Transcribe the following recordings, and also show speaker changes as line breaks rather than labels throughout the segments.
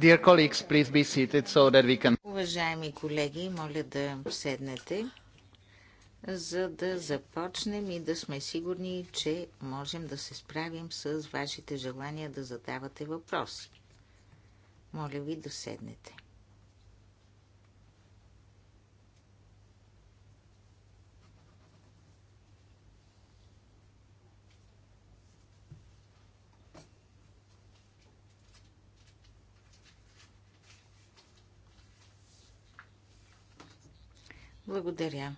Dear colleagues, please be seated so that we can...
Уважаеми колеги, моля да седнете, за да започнем и да сме сигурни, че можем да се справим с вашите желания да задавате въпроси. Моля ви да седнете. Благодаря.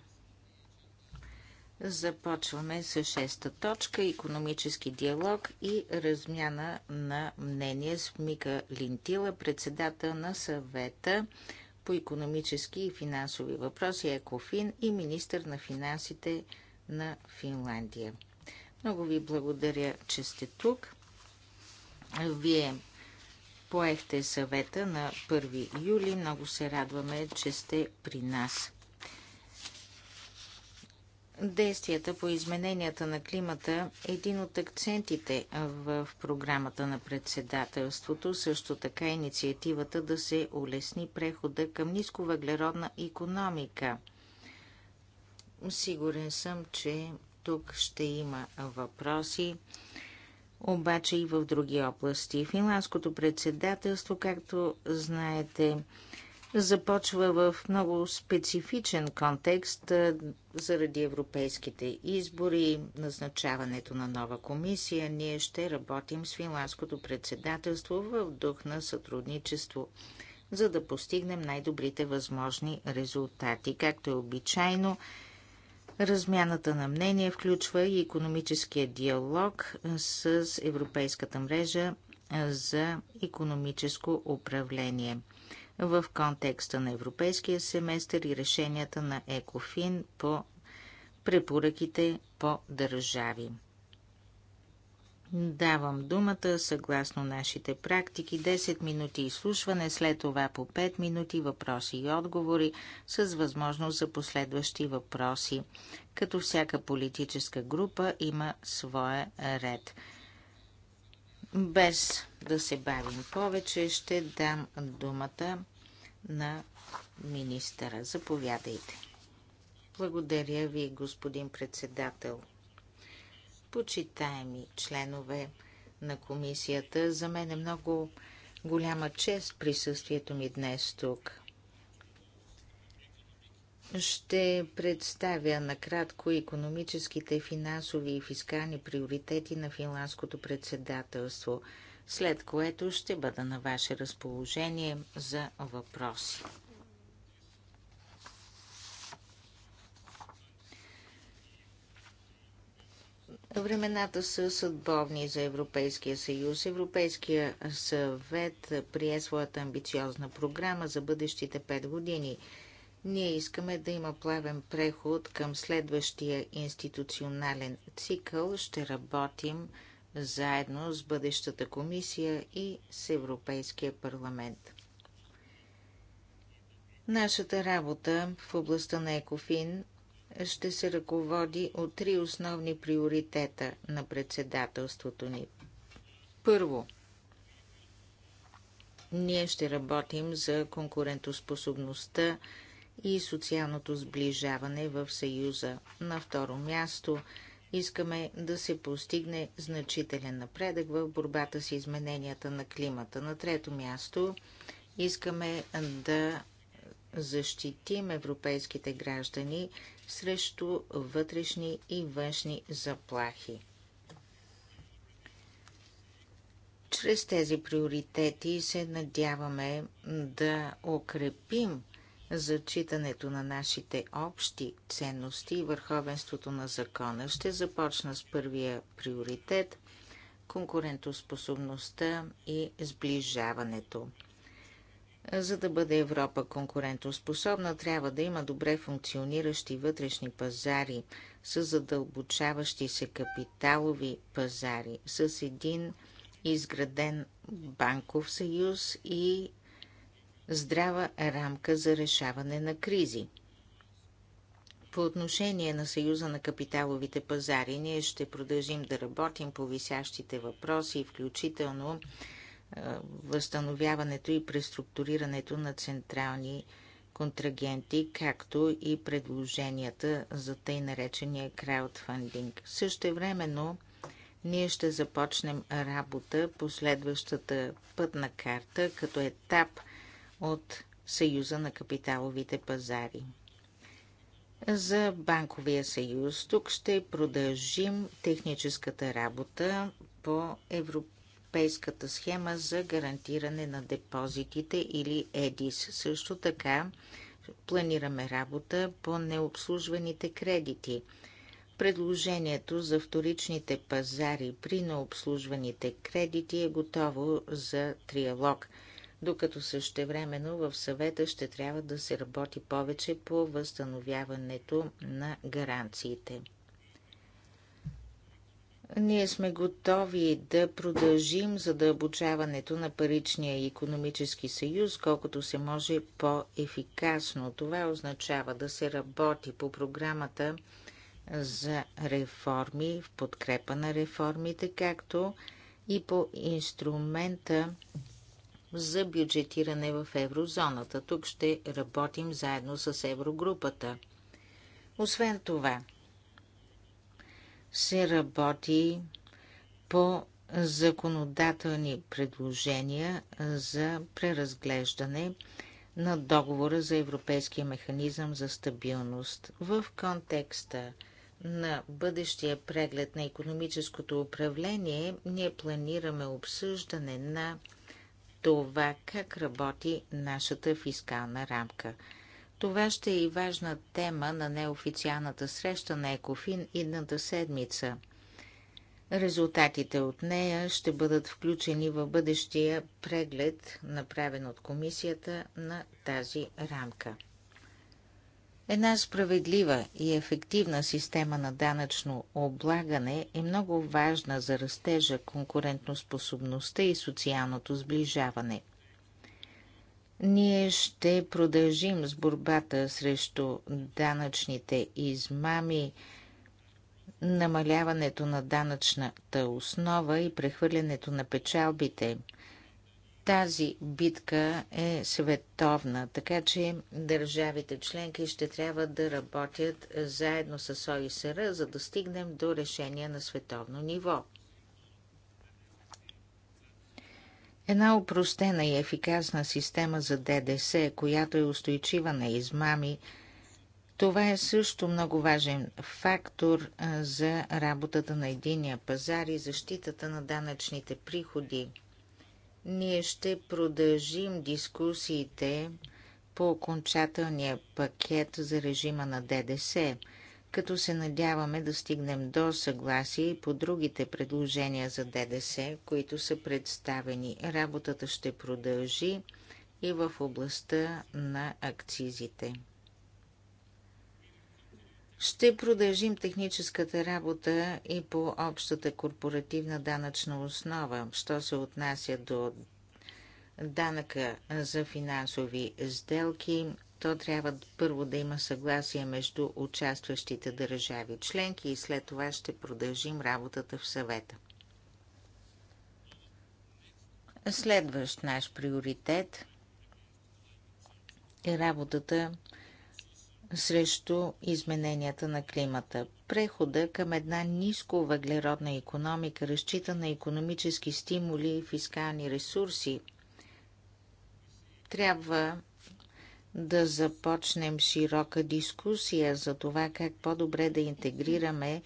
Започваме с шеста точка – економически диалог и размяна на мнение с Мика Линтила, председател на съвета по економически и финансови въпроси ЕКОФИН и министър на финансите на Финландия. Много ви благодаря, че сте тук. Вие поехте съвета на 1 юли. Много се радваме, че сте при нас. Действията по измененията на климата е един от акцентите в програмата на председателството, също така инициативата да се улесни прехода към нисковъглеродна економика. Сигурен съм, че тук ще има въпроси, обаче и в други области. Финландското председателство, както знаете, започва в много специфичен контекст заради европейските избори, назначаването на нова комисия. Ние ще работим с финландското председателство в дух на сътрудничество, за да постигнем най-добрите възможни резултати. Както е обичайно, Размяната на мнение включва и економическия диалог с Европейската мрежа за економическо управление в контекста на европейския семестър и решенията на ЕКОФИН по препоръките по държави. Давам думата съгласно нашите практики 10 минути изслушване, след това по 5 минути въпроси и отговори с възможност за последващи въпроси, като всяка политическа група има своя ред. Без да се бавим повече, ще дам думата на министъра. Заповядайте. Благодаря ви, господин председател. Почитаеми членове на комисията, за мен е много голяма чест присъствието ми днес тук. Ще представя накратко економическите, финансови и фискални приоритети на финландското председателство, след което ще бъда на ваше разположение за въпроси. Времената са съдбовни за Европейския съюз. Европейския съвет прие своята амбициозна програма за бъдещите 5 години – ние искаме да има плавен преход към следващия институционален цикъл. Ще работим заедно с бъдещата комисия и с Европейския парламент. Нашата работа в областта на Екофин ще се ръководи от три основни приоритета на председателството ни. Първо, ние ще работим за конкурентоспособността и социалното сближаване в Съюза. На второ място искаме да се постигне значителен напредък в борбата с измененията на климата. На трето място искаме да защитим европейските граждани срещу вътрешни и външни заплахи. Чрез тези приоритети се надяваме да укрепим зачитането на нашите общи ценности и върховенството на закона. Ще започна с първия приоритет – конкурентоспособността и сближаването. За да бъде Европа конкурентоспособна, трябва да има добре функциониращи вътрешни пазари с задълбочаващи се капиталови пазари, с един изграден банков съюз и здрава рамка за решаване на кризи. По отношение на Съюза на капиталовите пазари, ние ще продължим да работим по висящите въпроси, включително е, възстановяването и преструктурирането на централни контрагенти, както и предложенията за тъй наречения краудфандинг. Също времено ние ще започнем работа по следващата пътна карта като етап – от Съюза на капиталовите пазари. За Банковия съюз тук ще продължим техническата работа по Европейската схема за гарантиране на депозитите или ЕДИС. Също така планираме работа по необслужваните кредити. Предложението за вторичните пазари при необслужваните кредити е готово за триалог – докато същевременно в съвета ще трябва да се работи повече по възстановяването на гаранциите. Ние сме готови да продължим задълбочаването на паричния и економически съюз, колкото се може по-ефикасно. Това означава да се работи по програмата за реформи, в подкрепа на реформите, както и по инструмента за бюджетиране в еврозоната. Тук ще работим заедно с еврогрупата. Освен това, се работи по законодателни предложения за преразглеждане на договора за Европейския механизъм за стабилност в контекста на бъдещия преглед на економическото управление ние планираме обсъждане на това как работи нашата фискална рамка. Това ще е и важна тема на неофициалната среща на Екофин идната седмица. Резултатите от нея ще бъдат включени в бъдещия преглед, направен от комисията на тази рамка. Една справедлива и ефективна система на данъчно облагане е много важна за растежа, конкурентоспособността и социалното сближаване. Ние ще продължим с борбата срещу данъчните измами, намаляването на данъчната основа и прехвърлянето на печалбите – тази битка е световна, така че държавите членки ще трябва да работят заедно с ОИСР, за да стигнем до решение на световно ниво. Една упростена и ефикасна система за ДДС, която е устойчива на измами, това е също много важен фактор за работата на единия пазар и защитата на данъчните приходи – ние ще продължим дискусиите по окончателния пакет за режима на ДДС, като се надяваме да стигнем до съгласие и по другите предложения за ДДС, които са представени. Работата ще продължи и в областта на акцизите. Ще продължим техническата работа и по общата корпоративна данъчна основа, що се отнася до данъка за финансови сделки. То трябва първо да има съгласие между участващите държави членки и след това ще продължим работата в съвета. Следващ наш приоритет е работата срещу измененията на климата. Прехода към една ниско въглеродна економика, разчита на економически стимули и фискални ресурси, трябва да започнем широка дискусия за това как по-добре да интегрираме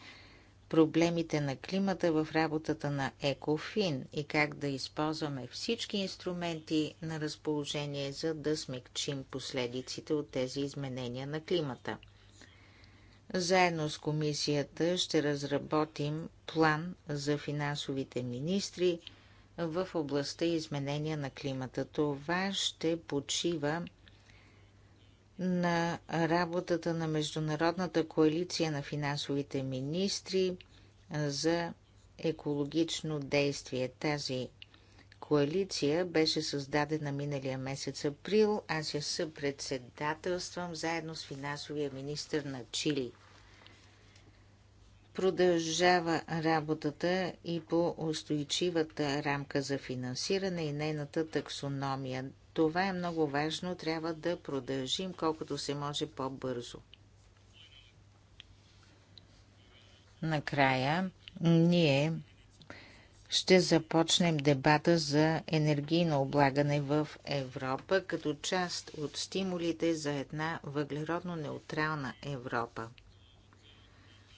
проблемите на климата в работата на Екофин и как да използваме всички инструменти на разположение, за да смекчим последиците от тези изменения на климата. Заедно с комисията ще разработим план за финансовите министри в областта изменения на климата. Това ще почива на работата на Международната коалиция на финансовите министри за екологично действие. Тази коалиция беше създадена миналия месец април. Аз я съпредседателствам заедно с финансовия министр на Чили. Продължава работата и по устойчивата рамка за финансиране и нейната таксономия. Това е много важно. Трябва да продължим колкото се може по-бързо. Накрая ние ще започнем дебата за енергийно облагане в Европа като част от стимулите за една въглеродно неутрална Европа.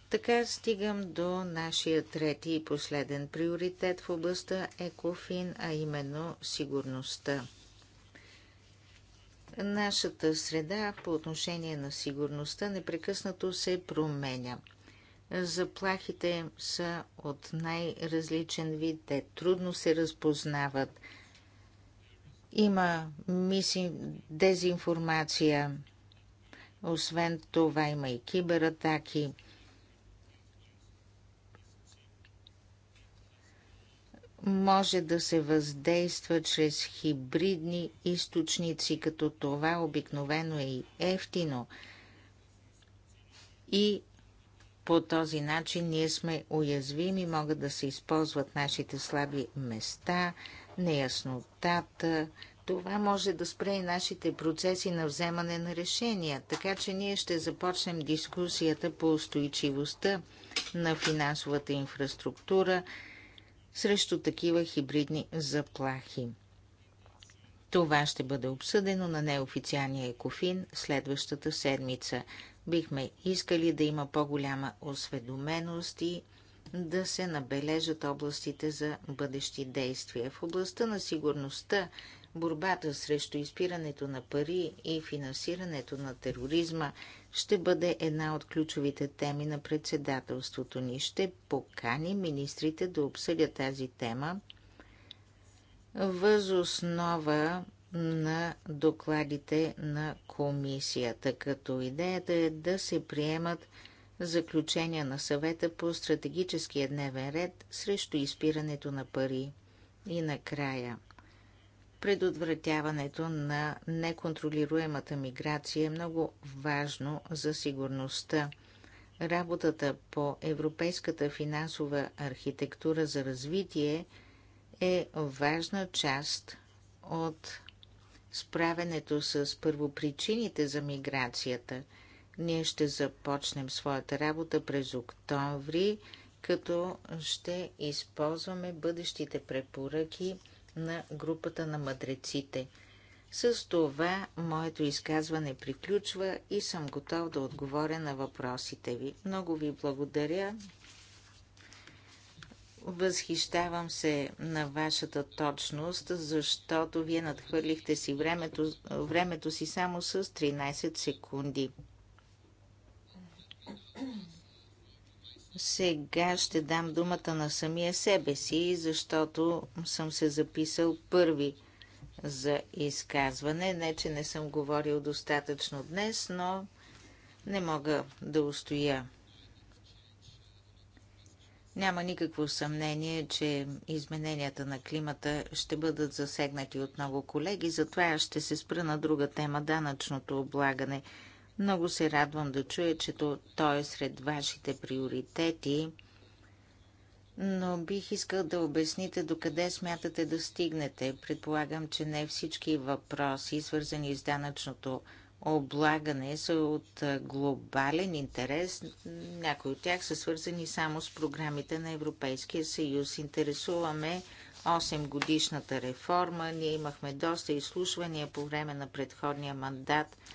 Така стигам до нашия трети и последен приоритет в областта Екофин, а именно сигурността. Нашата среда по отношение на сигурността непрекъснато се променя. Заплахите са от най-различен вид, те трудно се разпознават. Има миси, дезинформация. Освен това има и кибератаки – може да се въздейства чрез хибридни източници, като това обикновено е и ефтино. И по този начин ние сме уязвими, могат да се използват нашите слаби места, неяснотата. Това може да спре и нашите процеси на вземане на решения, така че ние ще започнем дискусията по устойчивостта на финансовата инфраструктура – срещу такива хибридни заплахи. Това ще бъде обсъдено на неофициалния екофин следващата седмица. Бихме искали да има по-голяма осведоменост и да се набележат областите за бъдещи действия. В областта на сигурността борбата срещу изпирането на пари и финансирането на тероризма ще бъде една от ключовите теми на председателството ни. Ще покани министрите да обсъдят тази тема въз основа на докладите на комисията, като идеята е да се приемат заключения на съвета по стратегическия дневен ред срещу изпирането на пари. И накрая – Предотвратяването на неконтролируемата миграция е много важно за сигурността. Работата по Европейската финансова архитектура за развитие е важна част от справенето с първопричините за миграцията. Ние ще започнем своята работа през октомври, като ще използваме бъдещите препоръки – на групата на мъдреците. С това моето изказване приключва и съм готов да отговоря на въпросите ви. Много ви благодаря. Възхищавам се на вашата точност, защото вие надхвърлихте си времето, времето си само с 13 секунди. Сега ще дам думата на самия себе си, защото съм се записал първи за изказване. Не, че не съм говорил достатъчно днес, но не мога да устоя. Няма никакво съмнение, че измененията на климата ще бъдат засегнати от много колеги, затова ще се спра на друга тема – данъчното облагане – много се радвам да чуя, че той е сред вашите приоритети, но бих искал да обясните докъде смятате да стигнете. Предполагам, че не всички въпроси, свързани с данъчното облагане, са от глобален интерес. Някои от тях са свързани само с програмите на Европейския съюз. Интересуваме 8 годишната реформа. Ние имахме доста изслушвания по време на предходния мандат –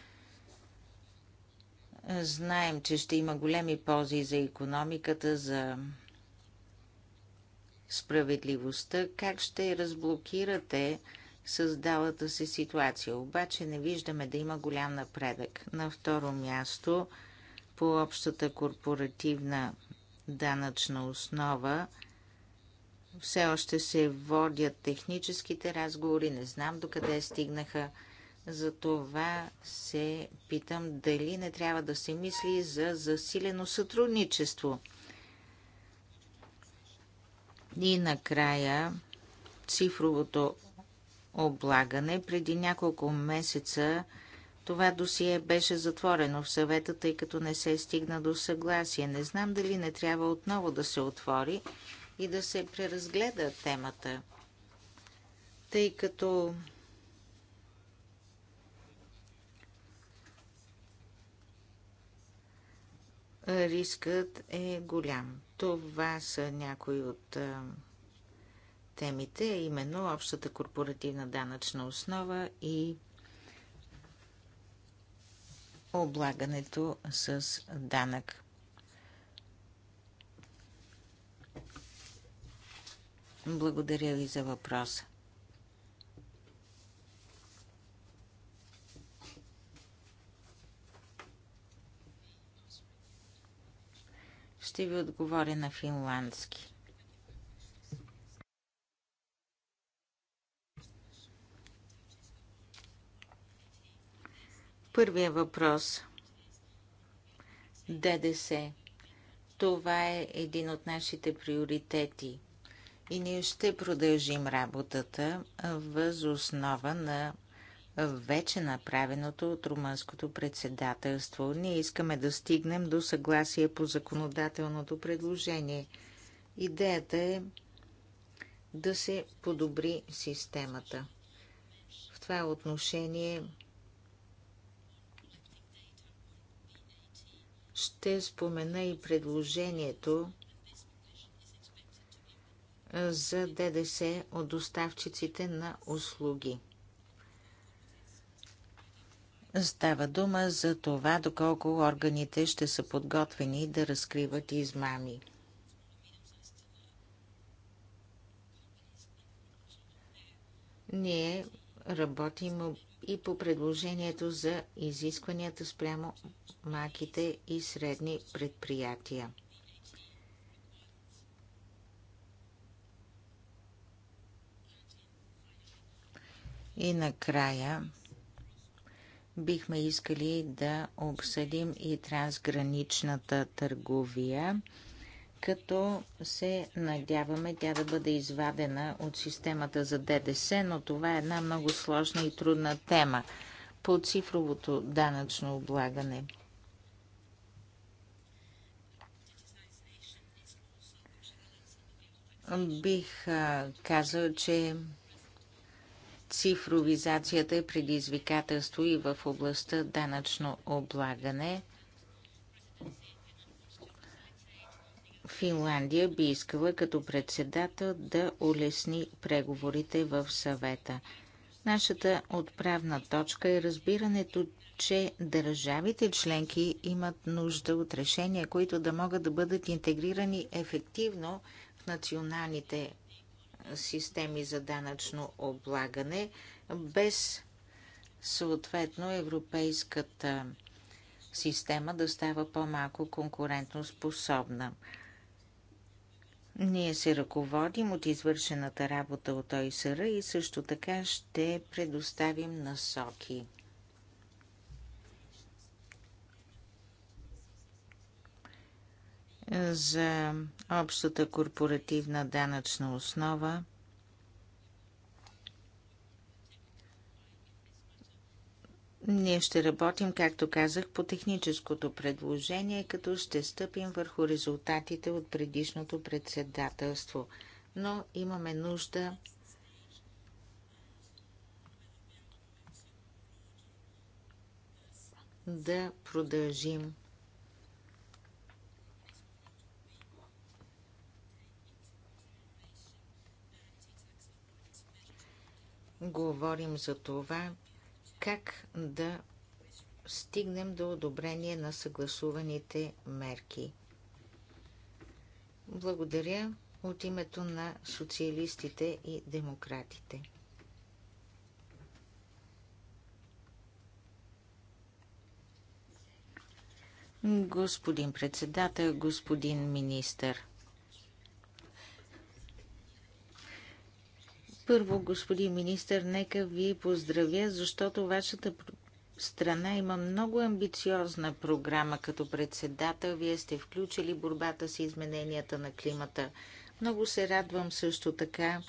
Знаем, че ще има големи ползи за економиката, за справедливостта. Как ще разблокирате създалата се ситуация? Обаче не виждаме да има голям напредък. На второ място, по общата корпоративна данъчна основа, все още се водят техническите разговори, не знам докъде стигнаха. Затова се питам дали не трябва да се мисли за засилено сътрудничество. И накрая цифровото облагане. Преди няколко месеца това досие беше затворено в съвета, тъй като не се стигна до съгласие. Не знам дали не трябва отново да се отвори и да се преразгледа темата, тъй като рискът е голям. Това са някои от темите, именно общата корпоративна данъчна основа и облагането с данък. Благодаря ви за въпроса. Ще ви отговоря на финландски. Първия въпрос. ДДС. Това е един от нашите приоритети. И ние ще продължим работата въз основа на вече направеното от румънското председателство. Ние искаме да стигнем до съгласие по законодателното предложение. Идеята е да се подобри системата. В това отношение ще спомена и предложението за ДДС от доставчиците на услуги – Става дума за това, доколко органите ще са подготвени да разкриват измами. Ние работим и по предложението за изискванията спрямо маките и средни предприятия. И накрая бихме искали да обсъдим и трансграничната търговия, като се надяваме тя да бъде извадена от системата за ДДС, но това е една много сложна и трудна тема по цифровото данъчно облагане. Бих казал, че Цифровизацията е предизвикателство и в областта данъчно облагане. Финландия би искала като председател да улесни преговорите в съвета. Нашата отправна точка е разбирането, че държавите членки имат нужда от решения, които да могат да бъдат интегрирани ефективно в националните системи за данъчно облагане, без съответно европейската система да става по-малко конкурентно способна. Ние се ръководим от извършената работа от ОИСР и също така ще предоставим насоки. за общата корпоративна данъчна основа. Ние ще работим, както казах, по техническото предложение, като ще стъпим върху резултатите от предишното председателство. Но имаме нужда да продължим говорим за това как да стигнем до одобрение на съгласуваните мерки. Благодаря от името на социалистите и демократите. Господин председател, господин министър, Първо, господин министр, нека ви поздравя, защото вашата страна има много амбициозна програма като председател. Вие сте включили борбата с измененията на климата. Много се радвам също така,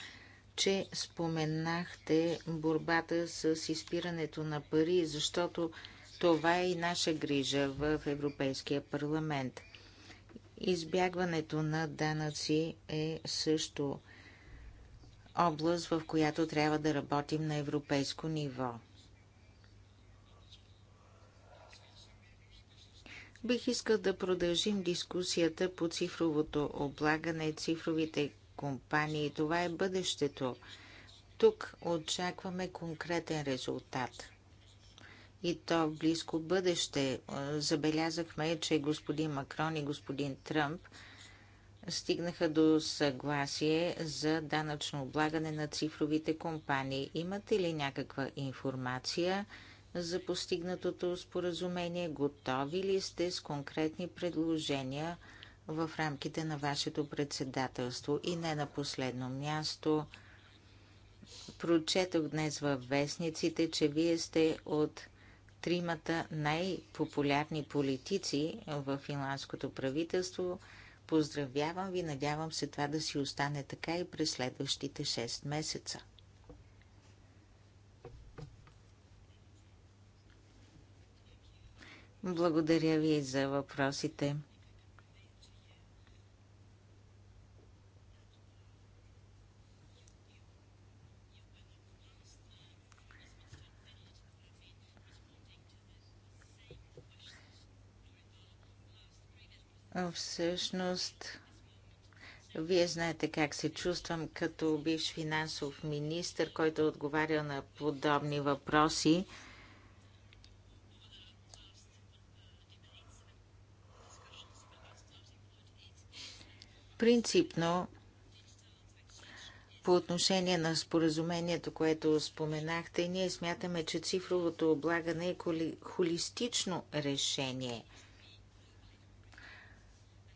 че споменахте борбата с изпирането на пари, защото това е и наша грижа в Европейския парламент. Избягването на данъци е също област, в която трябва да работим на европейско ниво. Бих искал да продължим дискусията по цифровото облагане, цифровите компании. Това е бъдещето. Тук очакваме конкретен резултат. И то в близко бъдеще. Забелязахме, че господин Макрон и господин Тръмп – стигнаха до съгласие за данъчно облагане на цифровите компании. Имате ли някаква информация за постигнатото споразумение? Готови ли сте с конкретни предложения в рамките на вашето председателство? И не на последно място, прочетох днес във вестниците, че вие сте от тримата най-популярни политици в финландското правителство – Поздравявам ви, надявам се това да си остане така и през следващите 6 месеца. Благодаря ви за въпросите. Всъщност, вие знаете как се чувствам като бивш финансов министр, който е отговаря на подобни въпроси. Принципно, по отношение на споразумението, което споменахте, ние смятаме, че цифровото облагане е холистично решение –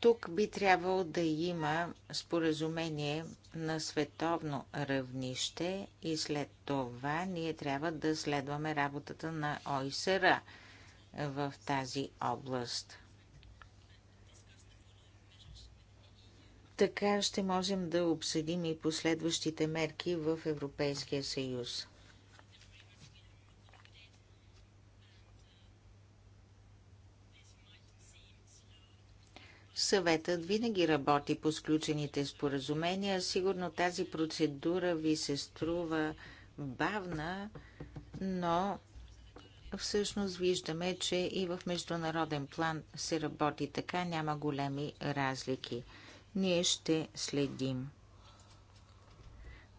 тук би трябвало да има споразумение на световно равнище и след това ние трябва да следваме работата на ОИСР в тази област. Така ще можем да обсъдим и последващите мерки в Европейския съюз. Съветът винаги работи по сключените споразумения. Сигурно тази процедура ви се струва бавна, но всъщност виждаме, че и в международен план се работи така, няма големи разлики. Ние ще следим.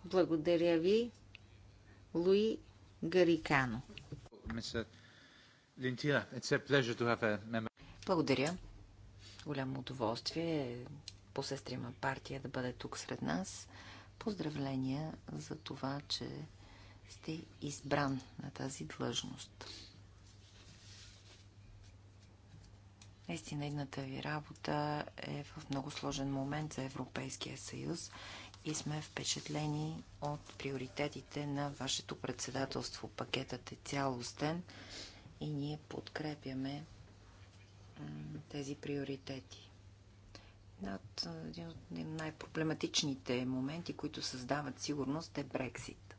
Благодаря ви, Луи Гарикано.
Благодаря голямо удоволствие сестрима партия да бъде тук сред нас. Поздравления за това, че сте избран на тази длъжност. Наистина, едната ви работа е в много сложен момент за Европейския съюз и сме впечатлени от приоритетите на вашето председателство. Пакетът е цялостен и ние подкрепяме тези приоритети. Над един от най-проблематичните моменти, които създават сигурност, е Брексит.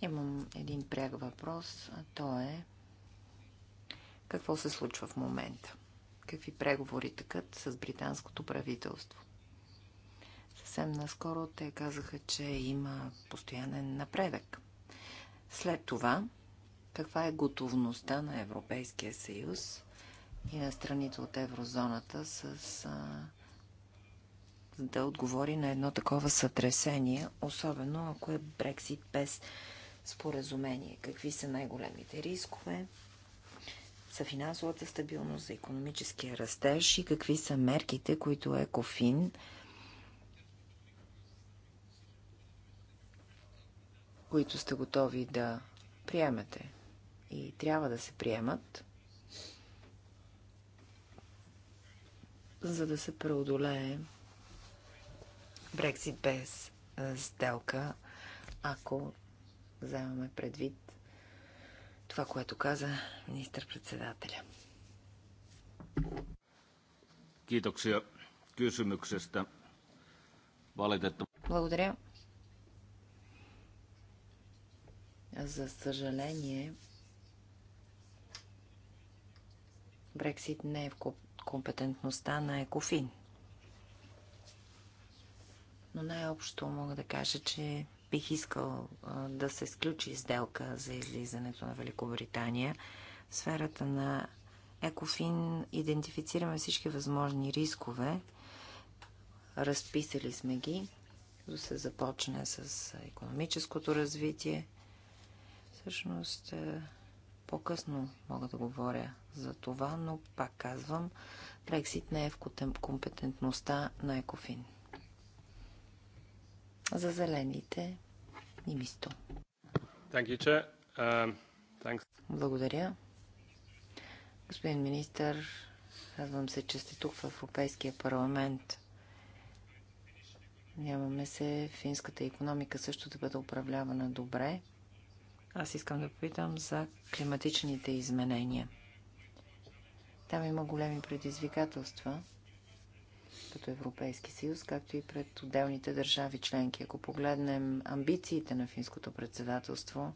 Имам един пряк въпрос, а то е какво се случва в момента? Какви преговори такът с британското правителство? Съвсем наскоро те казаха, че има постоянен напредък. След това каква е готовността на Европейския съюз и на страните от еврозоната с, а, да отговори на едно такова сътресение, особено ако е Брексит без споразумение. Какви са най-големите рискове за финансовата стабилност, за економическия растеж и какви са мерките, които Екофин които сте готови да приемете и трябва да се приемат, за да се преодолее Брексит без сделка, ако вземаме предвид това, което каза министър-председателя.
Kiitoksia kysymyksestä.
Благодаря. За съжаление, Брексит не е в компетентността на Екофин. Но най-общо мога да кажа, че бих искал да се сключи сделка за излизането на Великобритания. В сферата на Екофин идентифицираме всички възможни рискове. Разписали сме ги, да се започне с економическото развитие. Всъщност, по-късно мога да говоря за това, но пак казвам, Брексит не е в компетентността на Екофин. За зелените и мисто. Um, Благодаря. Господин министр, радвам се, че сте тук в Европейския парламент. Нямаме се финската економика също да бъде управлявана добре. Аз искам да попитам за климатичните изменения. Там има големи предизвикателства като Европейски съюз, както и пред отделните държави членки. Ако погледнем амбициите на финското председателство,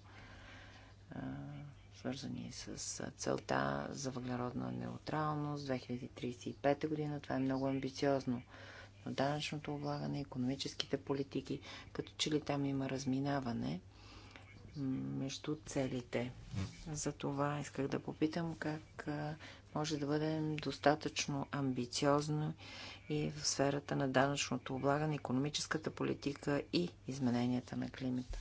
свързани с целта за въглеродна неутралност 2035 година, това е много амбициозно. Но данъчното облагане, економическите политики, като че ли там има разминаване между целите. За това исках да попитам как може да бъдем достатъчно амбициозно и в сферата на данъчното облагане, економическата политика и измененията на климата.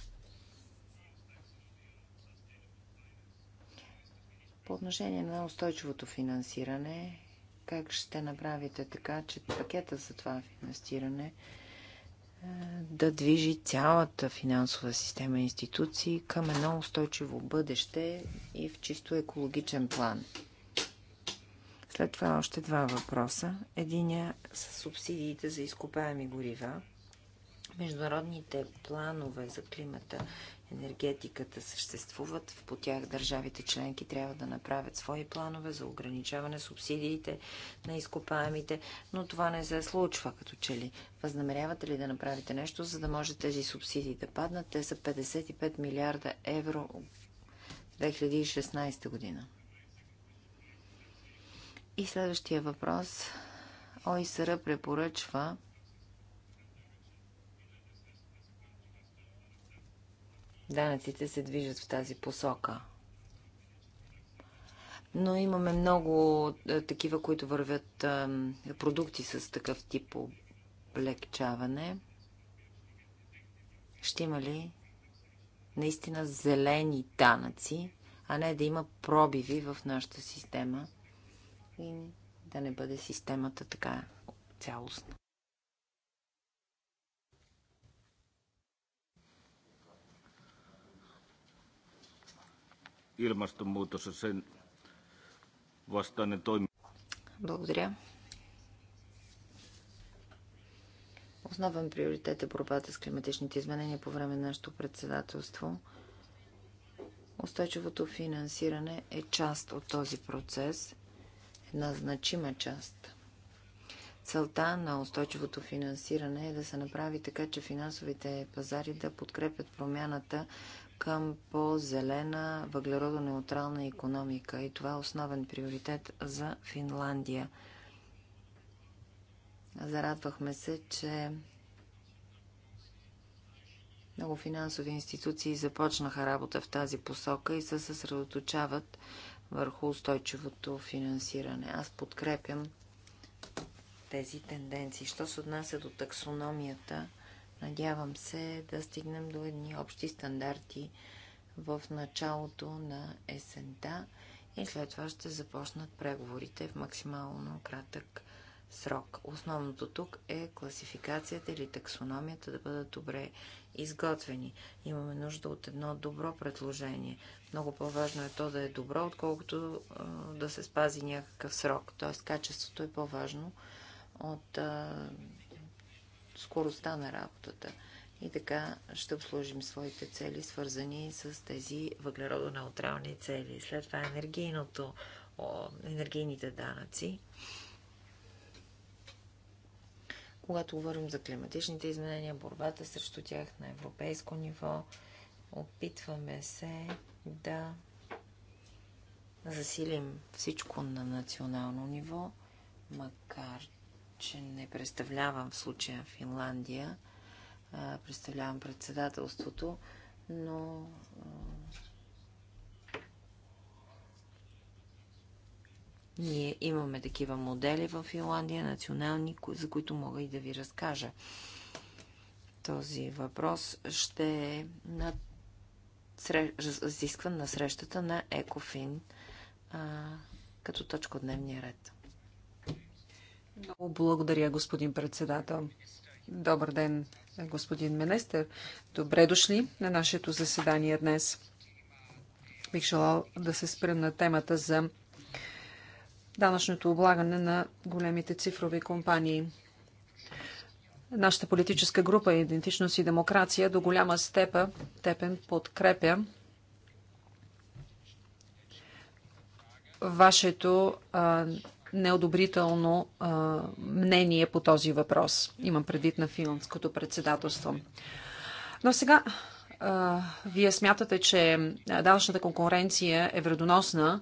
По отношение на устойчивото финансиране, как ще направите така, че пакета за това финансиране да движи цялата финансова система и институции към едно устойчиво бъдеще и в чисто екологичен план. След това още два въпроса. Единия с субсидиите за изкопаеми горива. Международните планове за климата енергетиката съществуват. По тях държавите членки трябва да направят свои планове за ограничаване субсидиите на изкопаемите, но това не се случва като че ли. Възнамерявате ли да направите нещо, за да може тези субсидии да паднат? Те са 55 милиарда евро 2016 година. И следващия въпрос. ОИСР препоръчва Данъците се движат в тази посока. Но имаме много е, такива, които вървят е, продукти с такъв тип облегчаване. Ще има ли наистина зелени данъци, а не да има пробиви в нашата система и да не бъде системата така цялостна?
ilmastonmuutos ja sen vastainen toimi.
Благодаря. Основен приоритет е борбата с климатичните изменения по време на нашето председателство. Устойчивото финансиране е част от този процес, една значима част. Целта на устойчивото финансиране е да се направи така, че финансовите пазари да подкрепят промяната към по-зелена въглеродонеутрална економика и това е основен приоритет за Финландия. Зарадвахме се, че много финансови институции започнаха работа в тази посока и се съсредоточават върху устойчивото финансиране. Аз подкрепям тези тенденции. Що се отнася до таксономията, Надявам се да стигнем до едни общи стандарти в началото на есента и след това ще започнат преговорите в максимално кратък срок. Основното тук е класификацията или таксономията да бъдат добре изготвени. Имаме нужда от едно добро предложение. Много по-важно е то да е добро, отколкото да се спази някакъв срок. Тоест качеството е по-важно от а, скоростта на работата. И така ще обслужим своите цели, свързани с тези въглеродонеутрални цели. След това енергийното, о, енергийните данъци. Когато говорим за климатичните изменения, борбата срещу тях на европейско ниво, опитваме се да засилим всичко на национално ниво, макар че не представлявам в случая Финландия, а, представлявам председателството, но ние имаме такива модели в Финландия, национални, за които мога и да ви разкажа. Този въпрос ще е на разискван на срещата на Екофин а, като точка от дневния ред.
Много благодаря, господин председател. Добър ден, господин Менестер. Добре дошли на нашето заседание днес. Бих желал да се спрем на темата за данъчното облагане на големите цифрови компании. Нашата политическа група Идентичност и демокрация до голяма степа, степен подкрепя вашето а, неодобрително а, мнение по този въпрос. Имам предвид на финландското председателство. Но сега а, вие смятате, че данъчната конкуренция е вредоносна.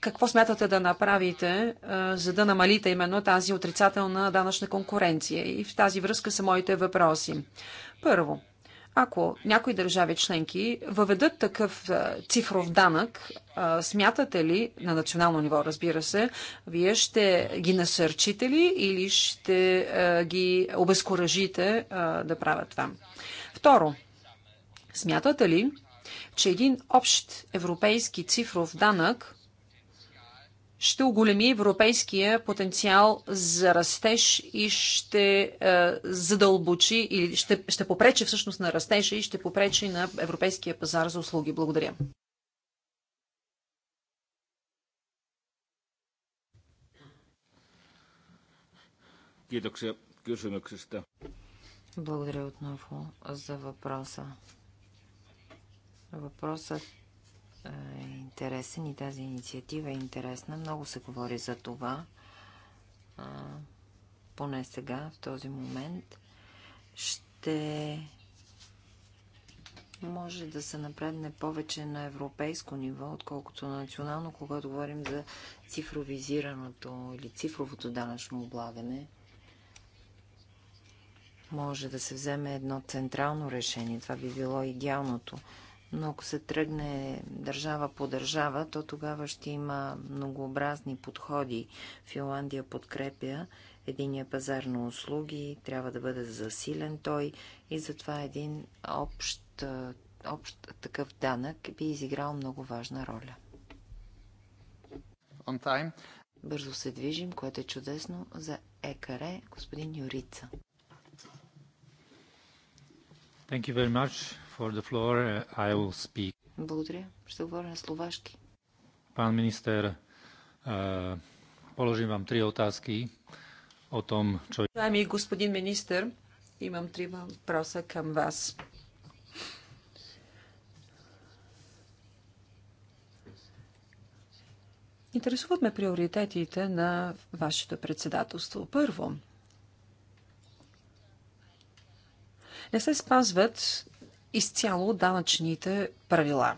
Какво смятате да направите, а, за да намалите именно тази отрицателна данъчна конкуренция? И в тази връзка са моите въпроси. Първо, ако някои държави членки въведат такъв е, цифров данък, е, смятате ли, на национално ниво разбира се, вие ще ги насърчите ли или ще е, ги обезкуражите да правят това? Второ, смятате ли, че един общ европейски цифров данък ще оголеми европейския потенциал за растеж и ще а, е, задълбочи или ще, ще попречи всъщност на растежа и ще попречи на европейския пазар за услуги. Благодаря.
Благодаря отново за въпроса. Въпросът е интересен и тази инициатива е интересна. Много се говори за това, а, поне сега, в този момент. Ще може да се напредне повече на европейско ниво, отколкото на национално, когато говорим за цифровизираното или цифровото данъчно облагане. Може да се вземе едно централно решение. Това би било идеалното. Но ако се тръгне държава по държава, то тогава ще има многообразни подходи. Финландия подкрепя единия пазар на услуги, трябва да бъде засилен той и затова един общ, общ такъв данък би изиграл много важна роля. On time. Бързо се движим, което е чудесно за ЕКАРЕ, господин Юрица.
Thank you very much. For the floor, I will speak.
Благодаря. Ще говоря на словашки.
Пан министър, положим вам три отазки о том, че...
Ами, господин министър, имам три въпроса към вас. Интересуват ме приоритетите на вашето председателство. Първо, не се спазват изцяло данъчните правила.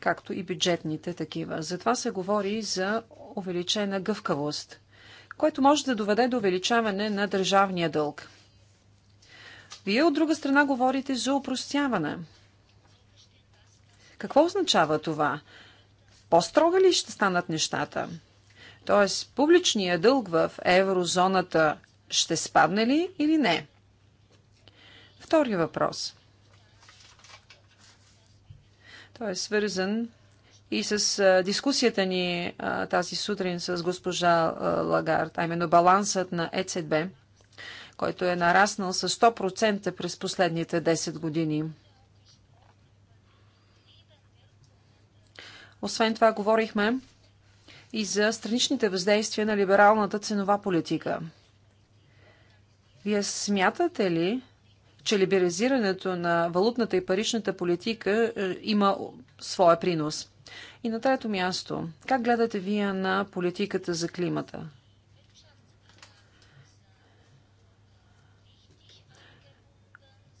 както и бюджетните такива. Затова се говори за увеличена гъвкавост, което може да доведе до увеличаване на държавния дълг. Вие от друга страна говорите за упростяване. Какво означава това? По-строга ли ще станат нещата? Тоест, публичният дълг в еврозоната ще спадне ли или не? Втори въпрос. Той е свързан и с дискусията ни тази сутрин с госпожа Лагард, а именно балансът на ЕЦБ, който е нараснал с 100% през последните 10 години. Освен това, говорихме и за страничните въздействия на либералната ценова политика – вие смятате ли, че либерализирането на валутната и паричната политика е, има своя принос? И на трето място, как гледате вие на политиката за климата?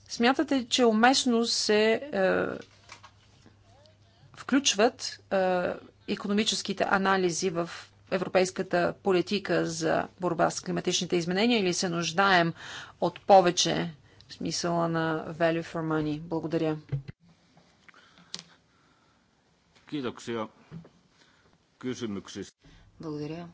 Смятате, че уместно се е, включват е, економическите анализи в европейската политика за борба с климатичните изменения или се нуждаем от повече в смисъла на value for money? Благодаря.
Благодаря.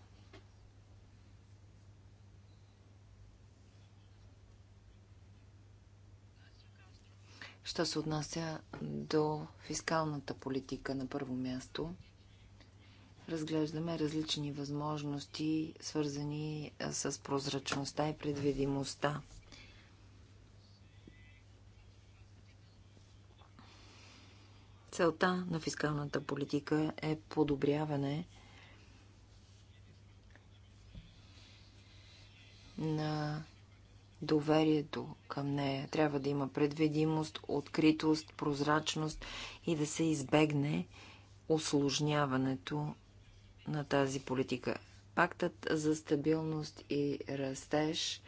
Що се отнася до фискалната политика на първо място – разглеждаме различни възможности, свързани с прозрачността и предвидимостта. Целта на фискалната политика е подобряване на доверието към нея. Трябва да има предвидимост, откритост, прозрачност и да се избегне осложняването на тази политика. Пактът за стабилност и растеж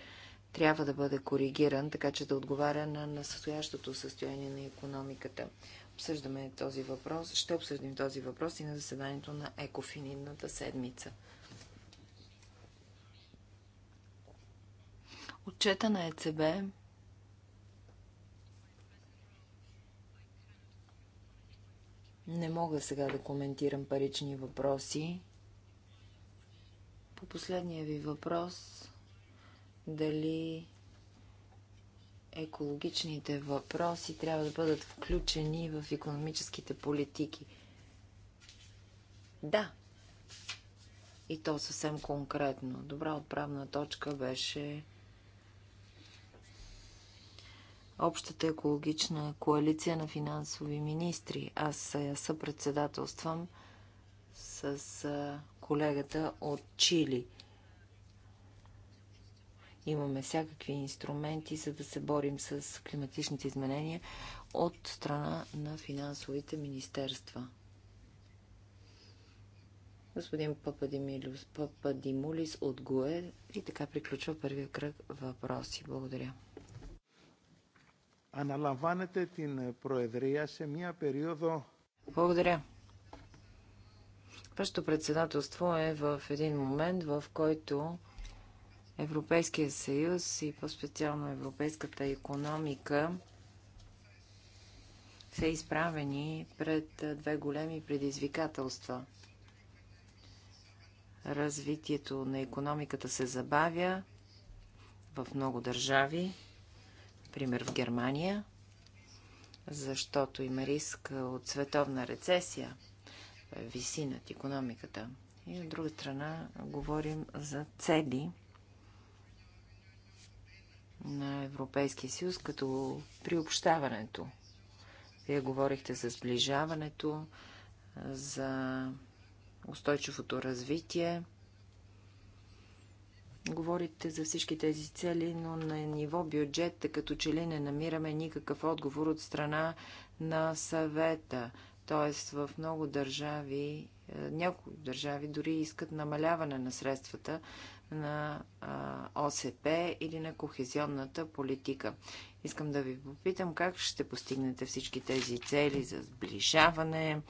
трябва да бъде коригиран, така че да отговаря на настоящото състояние на економиката. Обсъждаме този въпрос, ще обсъдим този въпрос и на заседанието на екофининната седмица. Отчета на ЕЦБ Не мога сега да коментирам парични въпроси, по последния ви въпрос, дали екологичните въпроси трябва да бъдат включени в економическите политики. Да. И то съвсем конкретно. Добра отправна точка беше Общата екологична коалиция на финансови министри. Аз я съпредседателствам с колегата от Чили. Имаме всякакви инструменти, за да се борим с климатичните изменения от страна на финансовите министерства. Господин Пападимулис, Пападимулис от ГУЕ и така приключва първия кръг въпроси. Благодаря. Аналаванете тин проедрия се мия периодо. Благодаря. Вашето председателство е в един момент, в който Европейския съюз и по-специално европейската економика са изправени пред две големи предизвикателства. Развитието на економиката се забавя в много държави, например в Германия, защото има риск от световна рецесия – виси над економиката. И от друга страна говорим за цели на Европейския съюз, като приобщаването. Вие говорихте за сближаването, за устойчивото развитие. Говорите за всички тези цели, но на ниво бюджет, като че ли не намираме никакъв отговор от страна на съвета. Т.е. в много държави, е, някои държави дори искат намаляване на средствата на ОСП или на кохезионната политика. Искам да ви попитам как ще постигнете всички тези цели за сближаване,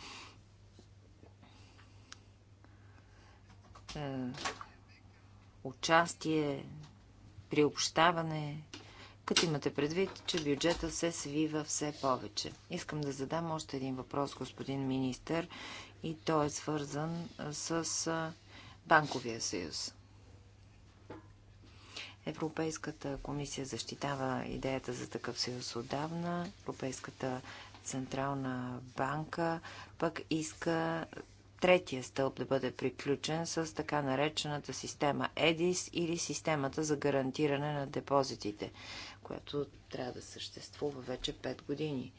е, участие, приобщаване, като имате предвид, че бюджета се свива все повече. Искам да задам още един въпрос, господин министър, и той е свързан с Банковия съюз. Европейската комисия защитава идеята за такъв съюз отдавна. Европейската централна банка пък иска третия стълб да бъде приключен с така наречената система ЕДИС или системата за гарантиране на депозитите която трябва да съществува вече 5 години.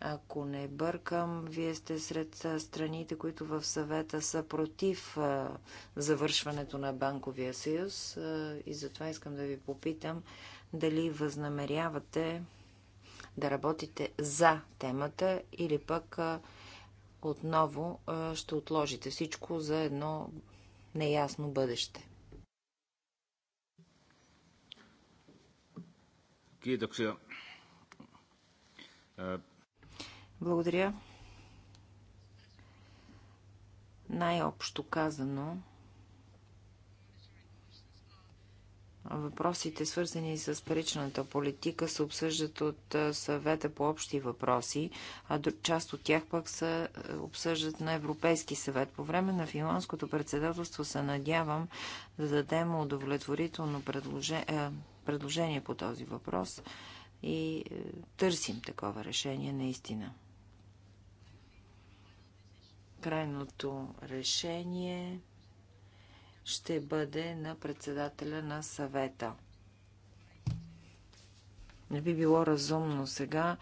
Ако не бъркам, вие сте сред страните, които в съвета са против завършването на банковия съюз и затова искам да ви попитам дали възнамерявате да работите за темата или пък отново ще отложите всичко за едно неясно бъдеще. Kiitoksia. Благодаря. Най-общо казано, въпросите, свързани с паричната политика, се обсъждат от съвета по общи въпроси, а част от тях пък се обсъждат на Европейски съвет. По време на финландското председателство се надявам да дадем удовлетворително предложение предложение по този въпрос и е, търсим такова решение наистина. Крайното решение ще бъде на председателя на съвета. Не би било разумно сега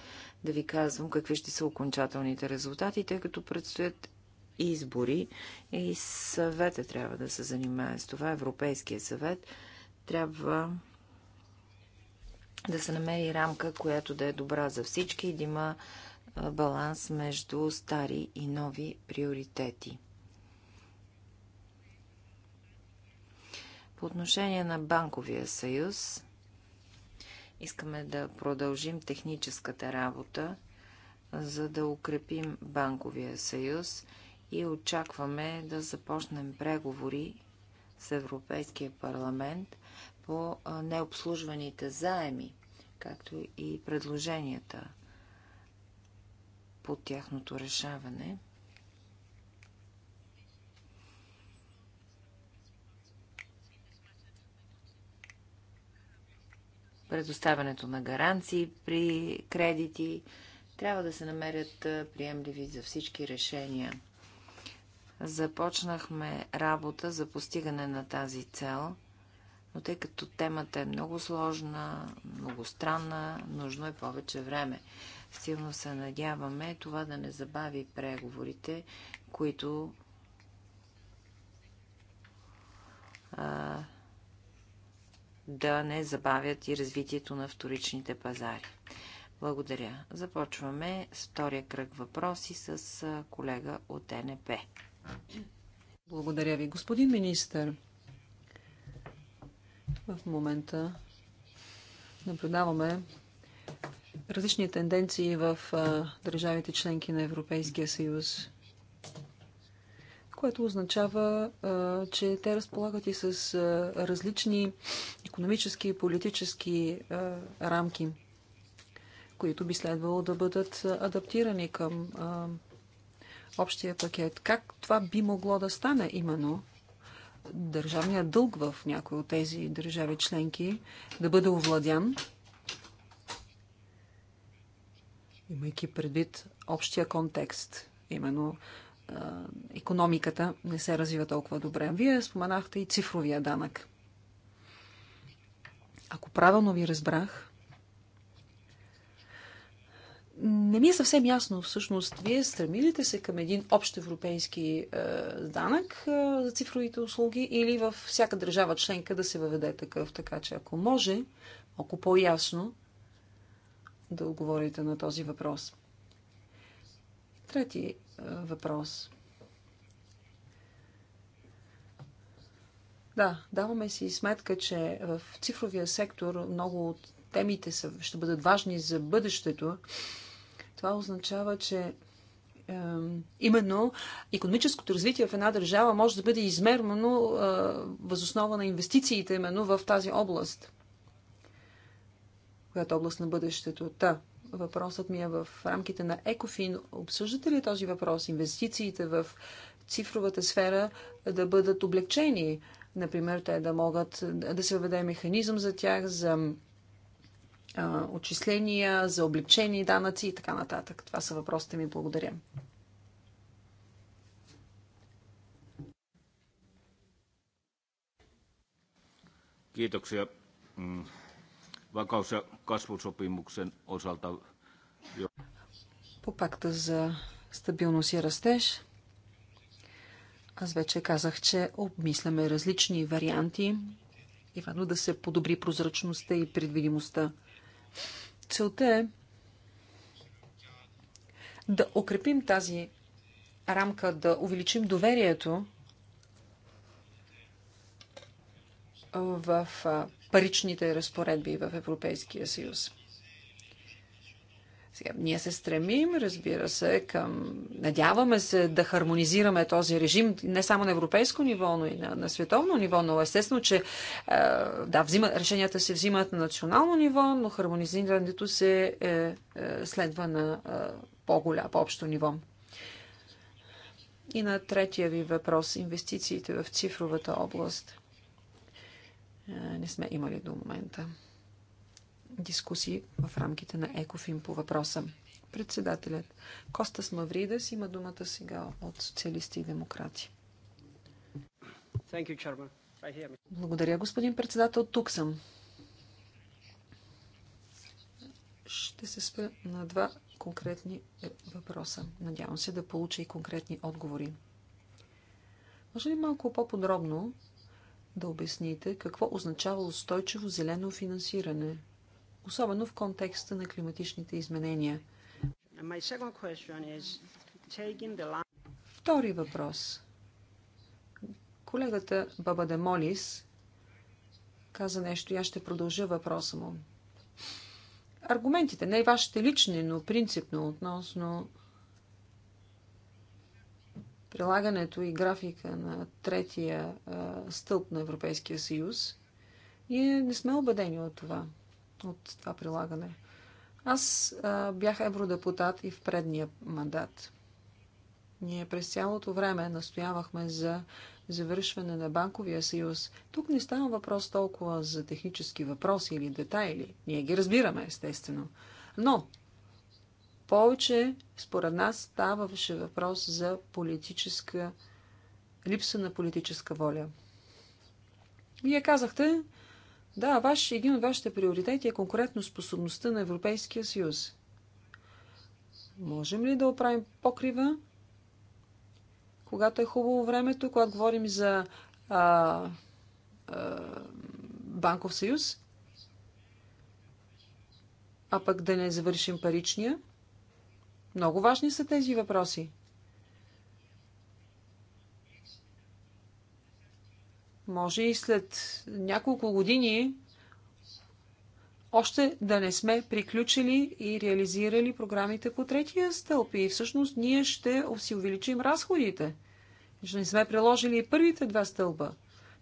да ви казвам какви ще са окончателните резултати, тъй като предстоят избори и съвета трябва да се занимае с това. Европейския съвет трябва да се намери рамка, която да е добра за всички и да има баланс между стари и нови приоритети. По отношение на банковия съюз, искаме да продължим техническата работа, за да укрепим банковия съюз и очакваме да започнем преговори с Европейския парламент по необслужваните заеми, както и предложенията по тяхното решаване. Предоставянето на гаранции при кредити трябва да се намерят приемливи за всички решения. Започнахме работа за постигане на тази цел – но тъй като темата е много сложна, много странна, нужно е повече време. Силно се надяваме това да не забави преговорите, които а, да не забавят и развитието на вторичните пазари. Благодаря. Започваме с
втория кръг въпроси с колега от НП. Благодаря ви, господин министър. В момента наблюдаваме различни тенденции в държавите членки на Европейския съюз, което означава, че те разполагат и с различни економически и политически рамки, които би следвало да бъдат адаптирани към общия пакет. Как това би могло да стане именно? държавния дълг в някои от тези държави членки да бъде овладян, имайки предвид общия контекст, именно економиката не се развива толкова добре. Вие споменахте и цифровия данък. Ако правилно ви разбрах, не ми е съвсем ясно всъщност. Вие стремилите се към един общ европейски е, данък е, за цифровите услуги или във всяка държава членка да се въведе такъв? Така че ако може, малко по-ясно да отговорите на този въпрос. Трети е, въпрос. Да, даваме си сметка, че в цифровия сектор много от темите са, ще бъдат важни за бъдещето това означава, че именно економическото развитие в една държава може да бъде измерено е, възоснова на инвестициите именно в тази област, която област на бъдещето. Та, въпросът ми е в рамките на Екофин. Обсъждате ли този въпрос? Инвестициите в цифровата сфера да бъдат облегчени? Например, те да могат да се въведе механизъм за тях, за отчисления, за облегчени данъци и така нататък. Това са въпросите ми. Благодаря.
Kiitoksia. Mm. Vakaus- ja kasvusopimuksen osalta...
По пакта за стабилност и растеж, аз вече казах, че обмисляме различни варианти, и да се подобри прозрачността и предвидимостта Целта е да укрепим тази рамка, да увеличим доверието в паричните разпоредби в Европейския съюз. Сега, ние се стремим, разбира се, към... Надяваме се да хармонизираме този режим не само на европейско ниво, но и на, на световно ниво, но естествено, че е, да, взима, решенията се взимат на национално ниво, но хармонизирането се е, е, следва на е, по-голямо, по-общо ниво. И на третия ви въпрос инвестициите в цифровата област. Е, не сме имали до момента дискусии в рамките на Екофин по въпроса. Председателят Костас Мавридес има думата сега от Социалисти и Демократи. Благодаря, господин председател. Тук съм. Ще се спра на два конкретни въпроса. Надявам се да получа и конкретни отговори. Може ли малко по-подробно да обясните какво означава устойчиво зелено финансиране – особено в контекста на климатичните изменения. Втори въпрос. Колегата Баба Демолис каза нещо и аз ще продължа въпроса му. Аргументите, не вашите лични, но принципно относно прилагането и графика на третия а, стълб на Европейския съюз, ние не сме убедени от това от това прилагане. Аз а, бях евродепутат и в предния мандат. Ние през цялото време настоявахме за завършване на банковия съюз. Тук не става въпрос толкова за технически въпроси или детайли. Ние ги разбираме, естествено. Но повече, според нас, ставаше въпрос за политическа липса на политическа воля. Вие казахте, да, ваш, един от вашите приоритети е способността на Европейския съюз. Можем ли да оправим покрива, когато е хубаво времето, когато говорим за а, а, банков съюз, а пък да не завършим паричния? Много важни са тези въпроси. Може и след няколко години още да не сме приключили и реализирали програмите по третия стълб и всъщност ние ще си увеличим разходите. Ще не сме приложили и първите два стълба.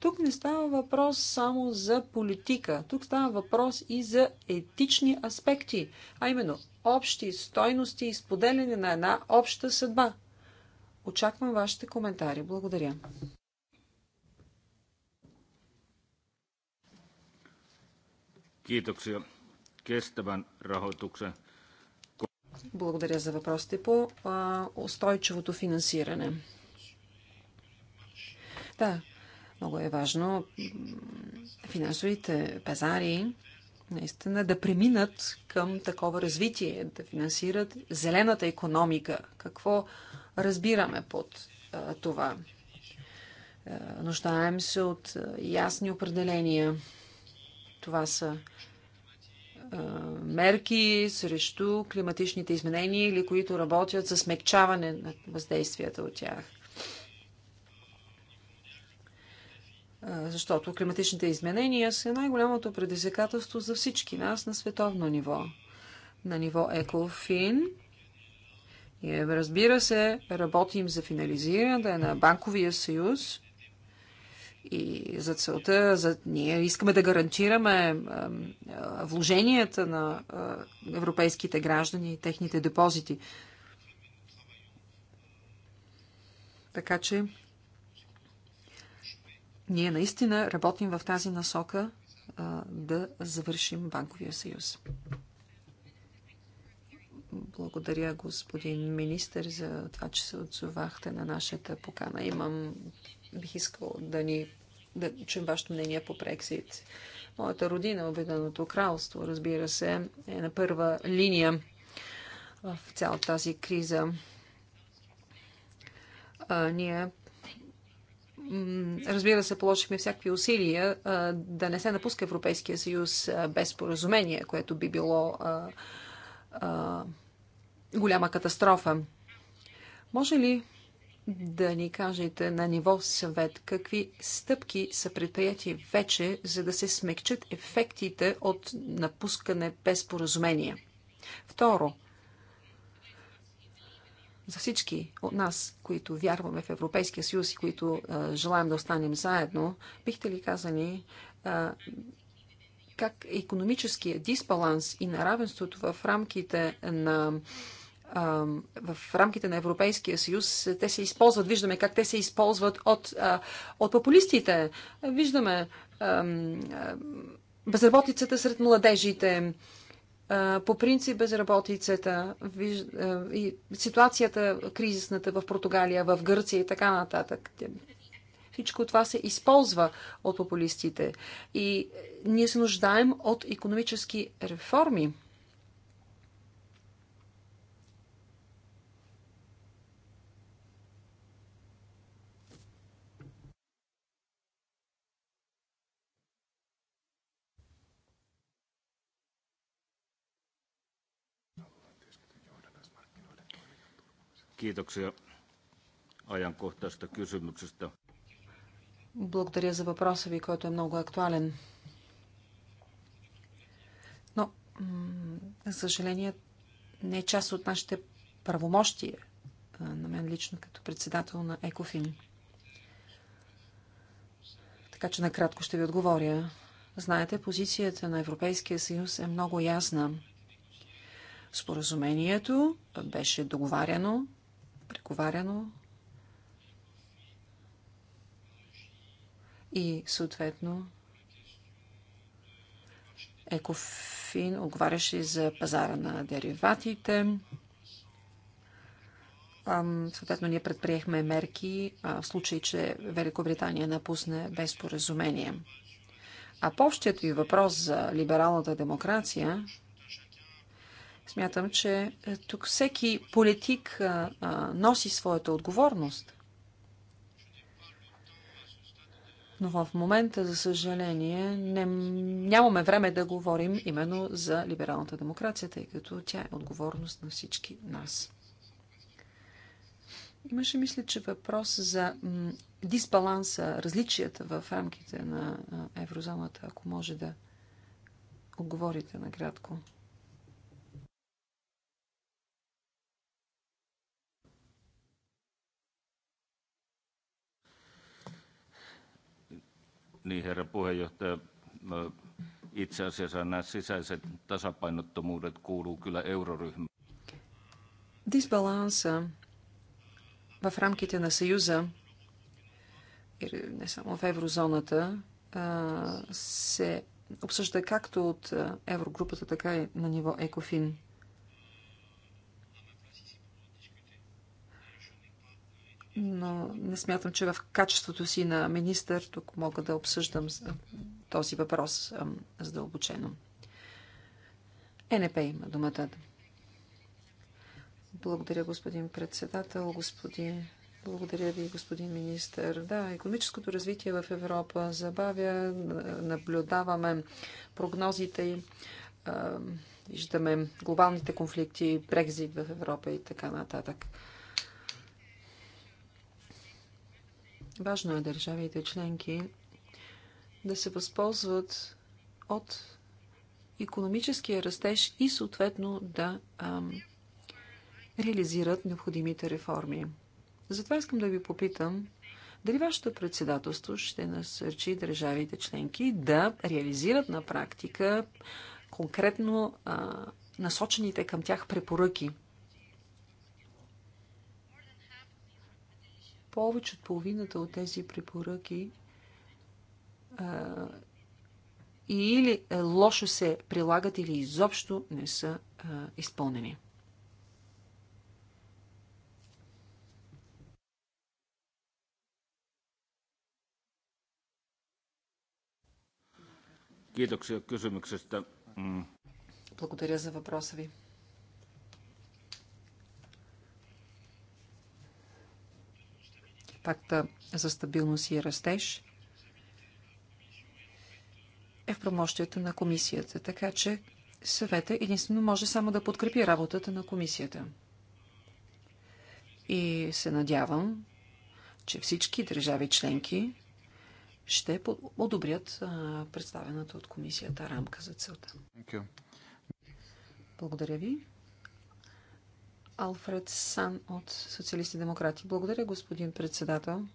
Тук не става въпрос само за политика. Тук става въпрос и за етични аспекти, а именно общи стойности и споделяне на една обща съдба. Очаквам вашите коментари. Благодаря. Благодаря за въпросите по а, устойчивото финансиране. Да, много е важно финансовите пазари наистина да преминат към такова развитие, да финансират зелената економика. Какво разбираме под а, това? А, е, нуждаем се от а, ясни определения това са мерки срещу климатичните изменения или които работят за смягчаване на въздействията от тях. Защото климатичните изменения са най-голямото предизвикателство за всички нас на световно ниво. На ниво ЕКОФИН. И разбира се, работим за финализиране на банковия съюз, и за целта за... ние искаме да гарантираме вложенията на европейските граждани и техните депозити. Така че ние наистина работим в тази насока а, да завършим банковия съюз. Благодаря, господин министр, за това, че се отзовахте на нашата покана. Имам бих искал да ни да чуем вашето мнение по Брексит. Моята родина, Обеденото кралство, разбира се, е на първа линия в цялата тази криза. А, ние разбира се, положихме всякакви усилия а, да не се напуска Европейския съюз а, без поразумение, което би било а, голяма катастрофа. Може ли да ни кажете на ниво съвет какви стъпки са предприяти вече, за да се смекчат ефектите от напускане без поразумение. Второ, за всички от нас, които вярваме в Европейския съюз и които а, желаем да останем заедно, бихте ли казани а, как економическия дисбаланс и неравенството в рамките на в рамките на Европейския съюз те се използват, виждаме как те се използват от, от популистите. Виждаме безработицата сред младежите, по принцип безработицата, ситуацията кризисната в Португалия, в Гърция и така нататък. Всичко това се използва от популистите. И ние се нуждаем от економически реформи.
Kiitoksia ajankohtaisesta kysymyksestä.
Благодаря за въпроса ви, който е много актуален. Но, за съжаление, не е част от нашите правомощия, на мен лично като председател на Екофин. Така че накратко ще ви отговоря. Знаете, позицията на Европейския съюз е много ясна. Споразумението беше договаряно преговаряно и съответно Екофин отговаряше за пазара на дериватите. Съответно, ние предприехме мерки в случай, че Великобритания напусне без споразумение. А по-общият ви въпрос за либералната демокрация – Смятам, че е, тук всеки политик е, е, носи своята отговорност. Но в момента, за съжаление, не, нямаме време да говорим именно за либералната демокрация, тъй като тя е отговорност на всички нас. Имаше, мисля, че въпрос за дисбаланса, различията в рамките на еврозоната, ако може да отговорите накратко.
Niin, herra puheenjohtaja. Itse asiassa nämä sisäiset tasapainottomuudet kuuluu kyllä euroryhmään.
Дисбаланса в рамките на Съюза или не само в еврозоната се обсъжда както от еврогрупата, така и на ниво ЕКОФИН. но не смятам, че в качеството си на министър тук мога да обсъждам този въпрос задълбочено. ЕНП има думата. Благодаря, господин председател, господин благодаря ви, господин министър. Да, економическото развитие в Европа забавя, наблюдаваме прогнозите, и виждаме глобалните конфликти, Брекзит в Европа и така нататък. Важно е държавите членки да се възползват от економическия растеж и съответно да ам, реализират необходимите реформи. Затова искам да ви попитам дали вашето председателство ще насърчи държавите членки да реализират на практика конкретно а, насочените към тях препоръки – повече от половината от тези препоръки а, или е, лошо се прилагат, или изобщо не са а, изпълнени. Mm. Благодаря за въпроса ви. пакта за стабилност и растеж, е в промощията на комисията. Така че съвета единствено може само да подкрепи работата на комисията. И се надявам, че всички държави членки ще одобрят представената от комисията рамка за целта. Благодаря ви. Алфред Сан от Социалисти демократи. Благодаря, господин председател.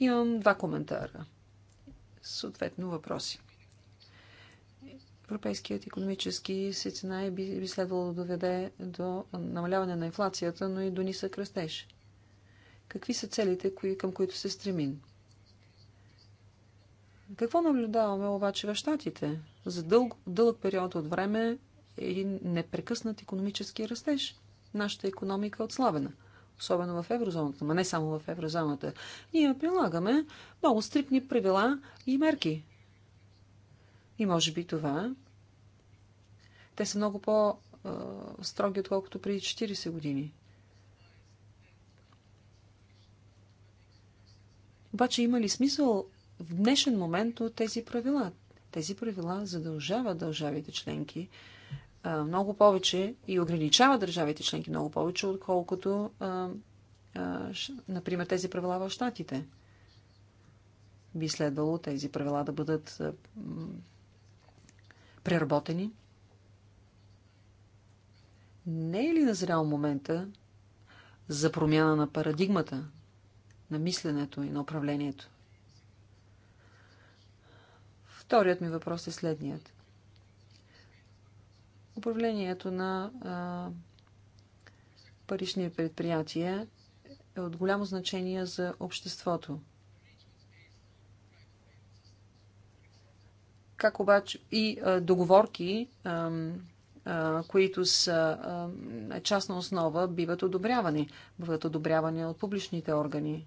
Имам два коментара. Съответно въпроси. Европейският економически сеценай би, би следвало да доведе до намаляване на инфлацията, но и до нисък растеж. Какви са целите, кои, към които се стремим? Какво наблюдаваме обаче в щатите? За дълг, дълъг период от време един непрекъснат економически растеж. Нашата економика е отслабена особено в еврозоната, но не само в еврозоната, ние прилагаме много стрипни правила и мерки. И може би това. Те са много по-строги, отколкото преди 40 години. Обаче има ли смисъл в днешен момент от тези правила? Тези правила задължават държавите членки много повече и ограничава държавите членки много повече, отколкото, например, тези правила в Штатите. Би следвало тези правила да бъдат преработени. Не е ли назрял момента за промяна на парадигмата, на мисленето и на управлението? Вторият ми въпрос е следният. Управлението на а, парични предприятия е от голямо значение за обществото. Как обаче и а, договорки, а, а, които са а, частна основа, биват одобрявани. Биват одобрявани от публичните органи.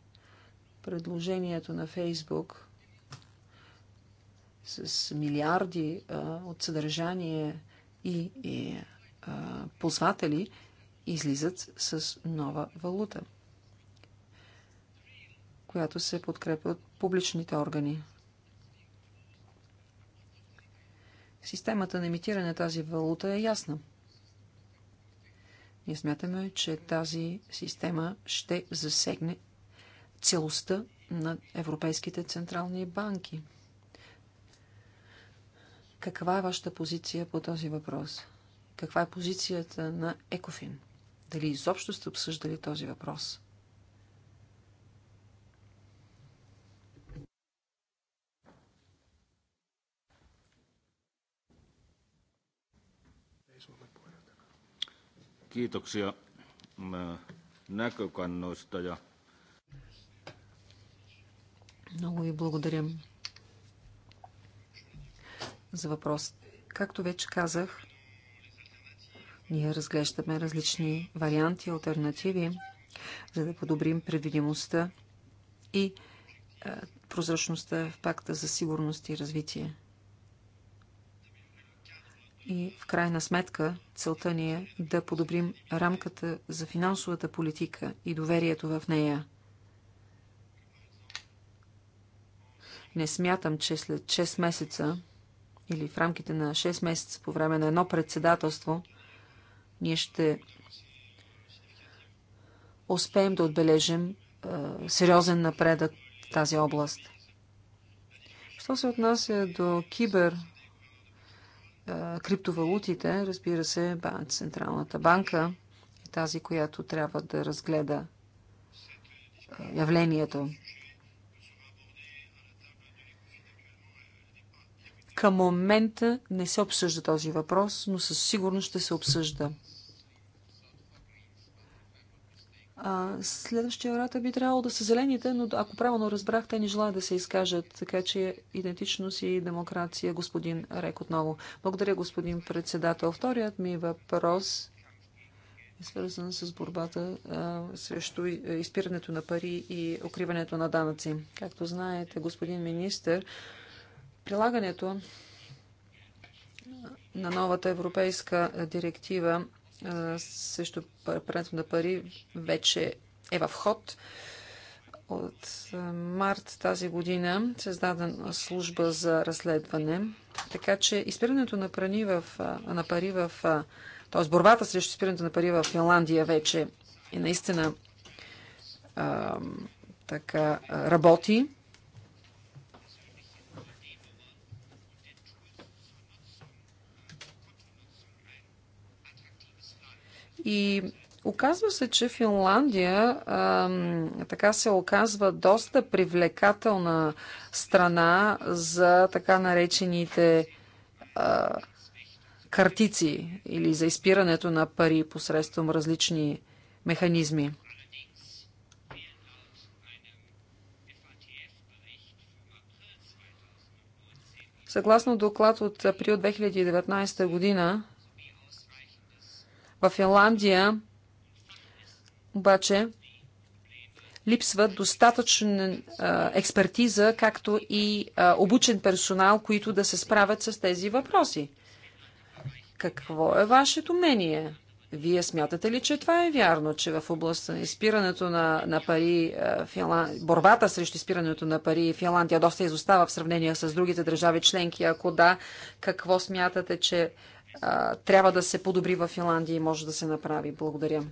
Предложението на Фейсбук с милиарди а, от съдържание и, и а, ползватели излизат с нова валута, която се подкрепя от публичните органи. Системата на имитиране на тази валута е ясна. Ние смятаме, че тази система ще засегне целостта на европейските централни банки – каква е вашата позиция по този въпрос? Каква е позицията на Екофин? Дали изобщо сте обсъждали този въпрос?
Kiitoksia näkökannoista ja
Много ви благодаря за въпрос. Както вече казах, ние разглеждаме различни варианти, альтернативи, за да подобрим предвидимостта и е, прозрачността в пакта за сигурност и развитие. И в крайна сметка целта ни е да подобрим рамката за финансовата политика и доверието в нея. Не смятам, че след 6 месеца или в рамките на 6 месеца по време на едно председателство, ние ще успеем да отбележим е, сериозен напредък в тази област. Що се отнася до кибер е, криптовалутите, разбира се, Централната банка е тази, която трябва да разгледа явлението. Към момента не се обсъжда този въпрос, но със сигурност ще се обсъжда. А, следващия врата би трябвало да са зелените, но ако правилно разбрах, те не желаят да се изкажат. Така че идентичност и демокрация, господин Рек отново. Благодаря, господин председател. Вторият ми въпрос е свързан с борбата а, срещу изпирането на пари и укриването на данъци. Както знаете, господин министр, Прилагането на новата европейска директива също прането на пари вече е в ход. От март тази година създадена служба за разследване. Така че изпирането на, пари в, на пари в... т.е. борбата срещу изпирането на пари в Финландия вече е наистина а, така работи. И оказва се, че Финландия а, така се оказва доста привлекателна страна за така наречените а, картици или за изпирането на пари посредством различни механизми. Съгласно доклад от април 2019 година, в Финландия обаче липсва достатъчна експертиза, както и а, обучен персонал, които да се справят с тези въпроси. Какво е вашето мнение? Вие смятате ли, че това е вярно, че в областта на изпирането на, на пари, Финланд... борбата срещу изпирането на пари в Финландия доста изостава в сравнение с другите държави членки? Ако да, какво смятате, че трябва да се подобри в Финландия и може да се направи. Благодаря.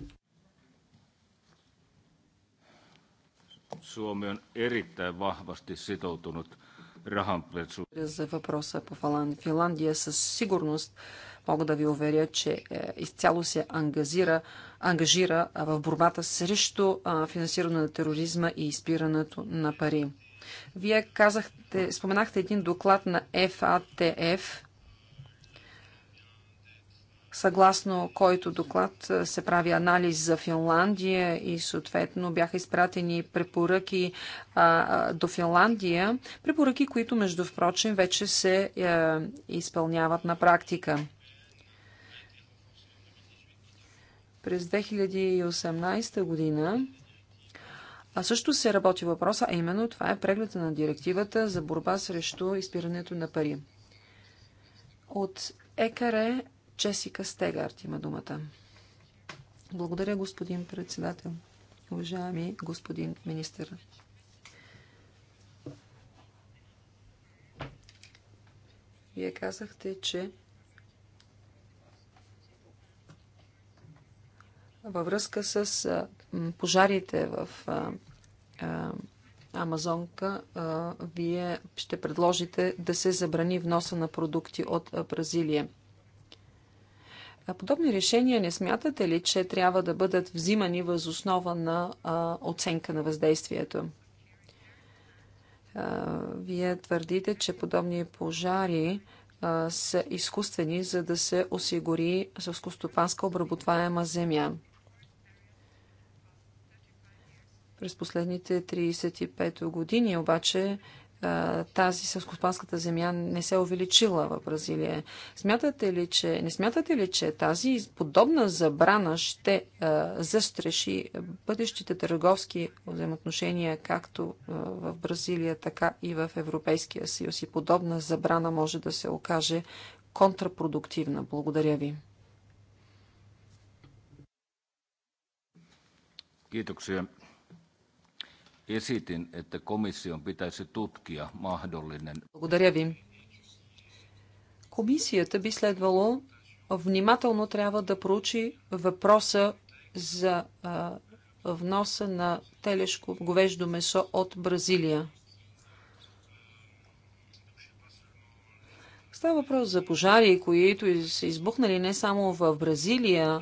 Suomi on erittäin vahvasti sitoutunut
За въпроса по Финландия със сигурност мога да ви уверя, че е, изцяло се ангазира, ангажира в борбата срещу финансиране на тероризма и изпирането на пари. Вие казахте, споменахте един доклад на FATF съгласно който доклад е, се прави анализ за Финландия и съответно бяха изпратени препоръки а, до Финландия, препоръки, които между впрочем вече се а, е, изпълняват на практика. През 2018 година а също се работи въпроса, а именно това е прегледа на директивата за борба срещу изпирането на пари. От ЕКАРЕ Чесика Стегарт има думата. Благодаря, господин председател. Уважаеми господин министър. Вие казахте, че във връзка с пожарите в Амазонка, вие ще предложите да се забрани вноса на продукти от Бразилия. А подобни решения не смятате ли, че трябва да бъдат взимани въз основа на а, оценка на въздействието? А, вие твърдите, че подобни пожари а, са изкуствени, за да се осигури съвскостопанска обработваема земя. През последните 35 години обаче тази селскоспанската земя не се е увеличила в Бразилия. Смятате ли, че, не смятате ли, че тази подобна забрана ще а, застреши бъдещите търговски взаимоотношения както а, в Бразилия, така и в Европейския съюз? И подобна забрана може да се окаже контрапродуктивна. Благодаря ви.
Kiitoksia esitin, että komission pitäisi tutkia mahdollinen...
Благодаря ви. Комисията би следвало внимателно трябва да проучи въпроса за а, вноса на телешко говеждо месо от Бразилия. Става въпрос за пожари, които са избухнали не само в Бразилия,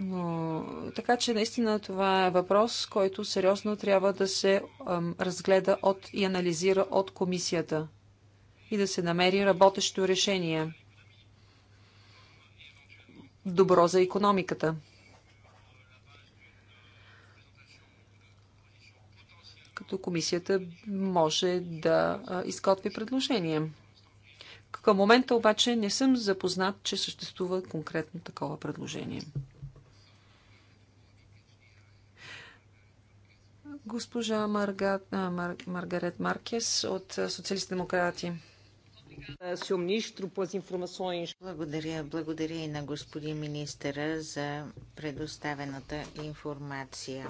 но, така че наистина това е въпрос, който сериозно трябва да се ам, разгледа от и анализира от комисията и да се намери работещо решение. Добро за економиката. Като комисията може да изготви предложение. Към момента обаче не съм запознат, че съществува конкретно такова предложение. Госпожа Марга... Мар... Маргарет Маркес от Социалисти демократи.
Благодаря, благодаря и на господин министъра за предоставената информация.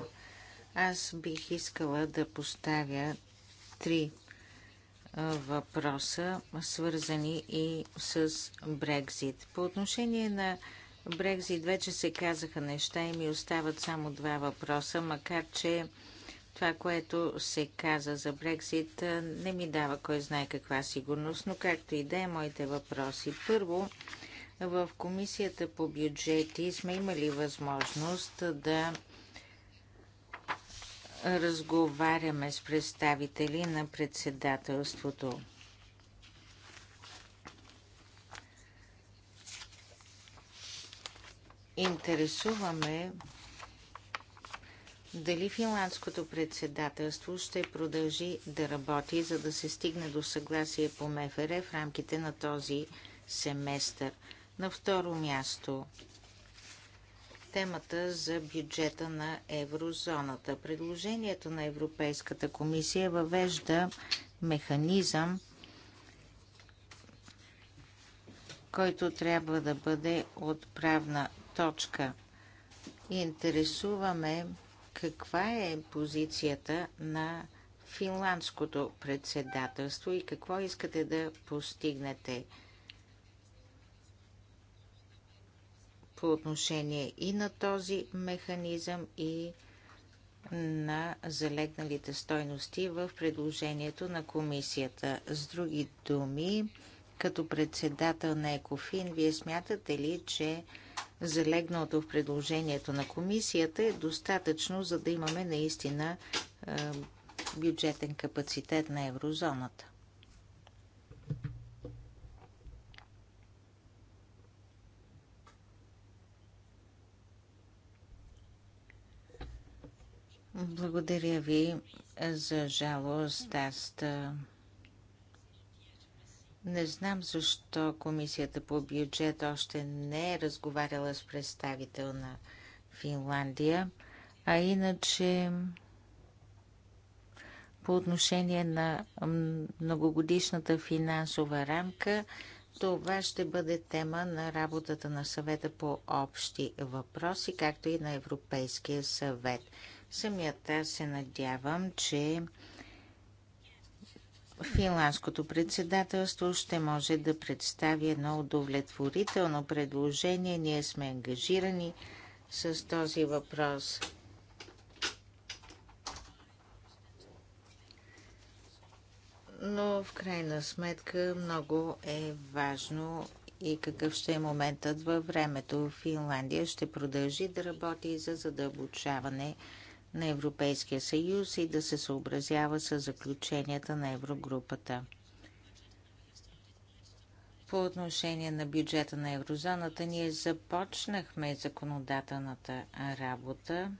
Аз бих искала да поставя три въпроса, свързани и с Брекзит. По отношение на Брекзит вече се казаха неща и ми остават само два въпроса, макар че това, което се каза за Брексит, не ми дава кой знае каква сигурност, но както и да е, моите въпроси. Първо, в Комисията по бюджети сме имали възможност да разговаряме с представители на председателството. Интересуваме дали финландското председателство ще продължи да работи, за да се стигне до съгласие по МФР в рамките на този семестър. На второ място темата за бюджета на еврозоната. Предложението на Европейската комисия въвежда механизъм, който трябва да бъде отправна точка. Интересуваме каква е позицията на финландското председателство и какво искате да постигнете по отношение и на този механизъм и на залегналите стойности в предложението на комисията. С други думи, като председател на Екофин, вие смятате ли, че залегналото в предложението на комисията е достатъчно, за да имаме наистина бюджетен капацитет на еврозоната. Благодаря ви. За жалост, аз не знам защо комисията по бюджет още не е разговаряла с представител на Финландия, а иначе по отношение на многогодишната финансова рамка, това ще бъде тема на работата на съвета по общи въпроси, както и на Европейския съвет. Самият аз се надявам, че Финландското председателство ще може да представи едно удовлетворително предложение. Ние сме ангажирани с този въпрос. Но в крайна сметка много е важно и какъв ще е моментът във времето. Финландия ще продължи да работи за задълбочаване на Европейския съюз и да се съобразява с заключенията на Еврогрупата. По отношение на бюджета на еврозоната, ние започнахме законодателната работа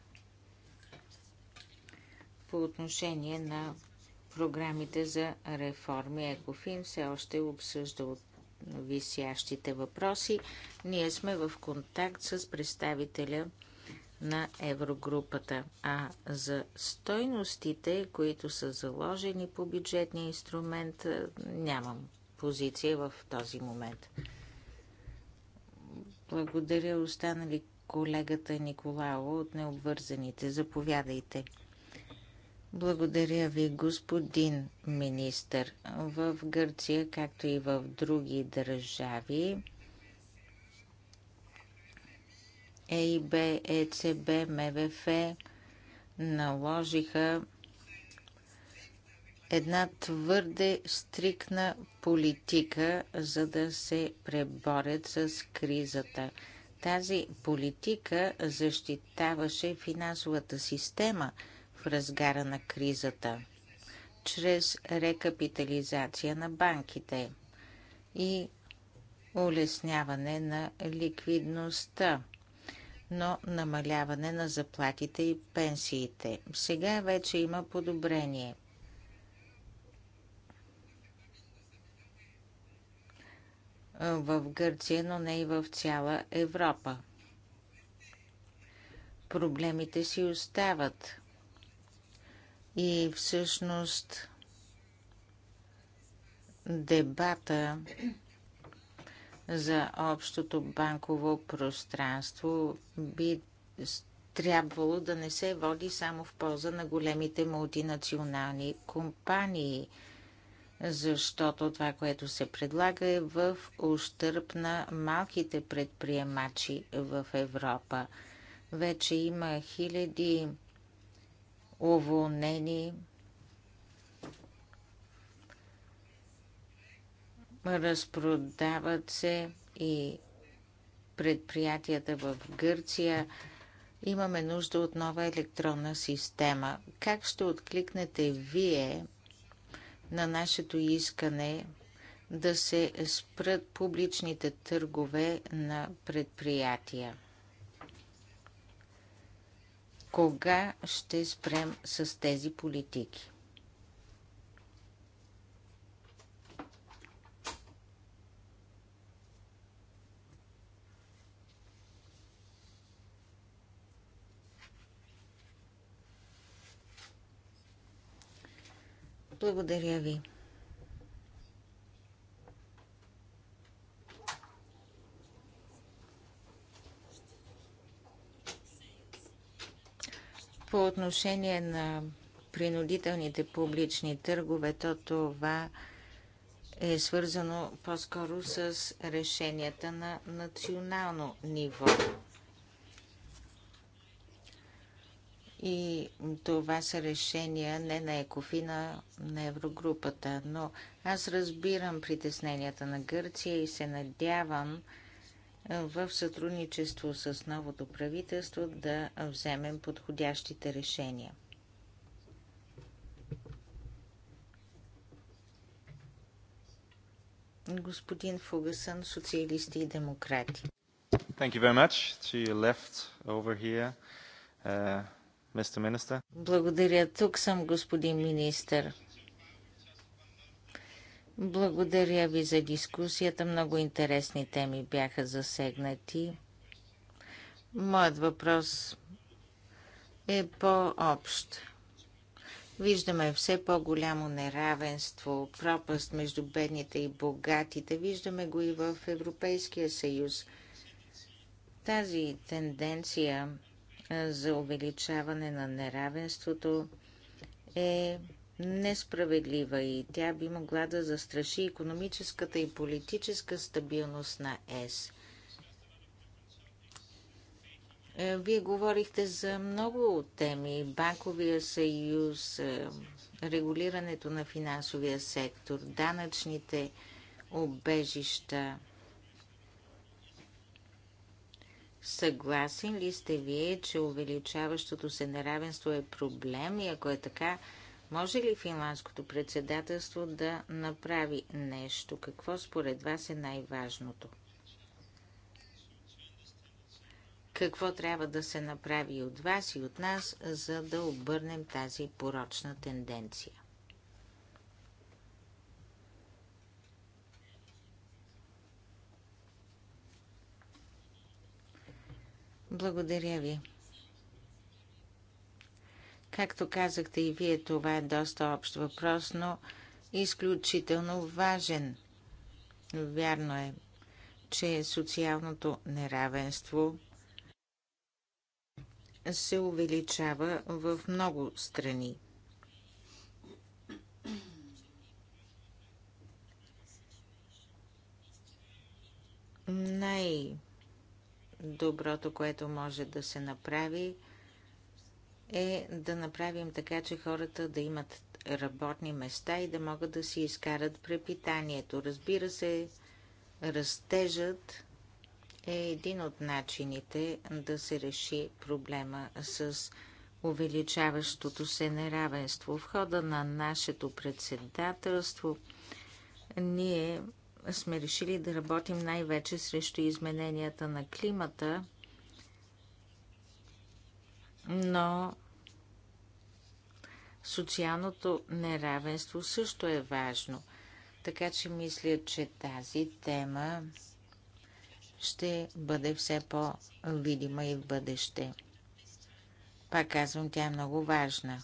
по отношение на програмите за реформи. Екофин все още обсъжда от висящите въпроси. Ние сме в контакт с представителя на Еврогрупата, а за стойностите, които са заложени по бюджетния инструмент, е, нямам позиция в този момент. Благодаря останали колегата Николао от необвързаните. Заповядайте. Благодаря ви, господин министър. В Гърция, както и в други държави, ЕИБ, ЕЦБ, МВФ наложиха една твърде стрикна политика, за да се преборят с кризата. Тази политика защитаваше финансовата система в разгара на кризата чрез рекапитализация на банките и улесняване на ликвидността но намаляване на заплатите и пенсиите. Сега вече има подобрение. В Гърция, но не и в цяла Европа. Проблемите си остават. И всъщност дебата за общото банково пространство би трябвало да не се води само в полза на големите мултинационални компании, защото това, което се предлага е в ущърп на малките предприемачи в Европа. Вече има хиляди уволнени разпродават се и предприятията в Гърция. Имаме нужда от нова електронна система. Как ще откликнете вие на нашето искане да се спрат публичните търгове на предприятия? Кога ще спрем с тези политики? Благодаря ви. По отношение на принудителните публични търгове, то това е свързано по-скоро с решенията на национално ниво. И това са решения не на Екофина, на Еврогрупата. Но аз разбирам притесненията на Гърция и се надявам в сътрудничество с новото правителство да вземем подходящите решения. Господин Фугасън, социалисти и демократи.
Thank you very much to your left over here. Uh, Mr. Minister.
Благодаря. Тук съм, господин министър. Благодаря ви за дискусията. Много интересни теми бяха засегнати. Моят въпрос е по-общ. Виждаме все по-голямо неравенство, пропаст между бедните и богатите. Виждаме го и в Европейския съюз. Тази тенденция за увеличаване на неравенството е несправедлива и тя би могла да застраши економическата и политическа стабилност на ЕС. Вие говорихте за много теми. Банковия съюз, регулирането на финансовия сектор, данъчните обежища. Съгласен ли сте вие, че увеличаващото се неравенство е проблем и ако е така, може ли финландското председателство да направи нещо? Какво според вас е най-важното? Какво трябва да се направи от вас и от нас, за да обърнем тази порочна тенденция? Благодаря ви. Както казахте и вие, това е доста общ въпрос, но изключително важен. Вярно е, че социалното неравенство се увеличава в много страни. Най- Доброто, което може да се направи, е да направим така, че хората да имат работни места и да могат да си изкарат препитанието. Разбира се, растежът е един от начините да се реши проблема с увеличаващото се неравенство. В хода на нашето председателство ние сме решили да работим най-вече срещу измененията на климата, но социалното неравенство също е важно. Така че мисля, че тази тема ще бъде все по-видима и в бъдеще. Пак казвам, тя е много важна.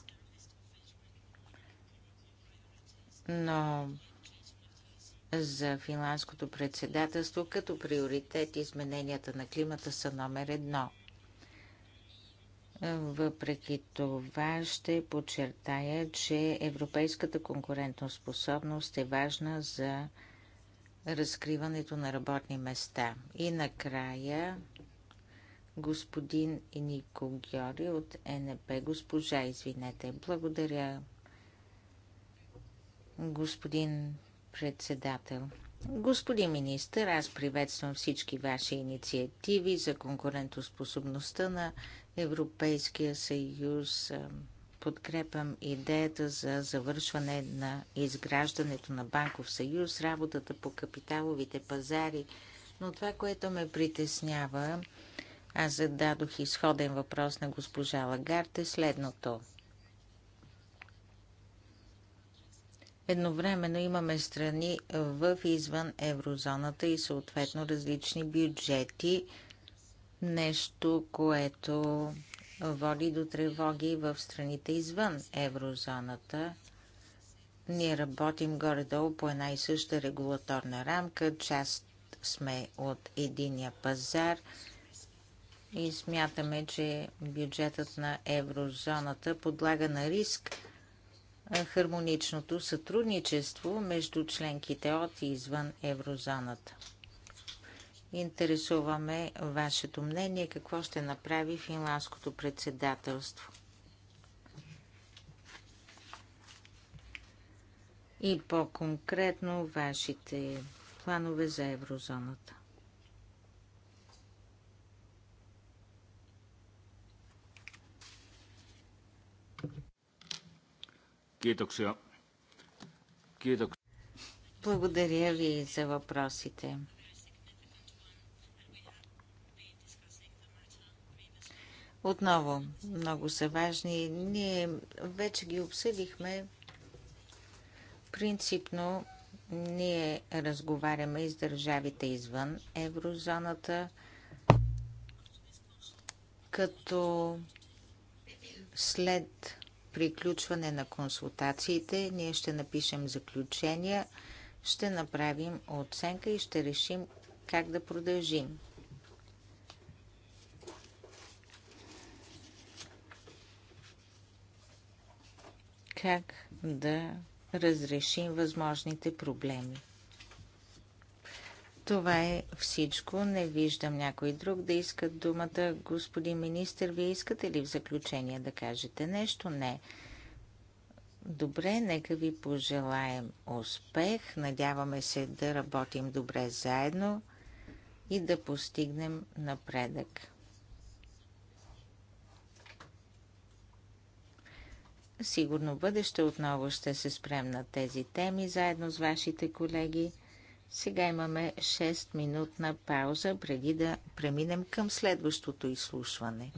Но за финландското председателство като приоритет измененията на климата са номер едно. Въпреки това ще подчертая, че европейската конкурентоспособност е важна за разкриването на работни места. И накрая господин Нико Георги от НП. Госпожа, извинете. Благодаря, господин председател. Господин министър, аз приветствам всички ваши инициативи за конкурентоспособността на Европейския съюз. Подкрепям идеята за завършване на изграждането на банков съюз, работата по капиталовите пазари. Но това, което ме притеснява, аз зададох изходен въпрос на госпожа Лагарте следното – Едновременно имаме страни в извън еврозоната и съответно различни бюджети, нещо, което води до тревоги в страните извън еврозоната. Ние работим горе-долу по една и съща регулаторна рамка, част сме от единия пазар и смятаме, че бюджетът на еврозоната подлага на риск хармоничното сътрудничество между членките от и извън еврозоната. Интересуваме вашето мнение какво ще направи финландското председателство. И по-конкретно вашите планове за еврозоната. Благодаря ви за въпросите. Отново, много са важни. Ние вече ги обсъдихме. Принципно, ние разговаряме и с държавите извън еврозоната, като след приключване на консултациите ние ще напишем заключения, ще направим оценка и ще решим как да продължим. Как да разрешим възможните проблеми. Това е всичко. Не виждам някой друг да иска думата. Господин министр, вие искате ли в заключение да кажете нещо? Не. Добре, нека ви пожелаем успех. Надяваме се да работим добре заедно и да постигнем напредък. Сигурно бъдеще отново ще се спрем на тези теми заедно с вашите колеги. Сега имаме 6-минутна пауза преди да преминем към следващото изслушване.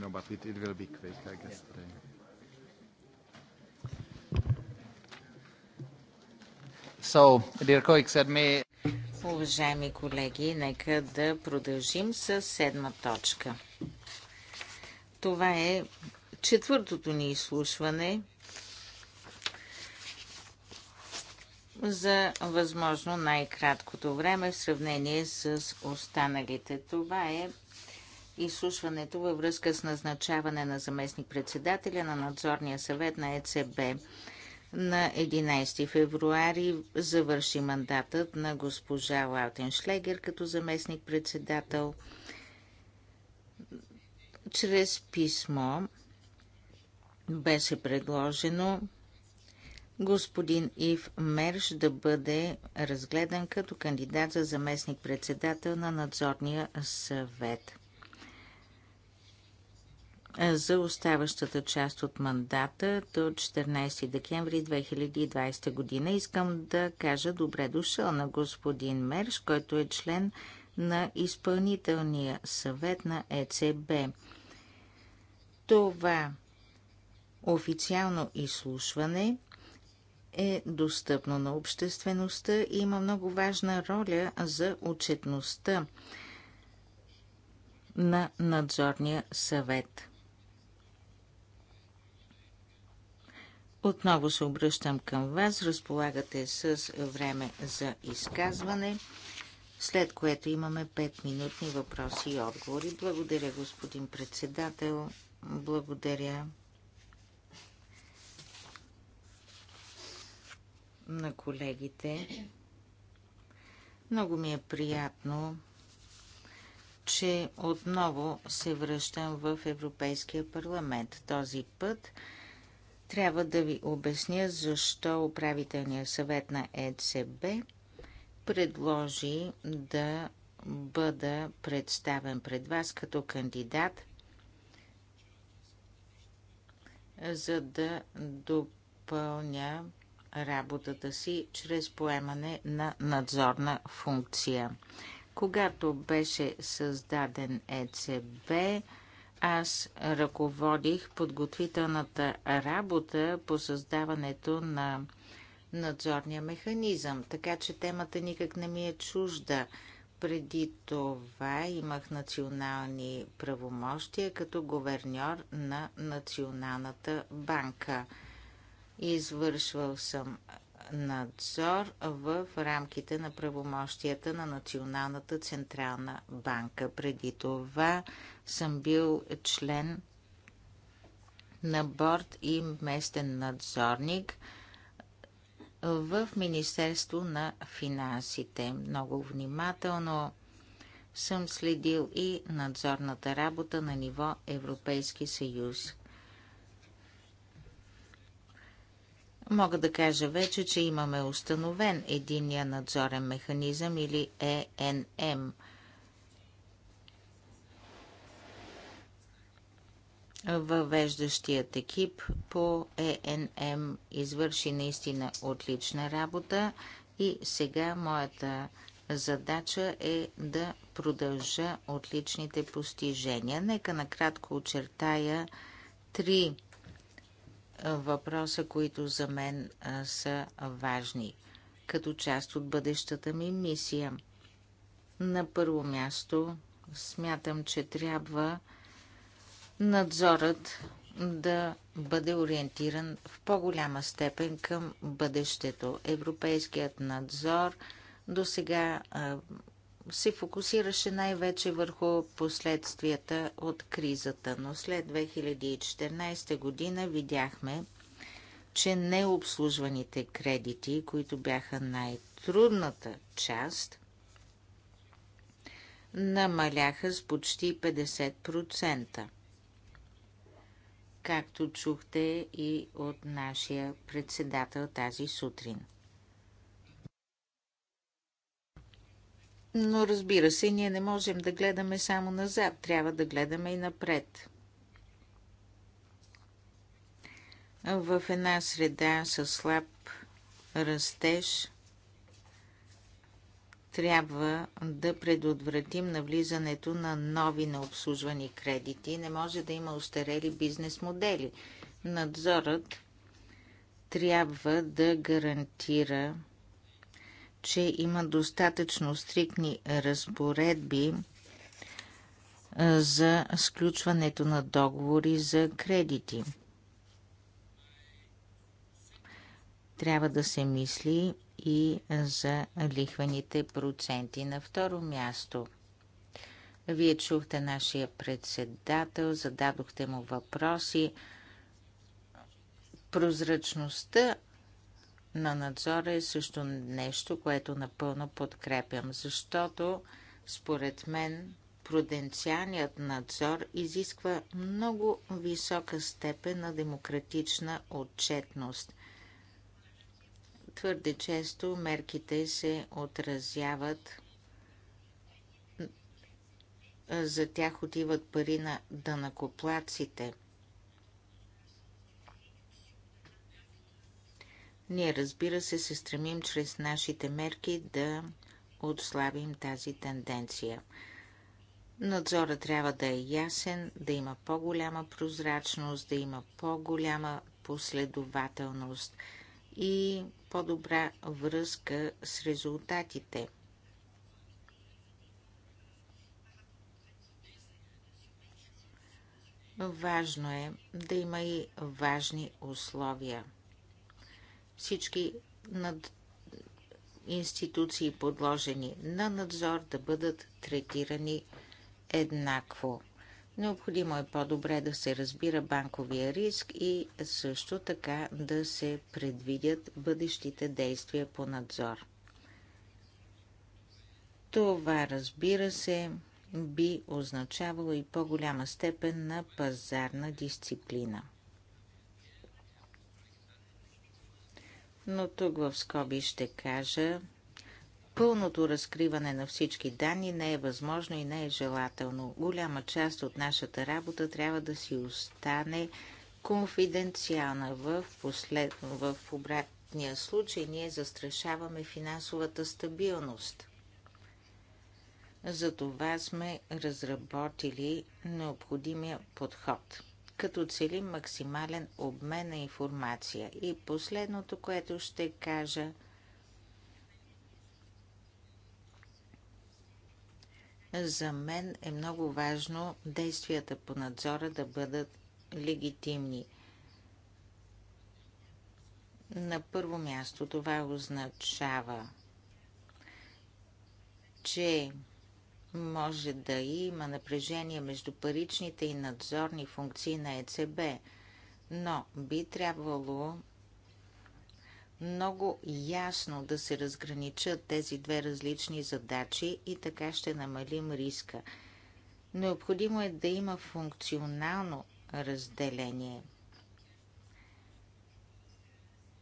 No, but it, it will be quick, I guess. Yeah.
So, dear
colleagues, let me...
Уважаеми колеги, нека да продължим с седма точка. Това е четвъртото ни изслушване – за възможно най-краткото време в сравнение с останалите. Това е изслушването във връзка с назначаване на заместник-председателя на надзорния съвет на ЕЦБ. На 11 февруари завърши мандатът на госпожа Шлегер като заместник-председател. Чрез писмо беше предложено господин Ив Мерш да бъде разгледан като кандидат за заместник-председател на надзорния съвет. За оставащата част от мандата до 14 декември 2020 година искам да кажа добре дошъл на господин Мерш, който е член на изпълнителния съвет на ЕЦБ. Това официално изслушване е достъпно на обществеността и има много важна роля за отчетността на надзорния съвет. Отново се обръщам към вас. Разполагате с време за изказване, след което имаме 5-минутни въпроси и отговори. Благодаря, господин председател. Благодаря. на колегите. Много ми е приятно, че отново се връщам в Европейския парламент. Този път трябва да ви обясня защо управителният съвет на ЕЦБ предложи да бъда представен пред вас като кандидат, за да допълня работата си чрез поемане на надзорна функция. Когато беше създаден ЕЦБ, аз ръководих подготвителната работа по създаването на надзорния механизъм, така че темата никак не ми е чужда. Преди това имах национални правомощия като говерньор на Националната банка – Извършвал съм надзор в рамките на правомощията на Националната централна банка. Преди това съм бил член на борт и местен надзорник в Министерство на финансите. Много внимателно съм следил и надзорната работа на ниво Европейски съюз. Мога да кажа вече, че имаме установен единия надзорен механизъм или е ЕНМ. Въвеждащият екип по е ЕНМ извърши наистина отлична работа и сега моята задача е да продължа отличните постижения. Нека накратко очертая три въпроса, които за мен са важни, като част от бъдещата ми мисия. На първо място смятам, че трябва надзорът да бъде ориентиран в по-голяма степен към бъдещето. Европейският надзор до сега се фокусираше най-вече върху последствията от кризата, но след 2014 година видяхме, че необслужваните кредити, които бяха най-трудната част, намаляха с почти 50%. Както чухте и от нашия председател тази сутрин – Но разбира се, ние не можем да гледаме само назад, трябва да гледаме и напред. В една среда с слаб растеж трябва да предотвратим навлизането на нови необслужвани кредити. Не може да има устарели бизнес модели. Надзорът трябва да гарантира че има достатъчно стриктни разпоредби за сключването на договори за кредити. Трябва да се мисли и за лихвените проценти. На второ място, вие чухте нашия председател, зададохте му въпроси. Прозрачността на надзора е също нещо, което напълно подкрепям, защото според мен пруденциалният надзор изисква много висока степен на демократична отчетност. Твърде често мерките се отразяват за тях отиват пари на дънакоплаците – Ние, разбира се, се стремим чрез нашите мерки да отслабим тази тенденция. Надзора трябва да е ясен, да има по-голяма прозрачност, да има по-голяма последователност и по-добра връзка с резултатите. Важно е да има и важни условия – всички над... институции подложени на надзор да бъдат третирани еднакво. Необходимо е по-добре да се разбира банковия риск и също така да се предвидят бъдещите действия по надзор. Това, разбира се, би означавало и по-голяма степен на пазарна дисциплина – но тук в скоби ще кажа, пълното разкриване на всички данни не е възможно и не е желателно. Голяма част от нашата работа трябва да си остане конфиденциална. В, послед... в обратния случай ние застрашаваме финансовата стабилност. Затова сме разработили необходимия подход – като цели максимален обмен на информация. И последното, което ще кажа, за мен е много важно действията по надзора да бъдат легитимни. На първо място това означава, че може да има напрежение между паричните и надзорни функции на ЕЦБ, но би трябвало много ясно да се разграничат тези две различни задачи и така ще намалим риска. Необходимо е да има функционално разделение –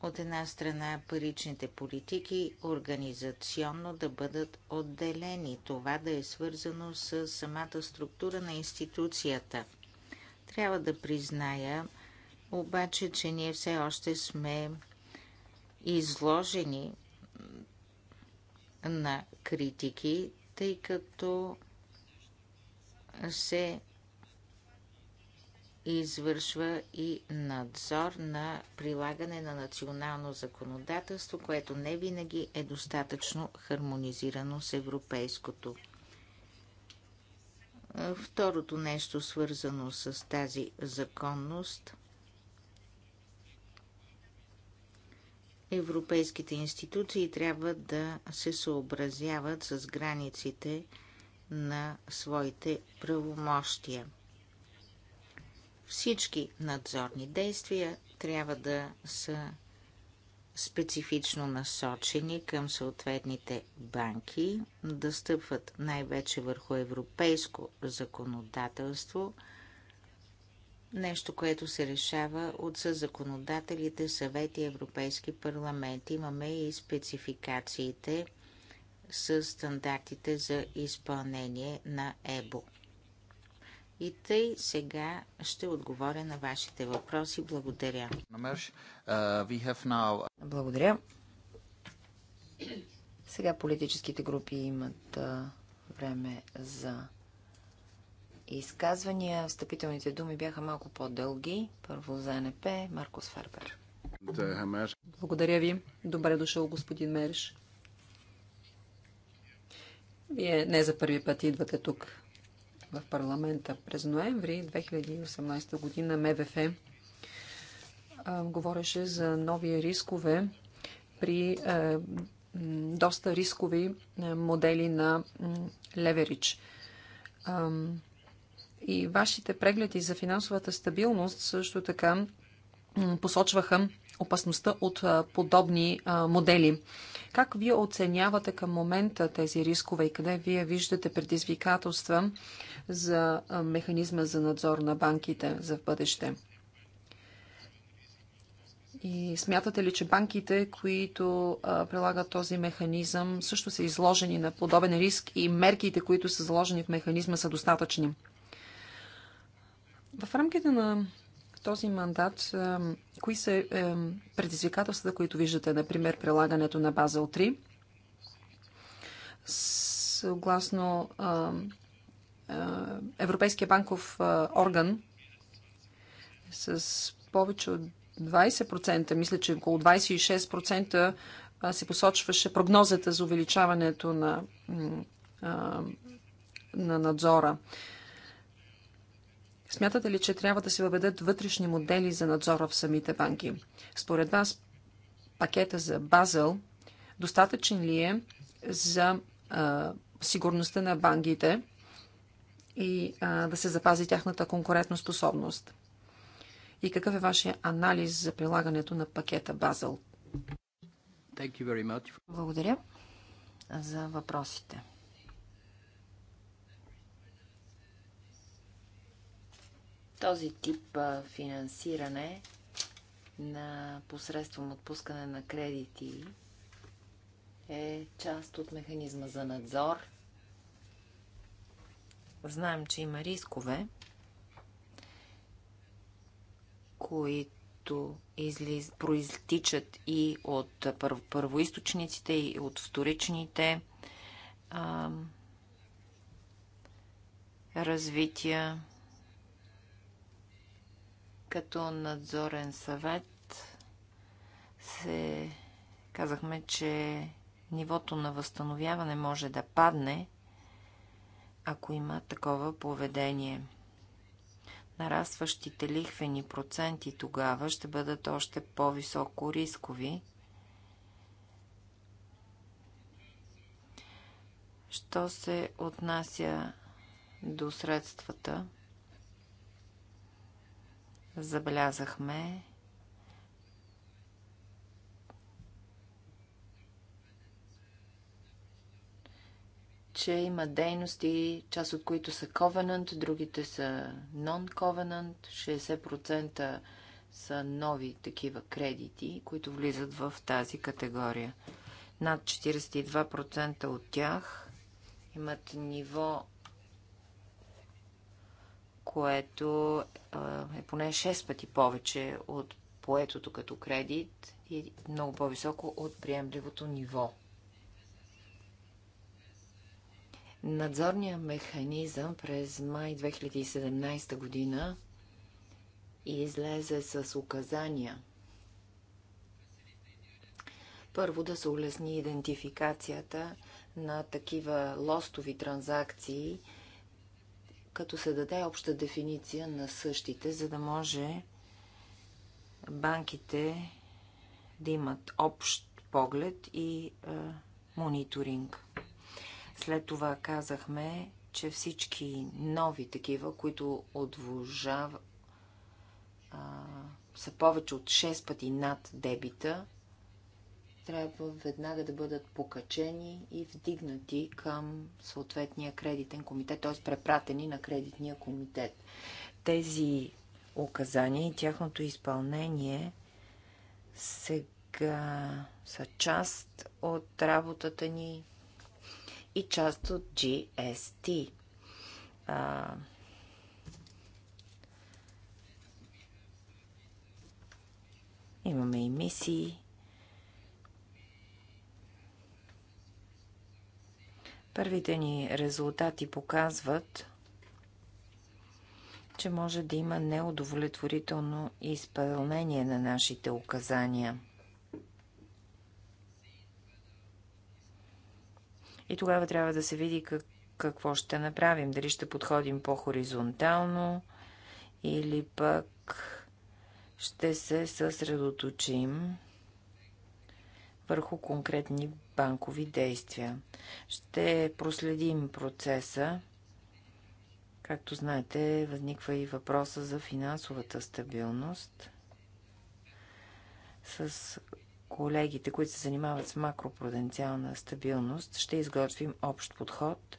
от една страна паричните политики организационно да бъдат отделени. Това да е свързано с самата структура на институцията. Трябва да призная обаче, че ние все още сме изложени на критики, тъй като се извършва и надзор на прилагане на национално законодателство, което не винаги е достатъчно хармонизирано с европейското. Второто нещо, свързано с тази законност, европейските институции трябва да се съобразяват с границите на своите правомощия. Всички надзорни действия трябва да са специфично насочени към съответните банки, да стъпват най-вече върху европейско законодателство, нещо, което се решава от законодателите, съвети, Европейски парламент. Имаме и спецификациите с стандартите за изпълнение на ЕБО. И тъй сега ще отговоря на вашите въпроси. Благодаря.
Благодаря. Сега политическите групи имат време за изказвания. Встъпителните думи бяха малко по-дълги. Първо за НП Маркус Фербер.
Благодаря ви. Добре дошъл, господин Мерш. Вие не за първи път идвате тук в парламента. През ноември 2018 година МВФ а, говореше за нови рискове при а, доста рискови модели на леверидж. И вашите прегледи за финансовата стабилност също така посочваха опасността от подобни модели. Как вие оценявате към момента тези рискове и къде вие виждате предизвикателства за механизма за надзор на банките за в бъдеще? И смятате ли, че банките, които прилагат този механизъм, също са изложени на подобен риск и мерките, които са заложени в механизма, са достатъчни? В рамките на този мандат, кои са е, предизвикателствата, които виждате, например, прилагането на Базел 3, съгласно Европейския банков орган, с повече от 20%, мисля, че около 26% се посочваше прогнозата за увеличаването на, на надзора. Смятате ли, че трябва да се въведат вътрешни модели за надзора в самите банки? Според вас, пакета за Базъл достатъчен ли е за а, сигурността на банките и а, да се запази тяхната конкурентоспособност? И какъв е вашия анализ за прилагането на пакета Базъл? Благодаря
за въпросите. Този тип финансиране на посредством отпускане на кредити е част от механизма за надзор. Знаем, че има рискове, които излиз... проистичат и от пър... първоисточниците, и от вторичните а... развития. Като надзорен съвет се казахме, че нивото на възстановяване може да падне, ако има такова поведение. Нарастващите лихвени проценти тогава ще бъдат още по-високо рискови. Що се отнася до средствата, забелязахме, че има дейности, част от които са covenant, другите са non-covenant, 60% са нови такива кредити, които влизат в тази категория. Над 42% от тях имат ниво което е поне 6 пъти повече от поетото като кредит и много по-високо от приемливото ниво. Надзорният механизъм през май 2017 година излезе с указания. Първо да се улесни идентификацията на такива лостови транзакции – като се даде обща дефиниция на същите, за да може банките да имат общ поглед и е, мониторинг. След това казахме, че всички нови такива, които отвожават, са повече от 6 пъти над дебита, трябва веднага да бъдат покачени и вдигнати към съответния кредитен комитет, т.е. препратени на кредитния комитет. Тези указания и тяхното изпълнение сега са част от работата ни и част от GST. А, имаме и мисии Първите ни резултати показват, че може да има неудовлетворително изпълнение на нашите указания. И тогава трябва да се види как, какво ще направим. Дали ще подходим по-хоризонтално или пък ще се съсредоточим върху конкретни банкови действия. Ще проследим процеса. Както знаете, възниква и въпроса за финансовата стабилност с колегите, които се занимават с макропруденциална стабилност, ще изготвим общ подход,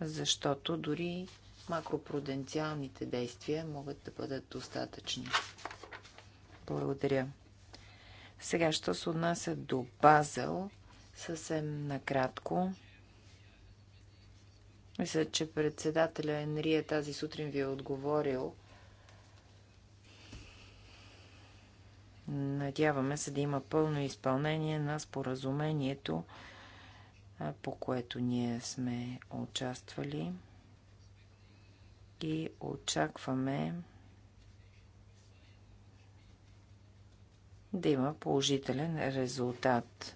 защото дори макропруденциалните действия могат да бъдат достатъчни. Благодаря. Сега, що се отнася до Базел, съвсем накратко. Мисля, че председателя Енрия тази сутрин ви е отговорил. Надяваме се да има пълно изпълнение на споразумението, по което ние сме участвали и очакваме да има положителен резултат.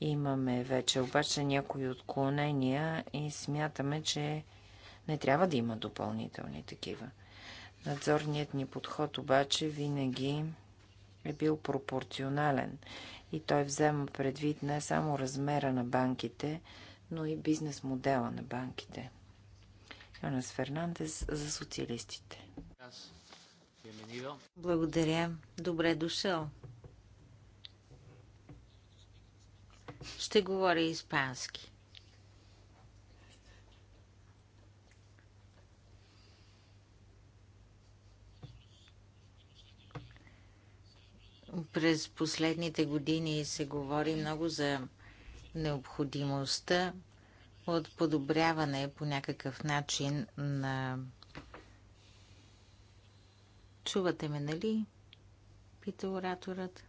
Имаме вече обаче някои отклонения и смятаме, че не трябва да има допълнителни такива. Надзорният ни подход обаче винаги е бил пропорционален и той взема предвид не само размера на банките, но и бизнес модела на банките. Йонас Фернандес за социалистите. Благодаря. Добре дошъл.
Ще говоря испански. През последните години се говори много за необходимостта от подобряване по някакъв начин на Чувате ме, нали? Пита ораторът.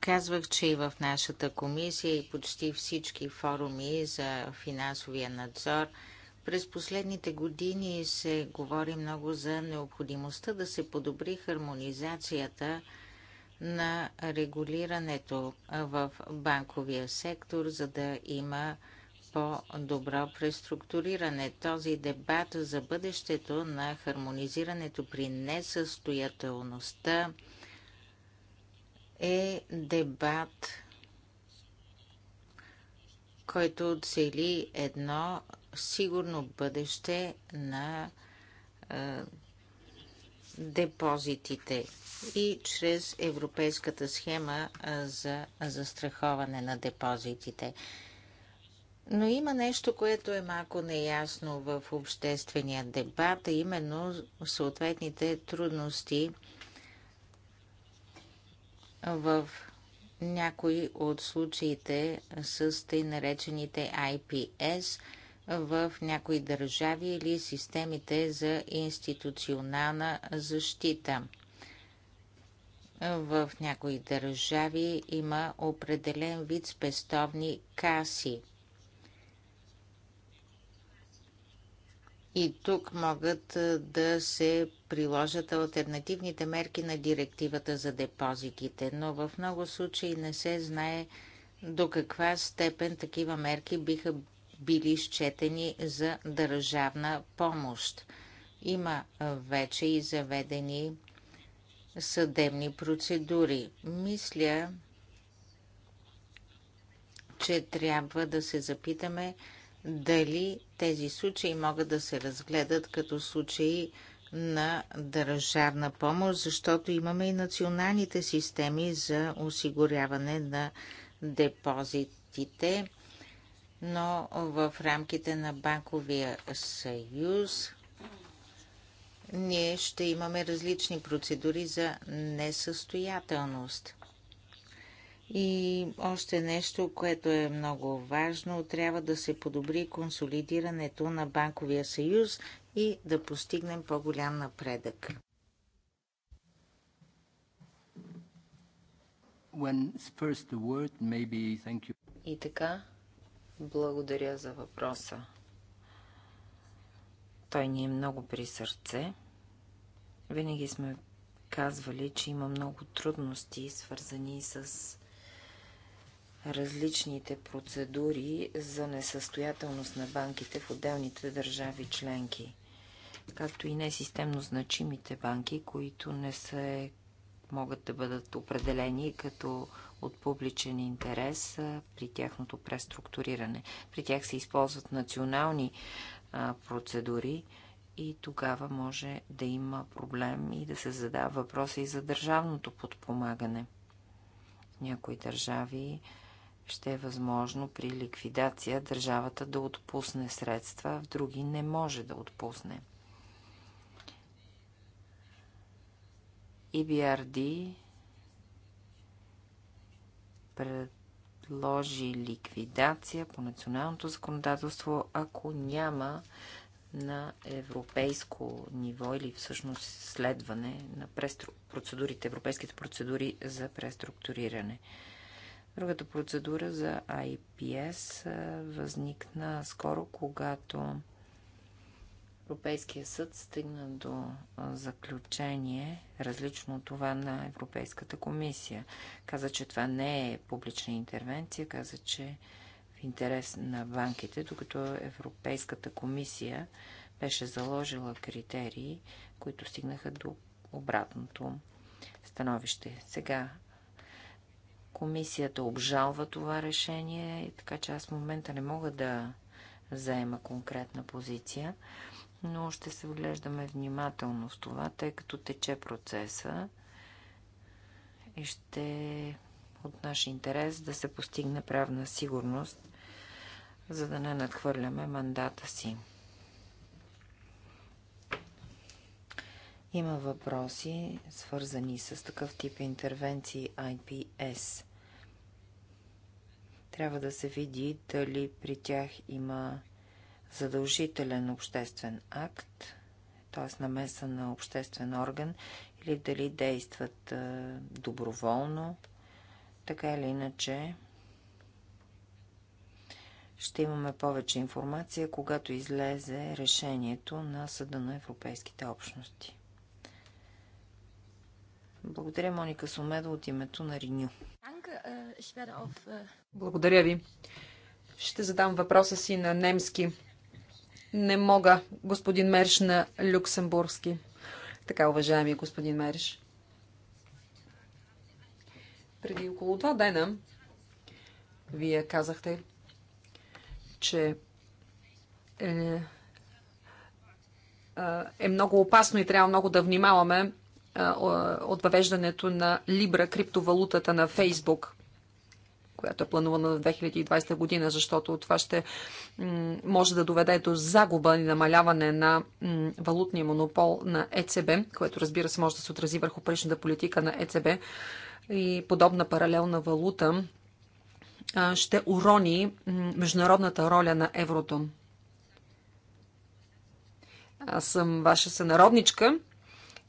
Казвах, че и в нашата комисия и почти всички форуми за финансовия надзор през последните години се говори много за необходимостта да се подобри хармонизацията на регулирането в банковия сектор, за да има по-добро преструктуриране. Този дебат за бъдещето на хармонизирането при несъстоятелността е дебат, който цели едно сигурно бъдеще на е, депозитите и чрез европейската схема за застраховане на депозитите. Но има нещо, което е малко неясно в обществения дебат, а именно съответните трудности в някои от случаите с тъй наречените IPS в някои държави или системите за институционална защита. В някои държави има определен вид спестовни каси – И тук могат да се приложат альтернативните мерки на директивата за депозитите, но в много случаи не се знае до каква степен такива мерки биха били счетени за държавна помощ. Има вече и заведени съдебни процедури. Мисля, че трябва да се запитаме дали тези случаи могат да се разгледат като случаи на държавна помощ, защото имаме и националните системи за осигуряване на депозитите, но в рамките на Банковия съюз ние ще имаме различни процедури за несъстоятелност. И още нещо, което е много важно, трябва да се подобри консолидирането на Банковия съюз и да постигнем по-голям напредък.
Word, maybe,
и така, благодаря за въпроса. Той ни е много при сърце. Винаги сме казвали, че има много трудности, свързани с различните процедури за несъстоятелност на банките в отделните държави членки, както и несистемно значимите банки, които не се могат да бъдат определени като от публичен интерес при тяхното преструктуриране. При тях се използват национални процедури и тогава може да има проблем и да се задава въпроса и за държавното подпомагане. някои държави ще е възможно при ликвидация държавата да отпусне средства, а в други не може да отпусне. EBRD предложи ликвидация по националното законодателство, ако няма на европейско ниво или всъщност следване на процедурите, европейските процедури за преструктуриране. Другата процедура за IPS възникна скоро, когато Европейския съд стигна до заключение, различно от това на Европейската комисия. Каза, че това не е публична интервенция, каза, че в интерес на банките, докато Европейската комисия беше заложила критерии, които стигнаха до обратното становище. Сега Комисията обжалва това решение, така че аз в момента не мога да заема конкретна позиция, но ще се вглеждаме внимателно в това, тъй като тече процеса и ще е от наш интерес да се постигне правна сигурност, за да не надхвърляме мандата си. Има въпроси, свързани с такъв тип интервенции IPS. Трябва да се види дали при тях има задължителен обществен акт, т.е. намеса на обществен орган, или дали действат доброволно, така или иначе ще имаме повече информация, когато излезе решението на Съда на Европейските общности. Благодаря, Моника Сумедо, от името на Риню. Äh, äh,
Благодаря ви. Ще задам въпроса си на немски. Не мога, господин Мерш, на люксембургски. Така, уважаеми господин Мерш. Преди около два дена вие казахте, че е, е, е много опасно и трябва много да внимаваме от въвеждането на Libra, криптовалутата на Фейсбук, която е планувана за 2020 година, защото това ще може да доведе до загуба и намаляване на валутния монопол на ЕЦБ, което разбира се може да се отрази върху паричната политика на ЕЦБ и подобна паралелна валута ще урони международната роля на еврото. Аз съм ваша сънародничка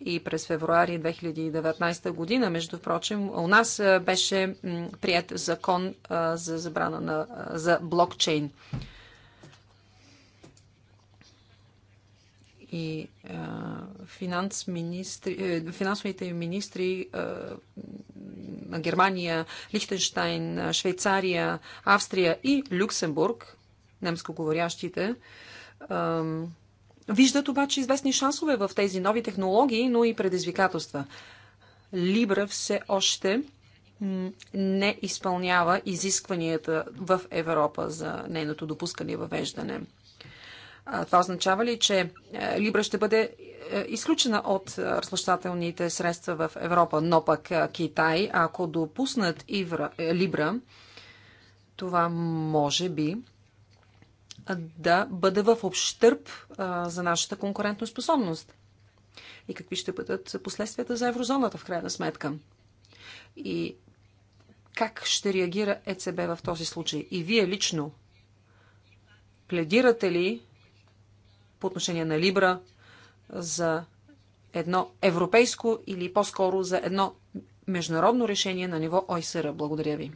и през февруари 2019 година. Между прочим, у нас беше прият закон за забрана на, за блокчейн. И финанс министри, е, финансовите министри на Германия, Лихтенштайн, Швейцария, Австрия и Люксембург, немско говорящите, Виждат обаче известни шансове в тези нови технологии, но и предизвикателства. Либра все още не изпълнява изискванията в Европа за нейното допускане и въвеждане. Това означава ли, че е, Либра ще бъде е, изключена от е, разплащателните средства в Европа, но пък Китай, ако допуснат Ивра, Либра, това може би да бъде в общърп за нашата конкурентоспособност? И какви ще бъдат последствията за еврозоната в крайна сметка? И как ще реагира ЕЦБ в този случай? И вие лично пледирате ли по отношение на Либра за едно европейско или по-скоро за едно международно решение на ниво ОИСР? Благодаря ви.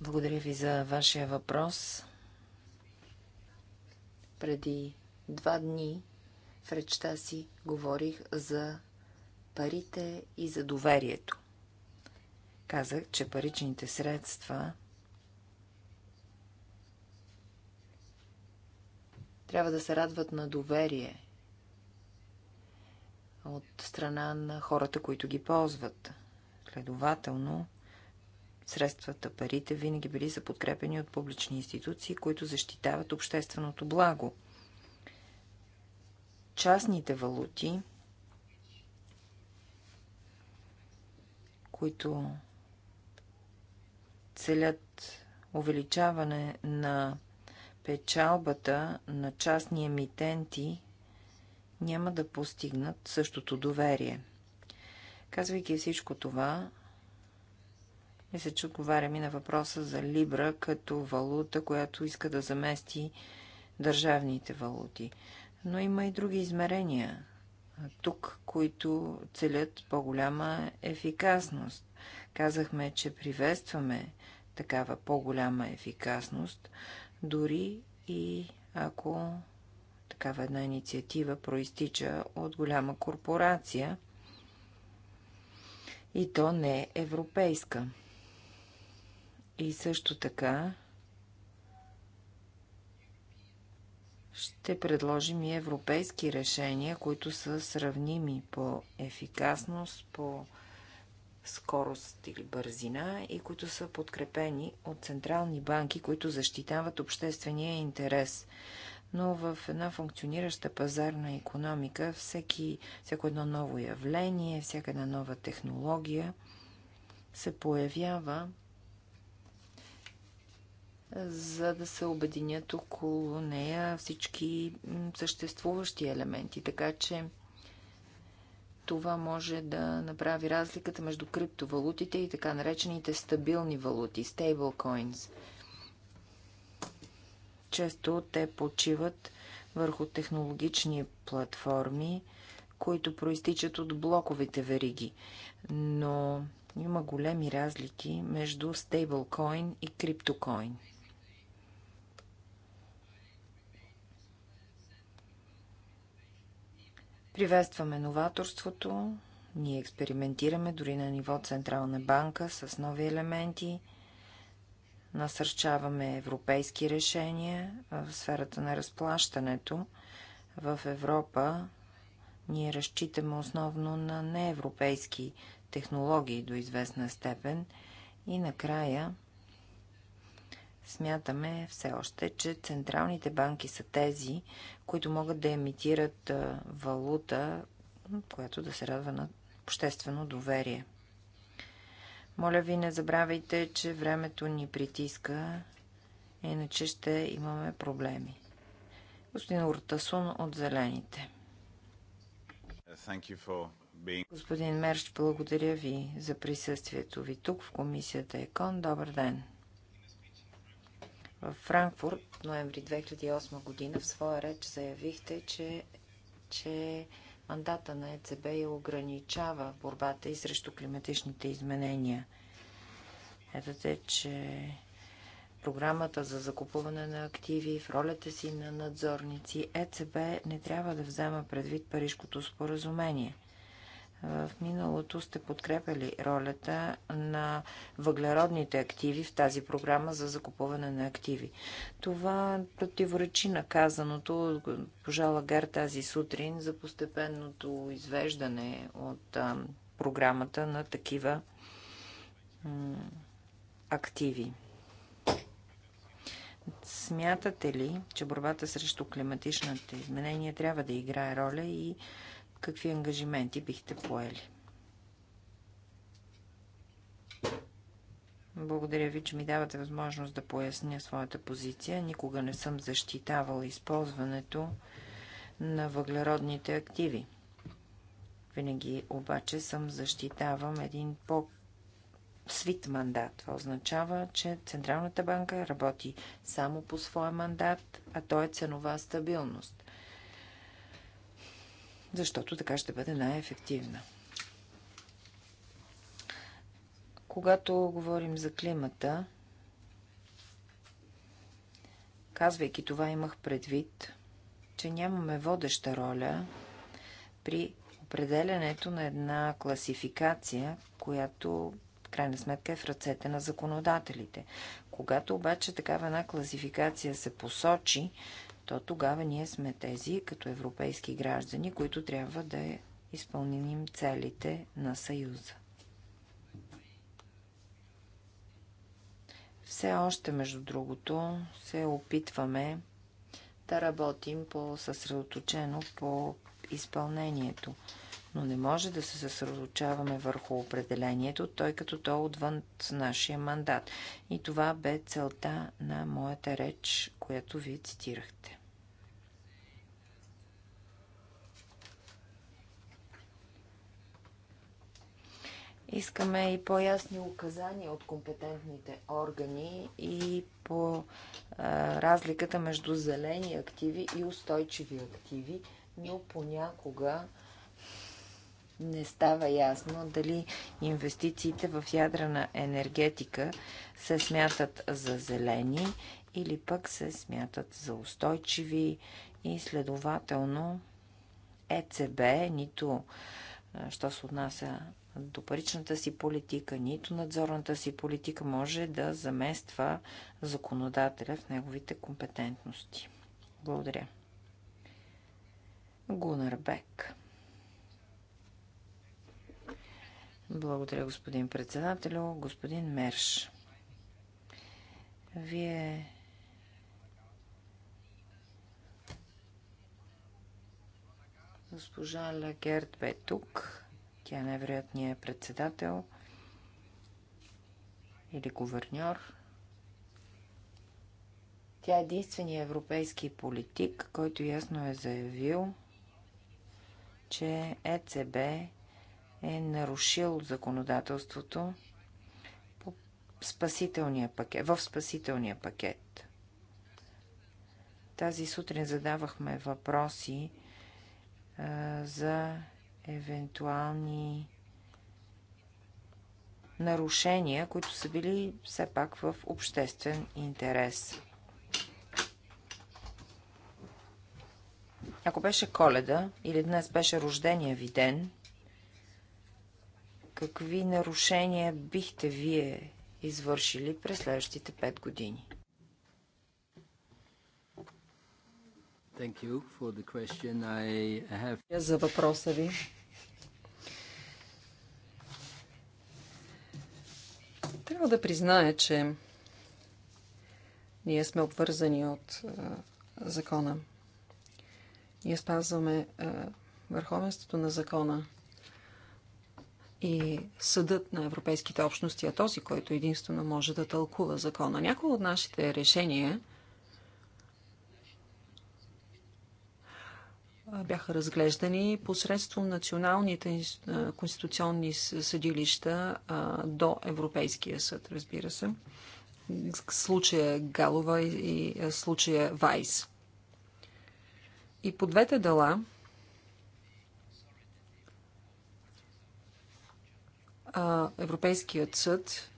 Благодаря ви за вашия въпрос. Преди два дни в речта си говорих за парите и за доверието. Казах, че паричните средства трябва да се радват на доверие от страна на хората, които ги ползват. Следователно, средствата, парите винаги били са подкрепени от публични институции, които защитават общественото благо. Частните валути, които целят увеличаване на печалбата на частни емитенти, няма да постигнат същото доверие. Казвайки всичко това, мисля, че отговарям и на въпроса за Либра като валута, която иска да замести държавните валути. Но има и други измерения тук, които целят по-голяма ефикасност. Казахме, че приветстваме такава по-голяма ефикасност, дори и ако такава една инициатива проистича от голяма корпорация и то не е европейска. И също така ще предложим и европейски решения, които са сравними по ефикасност, по скорост или бързина и които са подкрепени от централни банки, които защитават обществения интерес. Но в една функционираща пазарна економика всеки, всяко едно ново явление, всяка една нова технология се появява за да се обединят около нея всички съществуващи елементи. Така че това може да направи разликата между криптовалутите и така наречените стабилни валути, stablecoins. Често те почиват върху технологични платформи, които проистичат от блоковите вериги. Но има големи разлики между стейблкоин и криптокоин. Приветстваме новаторството, ние експериментираме дори на ниво Централна банка с нови елементи, насърчаваме европейски решения в сферата на разплащането. В Европа ние разчитаме основно на неевропейски технологии до известна степен и накрая Смятаме все още, че централните банки са тези, които могат да емитират валута, която да се радва на обществено доверие. Моля ви, не забравяйте, че времето ни притиска, иначе ще имаме проблеми. Господин Уртасун от Зелените. Being... Господин Мерш, благодаря ви за присъствието ви тук в комисията ЕКОН. Добър ден! В Франкфурт, ноември 2008 година, в своя реч заявихте, че, че мандата на ЕЦБ я ограничава борбата и срещу климатичните изменения. Ето че програмата за закупуване на активи, в ролята си на надзорници, ЕЦБ не трябва да взема предвид Парижкото споразумение. В миналото сте подкрепили ролята на въглеродните активи в тази програма за закупуване на активи. Това противоречи на казаното от пожала Лагар тази сутрин за постепенното извеждане от програмата на такива активи. Смятате ли, че борбата срещу климатичните изменения трябва да играе роля и какви ангажименти бихте поели? Благодаря ви, че ми давате възможност да поясня своята позиция. Никога не съм защитавала използването на въглеродните активи. Винаги обаче съм защитавам един по свит мандат. Това означава, че Централната банка работи само по своя мандат, а то е ценова стабилност защото така ще бъде най-ефективна. Когато говорим за климата, казвайки това, имах предвид, че нямаме водеща роля при определянето на една класификация, която в крайна сметка е в ръцете на законодателите. Когато обаче такава една класификация се посочи, то тогава ние сме тези, като европейски граждани, които трябва да изпълним целите на Съюза. Все още, между другото, се опитваме да работим по съсредоточено по изпълнението но не може да се съсредоточаваме върху определението, тъй като то отвън отвън нашия мандат. И това бе целта на моята реч, която вие цитирахте. Искаме и по-ясни указания от компетентните органи и по а, разликата между зелени активи и устойчиви активи, но понякога не става ясно дали инвестициите в ядрена енергетика се смятат за зелени или пък се смятат за устойчиви и следователно ЕЦБ, нито що се отнася до паричната си политика, нито надзорната си политика може да замества законодателя в неговите компетентности. Благодаря. Гунар Бек. Благодаря, господин председател, Господин Мерш, вие Госпожа Лагерт бе тук. Тя е невероятният председател или говерньор. Тя е единствения европейски политик, който ясно е заявил, че ЕЦБ е нарушил законодателството по спасителния пакет, в спасителния пакет. Тази сутрин задавахме въпроси а, за евентуални нарушения, които са били все пак в обществен интерес. Ако беше коледа или днес беше рождения ви ден – какви нарушения бихте вие извършили през следващите пет години?
Have... За
въпроса ви. Трябва да призная, че ние сме обвързани от а, закона. Ние спазваме а, върховенството на закона и съдът на европейските общности е този, който единствено може да тълкува закона. Някои от нашите решения бяха разглеждани посредством националните конституционни съдилища до Европейския съд, разбира се. Случая Галова и случая Вайс. И по двете дела а Европейският съд,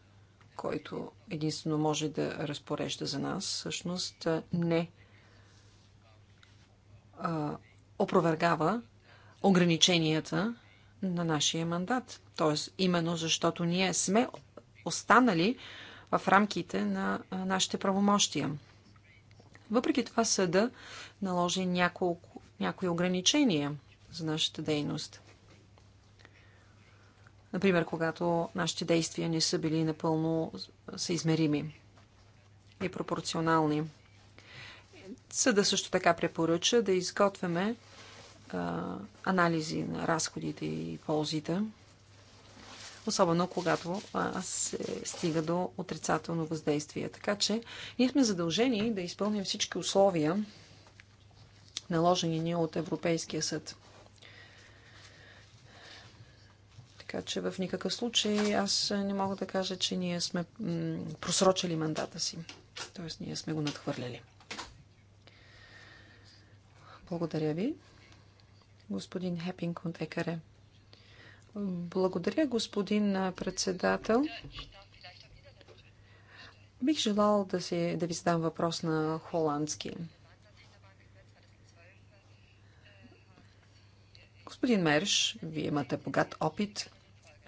който единствено може да разпорежда за нас, всъщност не а, опровергава ограниченията на нашия мандат. Тоест, именно защото ние сме останали в рамките на нашите правомощия. Въпреки това съда наложи няколко, някои ограничения за нашата дейност. Например, когато нашите действия не са били напълно съизмерими и пропорционални. Съда също така препоръча да изготвяме а, анализи на разходите и ползите, особено когато а, се стига до отрицателно въздействие. Така че ние сме задължени да изпълним всички условия, наложени ни от Европейския съд. Така че в никакъв случай аз не мога да кажа, че ние сме просрочили мандата си. Тоест ние сме го надхвърляли. Благодаря ви, господин Хепинг от Екаре. Благодаря, господин председател. Бих желал да, си, да ви задам въпрос на холандски. Господин Мерш, вие имате богат опит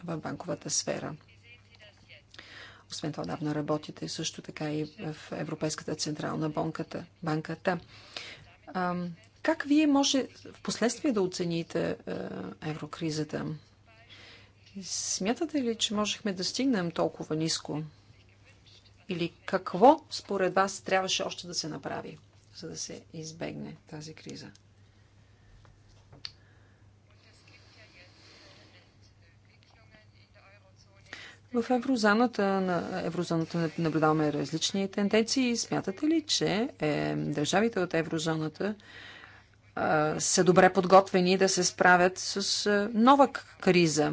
в банковата сфера. Освен това, давно работите също така и в Европейската централна банката. банката. А, как вие може в последствие да оцените а, еврокризата? Смятате ли, че можехме да стигнем толкова ниско? Или какво според вас трябваше още да се направи, за да се избегне тази криза? В Еврозаната на еврозоната наблюдаваме различни тенденции. Смятате ли, че е, държавите от еврозоната е, са добре подготвени да се справят с е, нова криза?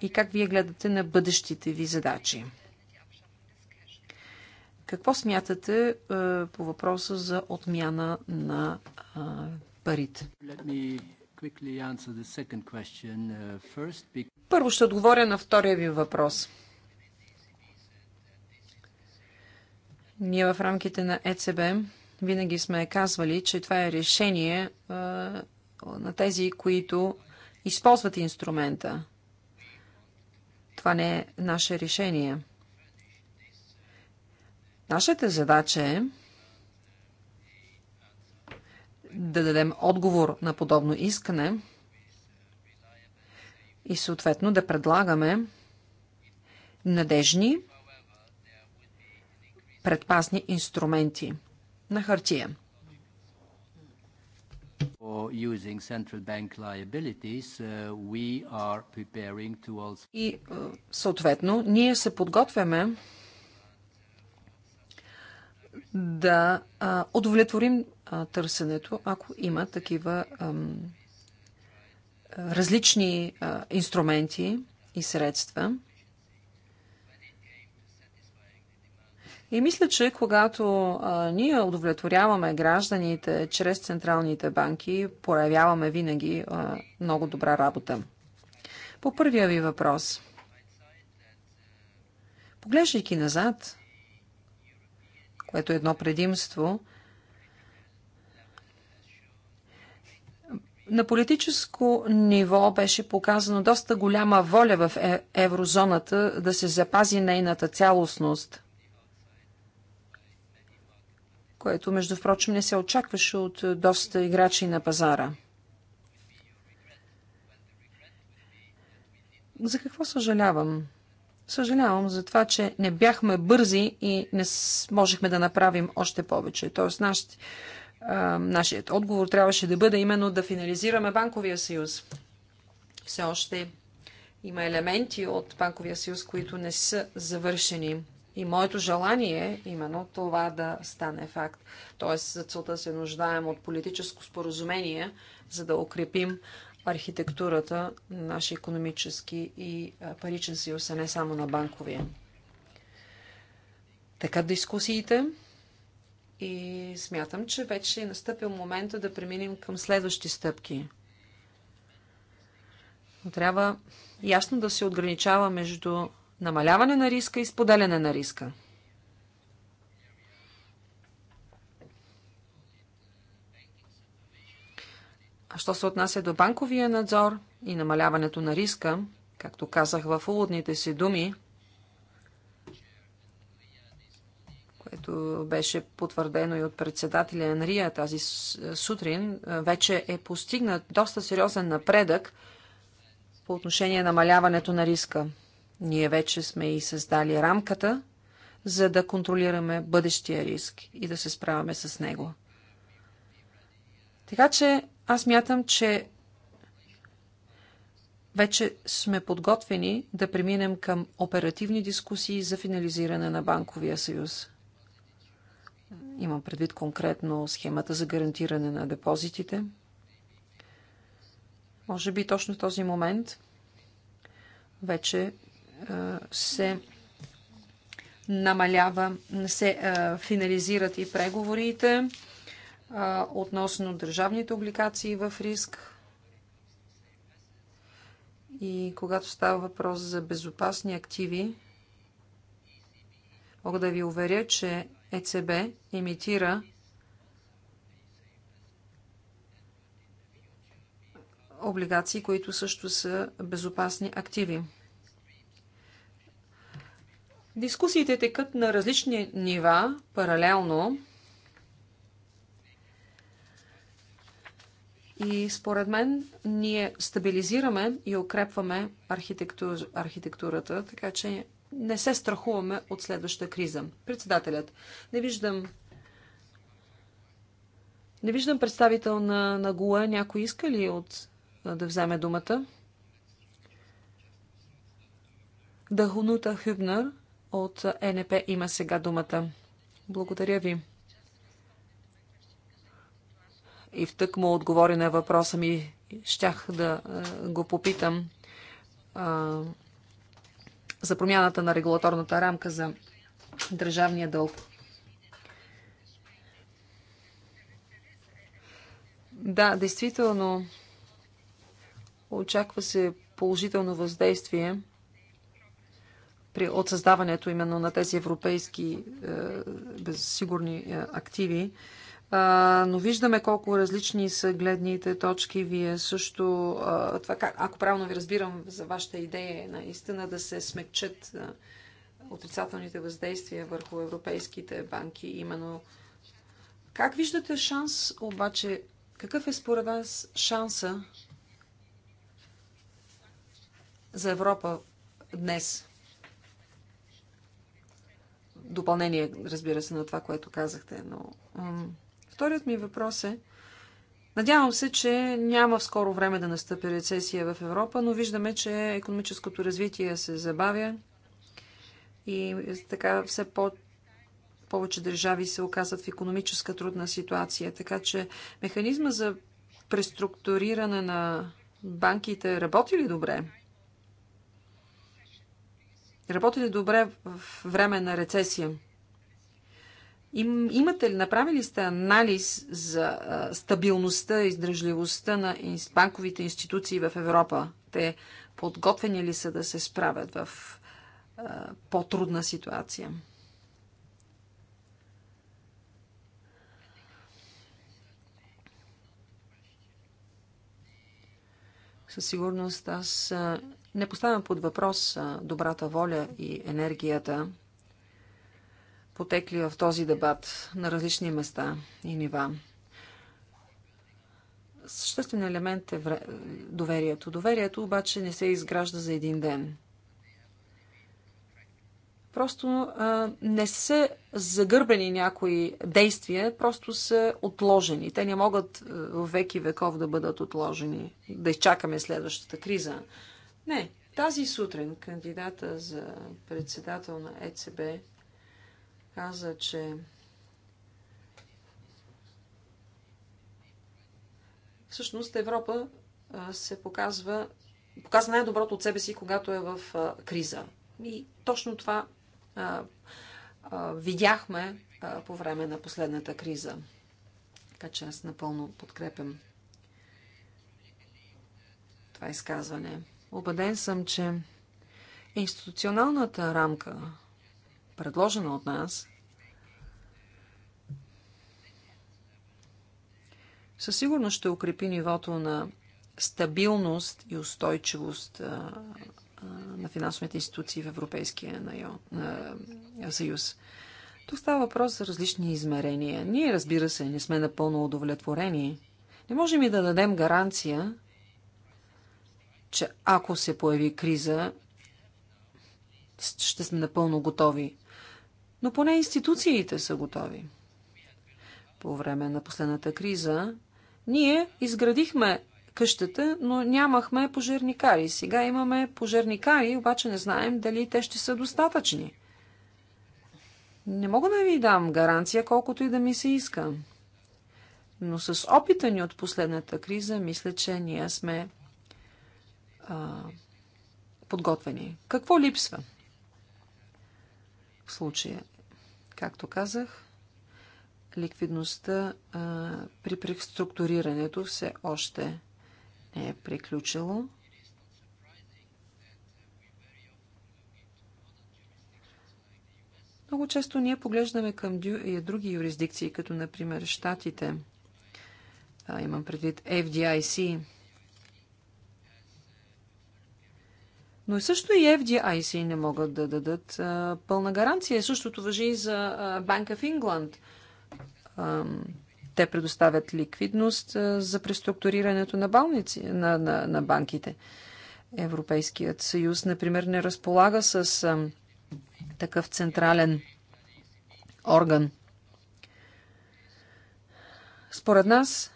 И как вие гледате на бъдещите ви задачи? Какво смятате е, по въпроса за отмяна на е, парите? Първо ще отговоря на втория ви въпрос. Ние в рамките на ЕЦБ винаги сме казвали, че това е решение а, на тези, които използват инструмента. Това не е наше решение. Нашата задача е да дадем отговор на подобно искане – и съответно да предлагаме надежни предпазни инструменти на хартия.
Uh,
и uh,
съответно, ние се подготвяме да uh, удовлетворим търсенето, ако има такива различни инструменти и средства. И мисля, че когато а, ние удовлетворяваме гражданите чрез централните банки, проявяваме винаги а, много добра работа. По първия ви въпрос. Поглеждайки назад, което е едно предимство, На политическо ниво беше показано доста голяма воля в е, еврозоната да се запази нейната цялостност, което, между впрочем, не се очакваше от доста играчи на пазара. За какво съжалявам? Съжалявам за това, че не бяхме бързи и не можехме да направим още повече. Тоест, нашите нашият отговор трябваше да бъде именно да финализираме банковия съюз. Все още има елементи от банковия съюз, които не са завършени. И моето желание е именно това да стане факт. Тоест, за целта се нуждаем от политическо споразумение, за да укрепим архитектурата на нашия економически и паричен съюз, а не само на банковия. Така дискусиите. И смятам, че вече е настъпил момента да преминем към следващи стъпки. Но трябва ясно да се отграничава между намаляване на риска и споделяне на риска. А що се отнася до банковия надзор и намаляването на риска, както казах в уводните си думи, което беше потвърдено и от председателя Енрия тази сутрин, вече е постигнат доста сериозен напредък по отношение намаляването на риска. Ние вече сме и създали рамката, за да контролираме бъдещия риск и да се справяме с него. Така че аз мятам, че вече сме подготвени да преминем към оперативни дискусии за финализиране на банковия съюз. Имам предвид конкретно схемата за гарантиране на депозитите. Може би точно в този момент вече е, се намалява, се е, финализират и преговорите е, относно държавните облигации в риск. И когато става въпрос за безопасни активи, мога да ви уверя, че ЕЦБ имитира облигации, които също са безопасни активи. Дискусиите текат на различни нива, паралелно. И според мен ние стабилизираме и укрепваме архитектурата, така че не се страхуваме от следваща криза. Председателят, не виждам. Не виждам представител на, на ГУА. Някой иска ли от, да вземе думата? Дахунута Хюбнер от НП има сега думата. Благодаря ви. И тък му отговори на въпроса ми. Щях да го попитам за промяната на регулаторната рамка за държавния дълг. Да, действително очаква се положително въздействие при, от създаването именно на тези европейски е, безсигурни е, активи. А, но виждаме колко различни са гледните точки. Вие също, а, това как, ако правилно ви разбирам за вашата идея, е наистина да се смекчат а, отрицателните въздействия върху европейските банки, именно как виждате шанс, обаче, какъв е според вас шанса за Европа днес? Допълнение, разбира се, на това, което казахте, но Вторият ми въпрос е, надявам се, че няма в скоро време да настъпи рецесия в Европа, но виждаме, че економическото развитие се забавя и така все по- повече държави се оказват в економическа трудна ситуация. Така че механизма за преструктуриране на банките работи ли добре? Работи ли добре в време на рецесия? Им, имате ли, направили сте анализ за а, стабилността и издръжливостта на банковите институции в Европа? Те подготвени ли са да се справят в по-трудна ситуация? Със сигурност аз не поставям под въпрос добрата воля и енергията потекли в този дебат на различни места и нива. Съществен елемент е доверието. Доверието обаче не се изгражда за един ден. Просто а, не са загърбени някои действия, просто са отложени. Те не могат в веки веков да бъдат отложени, да изчакаме следващата криза. Не, тази сутрин кандидата за председател на ЕЦБ каза, че всъщност Европа се показва, показва най-доброто от себе си, когато е в криза. И точно това видяхме по време на последната криза. Така че аз напълно подкрепям това изказване. Обаден съм, че институционалната рамка, предложена от нас, със сигурност ще укрепи нивото на стабилност и устойчивост на финансовите институции в Европейския съюз. Тук става въпрос за различни измерения. Ние, разбира се, не сме напълно удовлетворени. Не можем и да дадем гаранция, че ако се появи криза, ще сме напълно готови. Но поне институциите са готови. По време на последната криза ние изградихме къщата, но нямахме пожарникари. Сега имаме пожарникари, обаче не знаем дали те ще са достатъчни. Не мога да ви дам гаранция, колкото и да ми се иска. Но с опита ни от последната криза, мисля, че ние сме а, подготвени. Какво липсва? в случая. Както казах, ликвидността а, при преструктурирането все още не е приключило. Много често ние поглеждаме към други юрисдикции, като например Штатите. А, имам предвид FDIC – Но също и FDIC не могат да дадат а, пълна гаранция. Същото въжи и за а, Bank of England. А, те предоставят ликвидност а, за преструктурирането на, балници, на, на, на банките. Европейският съюз, например, не разполага с а, такъв централен орган. Според нас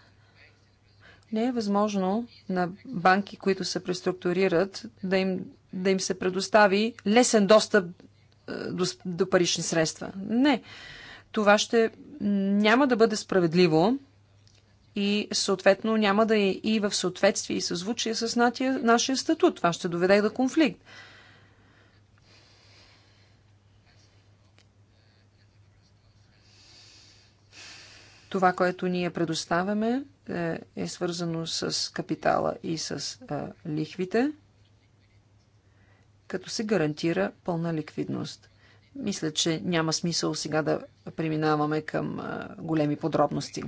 не е възможно на банки, които се преструктурират, да им да им се предостави лесен достъп е, до, до парични средства. Не. Това ще няма да бъде справедливо и съответно няма да е и в съответствие и съзвучие с натия, нашия статут. Това ще доведе до конфликт. Това, което ние предоставяме, е, е свързано с капитала и с е, лихвите като се гарантира пълна ликвидност. Мисля, че няма смисъл сега да преминаваме към големи подробности.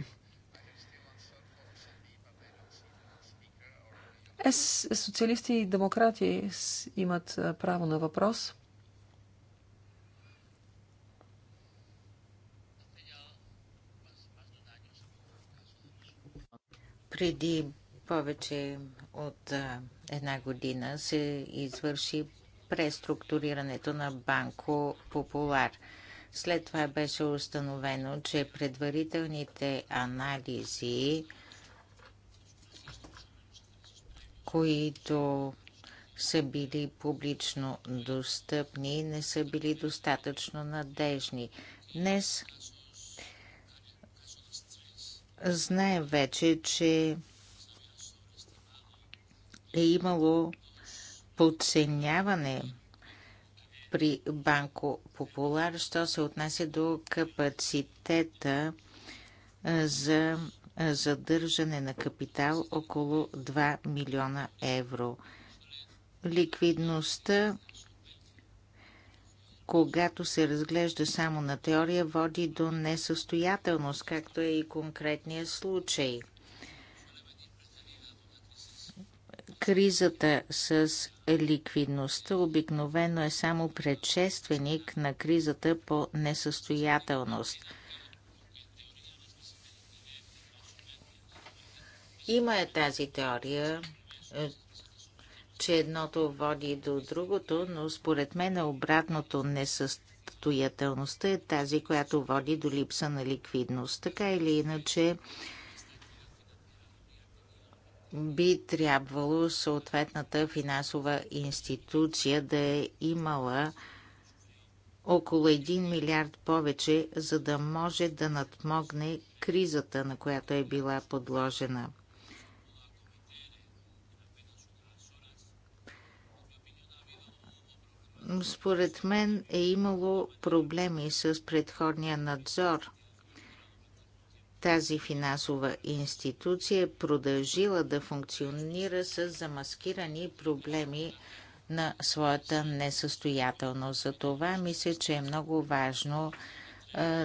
Ес, социалисти и демократи имат право на въпрос.
Преди повече от една година се извърши преструктурирането на Банко Популар. След това беше установено, че предварителните анализи, които са били публично достъпни, не са били достатъчно надежни. Днес знаем вече, че е имало подценяване при Банко Популар, що се отнася до капацитета за задържане на капитал около 2 милиона евро. Ликвидността, когато се разглежда само на теория, води до несъстоятелност, както е и конкретния случай – Кризата с ликвидността обикновено е само предшественик на кризата по несъстоятелност. Има е тази теория, че едното води до другото, но според мен обратното несъстоятелността е тази, която води до липса на ликвидност. Така или иначе, би трябвало съответната финансова институция да е имала около 1 милиард повече, за да може да надмогне кризата, на която е била подложена. Според мен е имало проблеми с предходния надзор тази финансова институция е продължила да функционира с замаскирани проблеми на своята несъстоятелност. За това мисля, че е много важно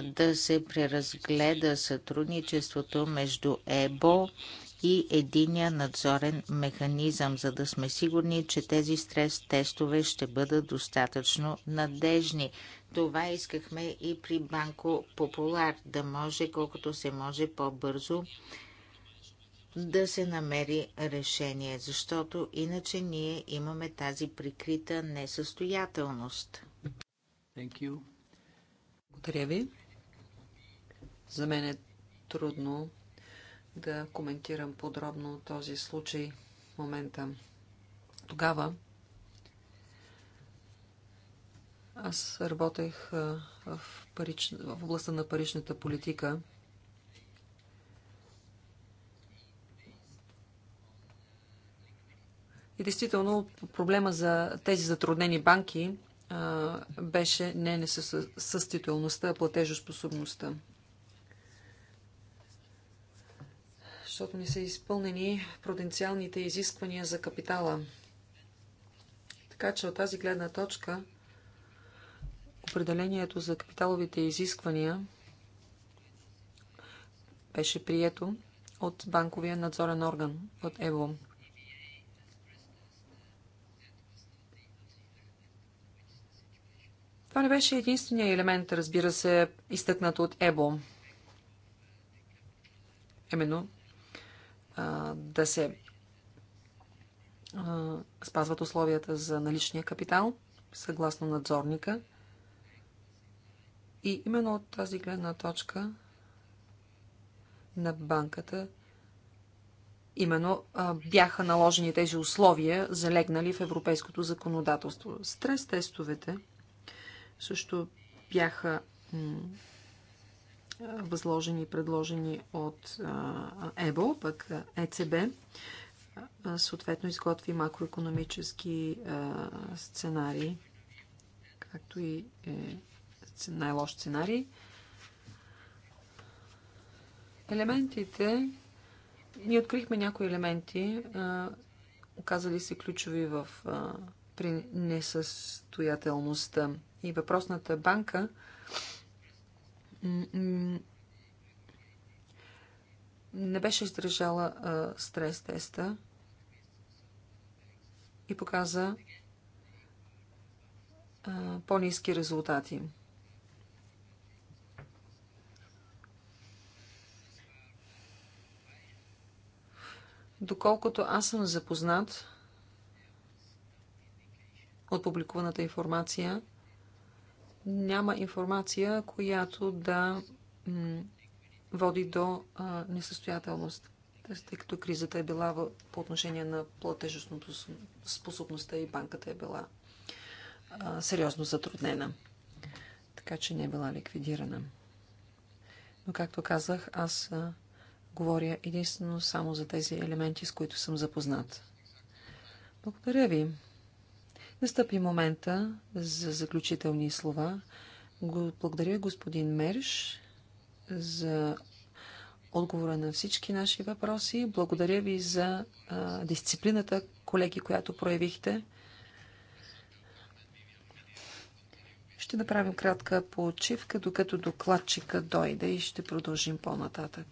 да се преразгледа сътрудничеството между ЕБО и единия надзорен механизъм, за да сме сигурни, че тези стрес тестове ще бъдат достатъчно надежни. Това искахме и при Банко Популар, да може колкото се може по-бързо да се намери решение, защото иначе ние имаме тази прикрита несъстоятелност. Thank you. Благодаря ви.
За мен е трудно да коментирам подробно този случай в момента. Тогава Аз работех в, парич... в областта на паричната политика. И действително проблема за тези затруднени банки а, беше не несъстителността, а платежоспособността. Защото не са изпълнени проденциалните изисквания за капитала. Така че от тази гледна точка определението за капиталовите изисквания беше прието от банковия надзорен орган, от ЕБО. Това не беше единствения елемент, разбира се, изтъкнат от ЕБО. Именно а, да се а, спазват условията за наличния капитал, съгласно надзорника – и именно от тази гледна точка на банката именно а, бяха наложени тези условия, залегнали в европейското законодателство. Стрес тестовете също бяха възложени и предложени от ЕБО, пък ЕЦБ. Съответно изготви макроекономически сценарии, както и е, най-лош сценарий. Елементите, ние открихме някои елементи, оказали се ключови в, при несъстоятелността. И въпросната банка не беше издържала а, стрес теста и показа по-низки резултати. Доколкото аз съм запознат от публикуваната информация, няма информация, която да води до а, несъстоятелност, тъй като кризата е била в, по отношение на платежностното способността и банката е била а, сериозно затруднена. Така че не е била ликвидирана. Но, както казах, аз а, Говоря единствено само за тези елементи, с които съм запознат. Благодаря ви. Настъпи момента за заключителни слова. Благодаря господин Мерш за отговора на всички наши въпроси. Благодаря ви за а, дисциплината, колеги, която проявихте. Ще направим кратка почивка, докато докладчика дойде и ще продължим по-нататък.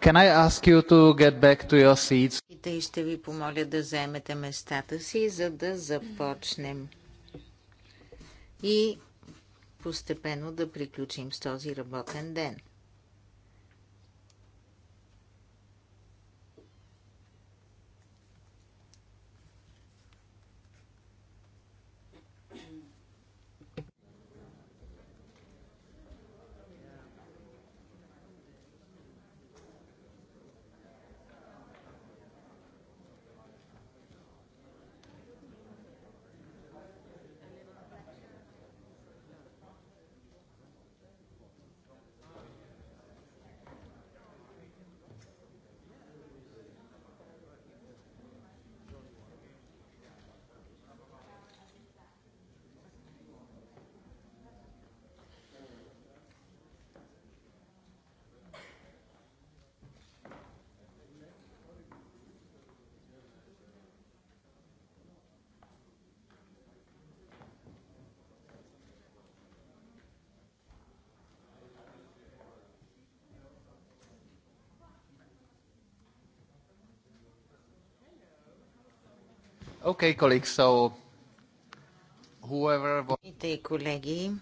Can I ask you to get back to your seats? И
тъй ще ви помоля да заемете местата си, за да започнем. И постепенно да приключим с този работен ден.
Okay, colleagues,
so
whoever... И колеги,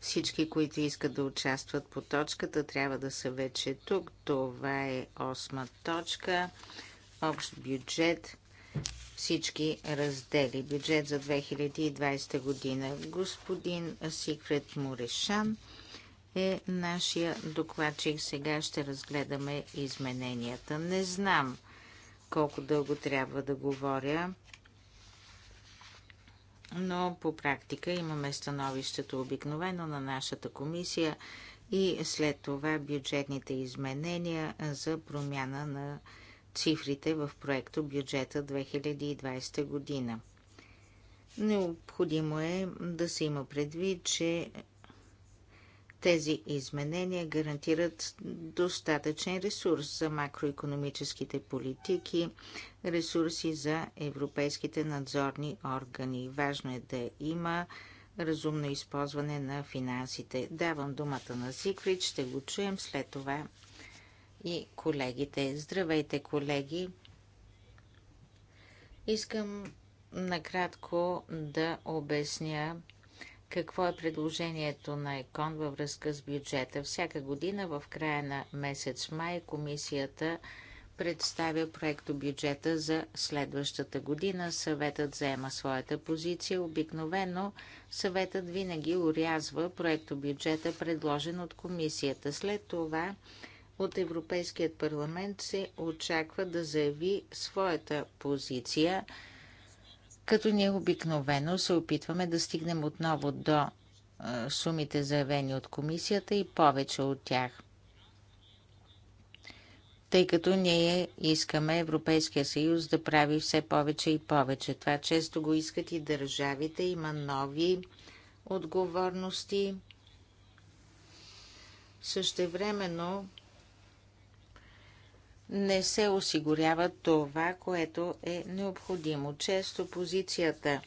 всички, които искат да участват по точката, трябва да са вече тук. Това е осма точка. Общ бюджет. Всички раздели. Бюджет за 2020 година. Господин Сикрет Морешан е нашия докладчик. Сега ще разгледаме измененията. Не знам колко дълго трябва да говоря, но по практика имаме становището обикновено на нашата комисия и след това бюджетните изменения за промяна на цифрите в проекто бюджета 2020 година. Необходимо е да се има предвид, че тези изменения гарантират достатъчен ресурс за макроекономическите политики, ресурси за европейските надзорни органи. Важно е да има разумно използване на финансите. Давам думата на Сикрич, ще го чуем след това и колегите. Здравейте, колеги! Искам накратко да обясня какво е предложението на ЕКОН във връзка с бюджета. Всяка година в края на месец май комисията представя проекто бюджета за следващата година. Съветът заема своята позиция. Обикновено съветът винаги урязва проекто бюджета, предложен от комисията. След това от Европейският парламент се очаква да заяви своята позиция – като ние обикновено се опитваме да стигнем отново до сумите заявени от комисията и повече от тях. Тъй като ние искаме Европейския съюз да прави все повече и повече. Това често го искат и държавите. Има нови отговорности. Същевременно не се осигурява това, което е необходимо. Често позицията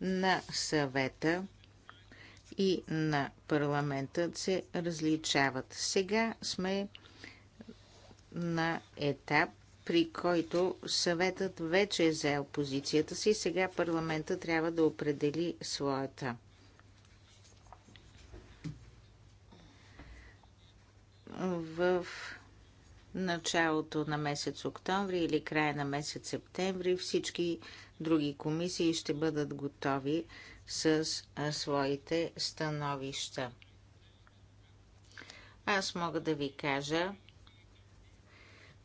на съвета и на парламентът се различават. Сега сме на етап, при който съветът вече е взел позицията си, сега парламента трябва да определи своята. В началото на месец октомври или края на месец септември всички други комисии ще бъдат готови с своите становища. Аз мога да ви кажа,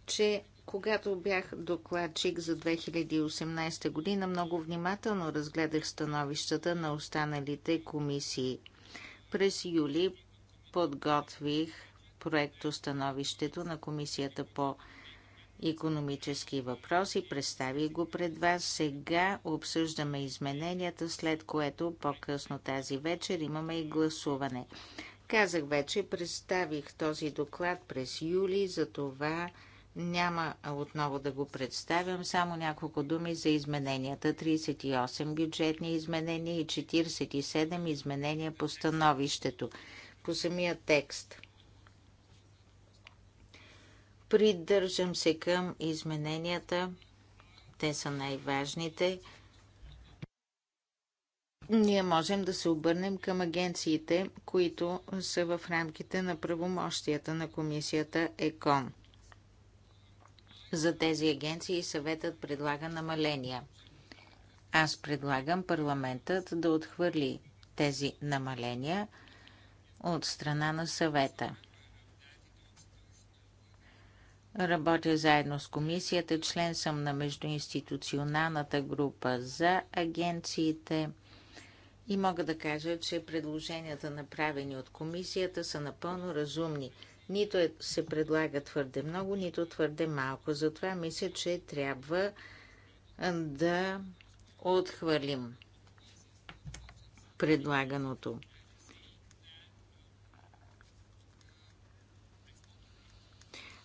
че когато бях докладчик за 2018 година, много внимателно разгледах становищата на останалите комисии. През юли подготвих проекто становището на Комисията по економически въпроси. Представи го пред вас. Сега обсъждаме измененията, след което по-късно тази вечер имаме и гласуване. Казах вече, представих този доклад през юли, за това няма отново да го представям, само няколко думи за измененията. 38 бюджетни изменения и 47 изменения по становището, по самия текст. Придържам се към измененията. Те са най-важните. Ние можем да се обърнем към агенциите, които са в рамките на правомощията на комисията ЕКОН. За тези агенции съветът предлага намаления. Аз предлагам парламентът да отхвърли тези намаления от страна на съвета. Работя заедно с комисията, член съм на междуинституционалната група за агенциите и мога да кажа, че предложенията направени от комисията са напълно разумни. Нито е, се предлага твърде много, нито твърде малко. Затова мисля, че трябва да отхвърлим предлаганото.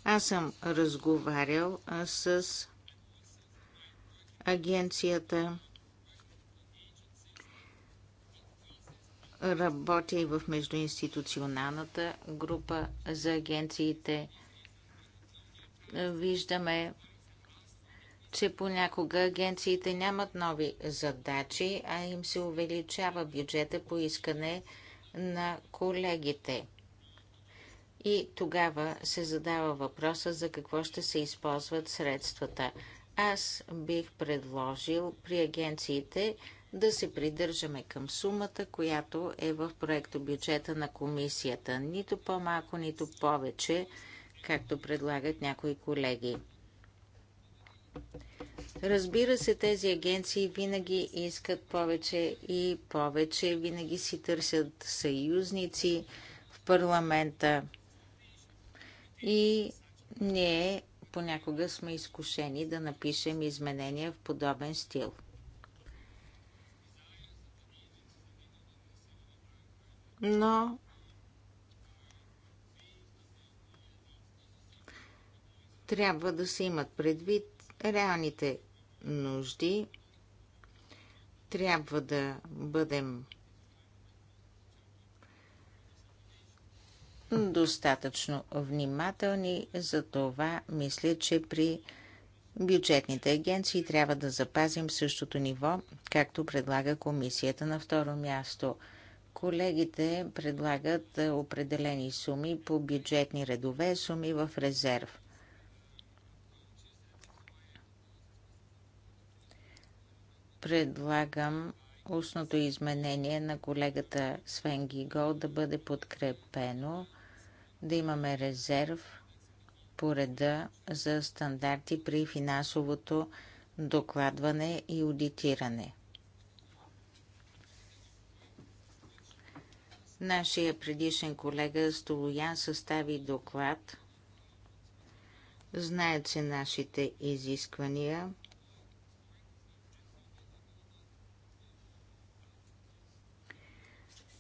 Аз съм разговарял с агенцията. Работя и в междуинституционалната група за агенциите. Виждаме, че понякога агенциите нямат нови задачи, а им се увеличава бюджета по искане на колегите. И тогава се задава въпроса за какво ще се използват средствата. Аз бих предложил при агенциите да се придържаме към сумата, която е в проекто бюджета на комисията. Нито по-малко, нито повече, както предлагат някои колеги. Разбира се, тези агенции винаги искат повече и повече, винаги си търсят съюзници в парламента и ние понякога сме изкушени да напишем изменения в подобен стил. Но трябва да се имат предвид реалните нужди. Трябва да бъдем достатъчно внимателни, за това мисля, че при бюджетните агенции трябва да запазим същото ниво, както предлага комисията на второ място. Колегите предлагат е, определени суми по бюджетни редове, суми в резерв. Предлагам устното изменение на колегата Свен Гигол да бъде подкрепено да имаме резерв по реда за стандарти при финансовото докладване и аудитиране. Нашия предишен колега Столоян състави доклад. Знаят се нашите изисквания.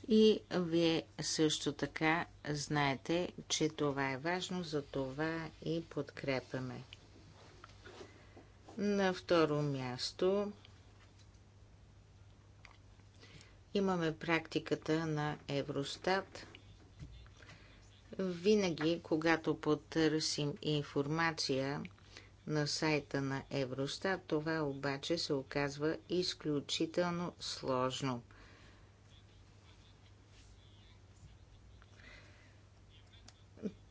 И вие също така знаете, че това е важно, за това и подкрепяме. На второ място имаме практиката на Евростат. Винаги, когато потърсим информация на сайта на Евростат, това обаче се оказва изключително сложно –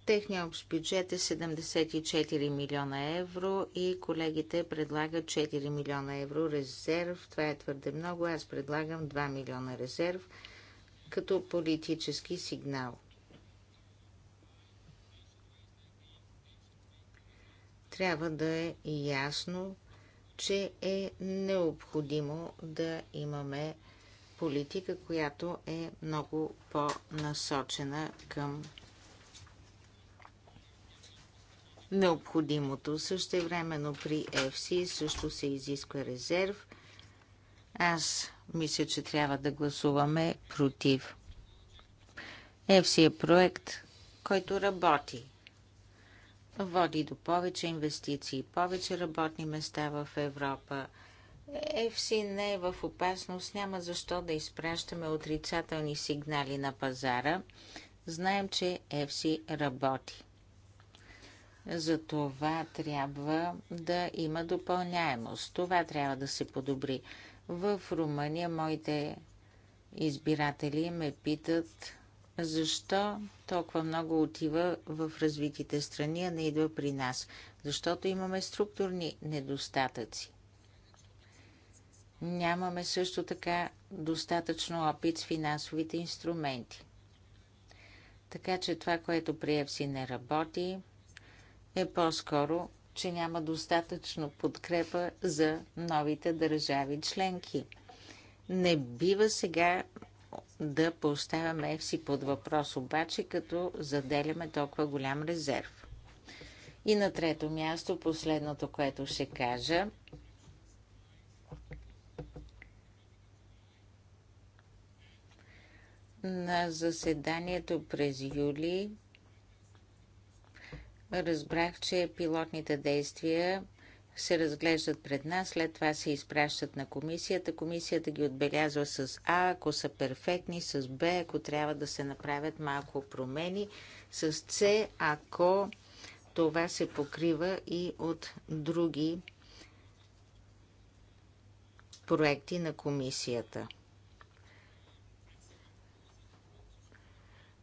Техният общ бюджет е 74 милиона евро и колегите предлагат 4 милиона евро резерв. Това е твърде много. Аз предлагам 2 милиона резерв като политически сигнал. Трябва да е ясно, че е необходимо да имаме политика, която е много по-насочена към необходимото. Също времено при FC също се изисква резерв. Аз мисля, че трябва да гласуваме против. FC е проект, който работи. Води до повече инвестиции, повече работни места в Европа. FC не е в опасност, няма защо да изпращаме отрицателни сигнали на пазара. Знаем, че FC работи. За това трябва да има допълняемост. Това трябва да се подобри. В Румъния моите избиратели ме питат защо толкова много отива в развитите страни, а не идва при нас. Защото имаме структурни недостатъци. Нямаме също така достатъчно опит с финансовите инструменти. Така че това, което си не работи, е по-скоро, че няма достатъчно подкрепа за новите държави членки. Не бива сега да поставяме ЕФСИ под въпрос, обаче като заделяме толкова голям резерв. И на трето място, последното, което ще кажа, на заседанието през юли Разбрах, че пилотните действия се разглеждат пред нас, след това се изпращат на комисията. Комисията ги отбелязва с А, ако са перфектни, с Б, ако трябва да се направят малко промени, с С, ако това се покрива и от други проекти на комисията.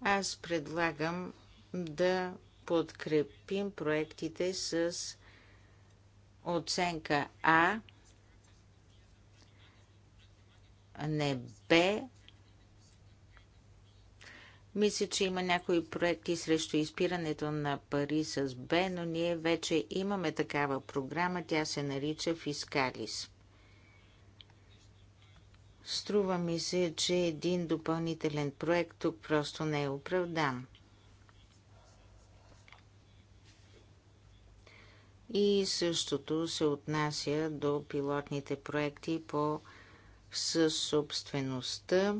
Аз предлагам да подкрепим проектите с оценка А, не Б. Мисля, че има някои проекти срещу изпирането на пари с Б, но ние вече имаме такава програма. Тя се нарича Фискалис. Струва ми се, че един допълнителен проект тук просто не е оправдан. И същото се отнася до пилотните проекти по съсобствеността.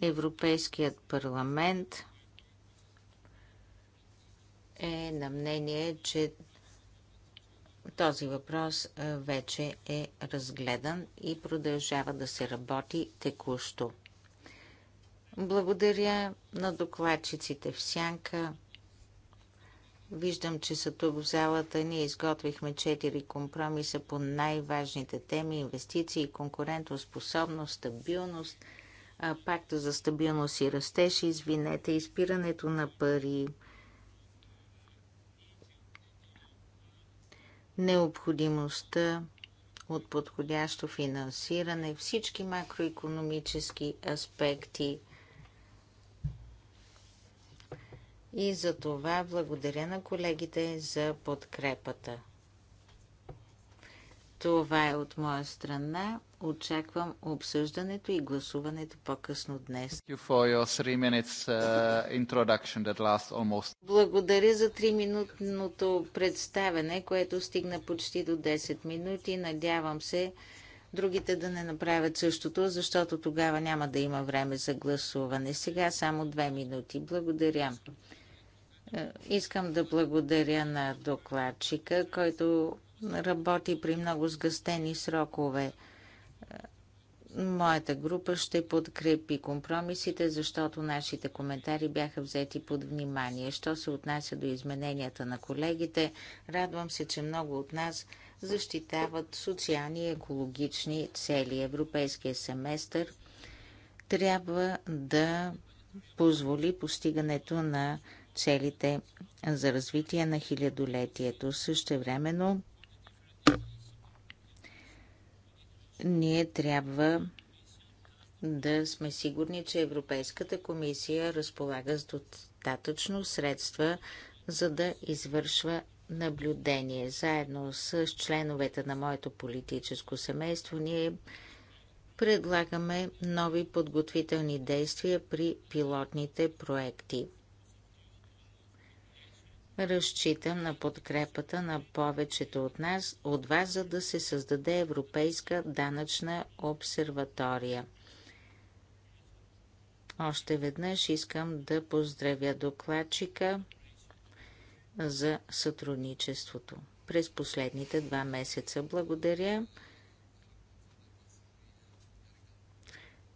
Европейският парламент е на мнение, че този въпрос вече е разгледан и продължава да се работи текущо. Благодаря на докладчиците в Сянка. Виждам, че са тук в залата. Ние изготвихме четири компромиса по най-важните теми – инвестиции, конкурентоспособност, стабилност, пакта за стабилност и растеж, извинете, изпирането на пари, необходимостта от подходящо финансиране, всички макроекономически аспекти, и за това благодаря на колегите за подкрепата. Това е от моя страна. Очаквам обсъждането и гласуването по-късно днес.
Uh,
благодаря за 3-минутното представене, което стигна почти до 10 минути. Надявам се другите да не направят същото, защото тогава няма да има време за гласуване. Сега само 2 минути. Благодаря. Е, искам да благодаря на докладчика, който работи при много сгъстени срокове. Е, моята група ще подкрепи компромисите, защото нашите коментари бяха взети под внимание. Що се отнася до измененията на колегите, радвам се, че много от нас защитават социални и екологични цели. Европейския семестър трябва да позволи постигането на целите за развитие на хилядолетието. Също времено ние трябва да сме сигурни, че Европейската комисия разполага с достатъчно средства, за да извършва наблюдение. Заедно с членовете на моето политическо семейство ние предлагаме нови подготвителни действия при пилотните проекти – Разчитам на подкрепата на повечето от нас, от вас, за да се създаде Европейска данъчна обсерватория. Още веднъж искам да поздравя докладчика за сътрудничеството през последните два месеца. Благодаря.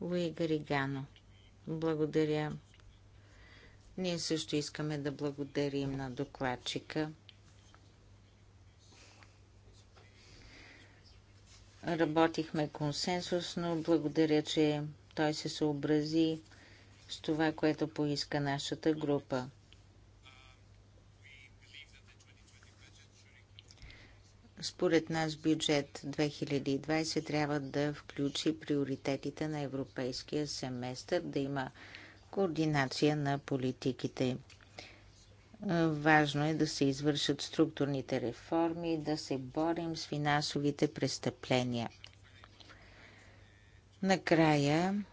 Луи Гаригано. Благодаря. Ние също искаме да благодарим на докладчика. Работихме консенсусно. Благодаря, че той се съобрази с това, което поиска нашата група. Според нас бюджет 2020 трябва да включи приоритетите на европейския семестър, да има координация на политиките. Е, важно е да се извършат структурните реформи, да се борим с финансовите престъпления. Накрая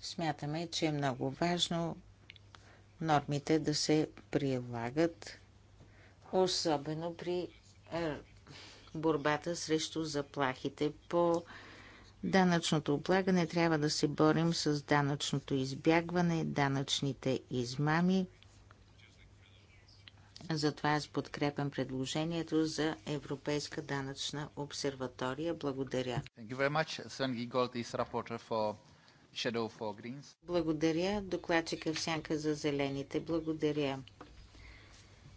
смятаме, че е много важно нормите да се прилагат особено при е, борбата срещу заплахите. По данъчното облагане трябва да се борим с данъчното избягване, данъчните измами. Затова аз подкрепям предложението за Европейска данъчна обсерватория. Благодаря. Благодаря. Докладчика в сянка за зелените. Благодаря.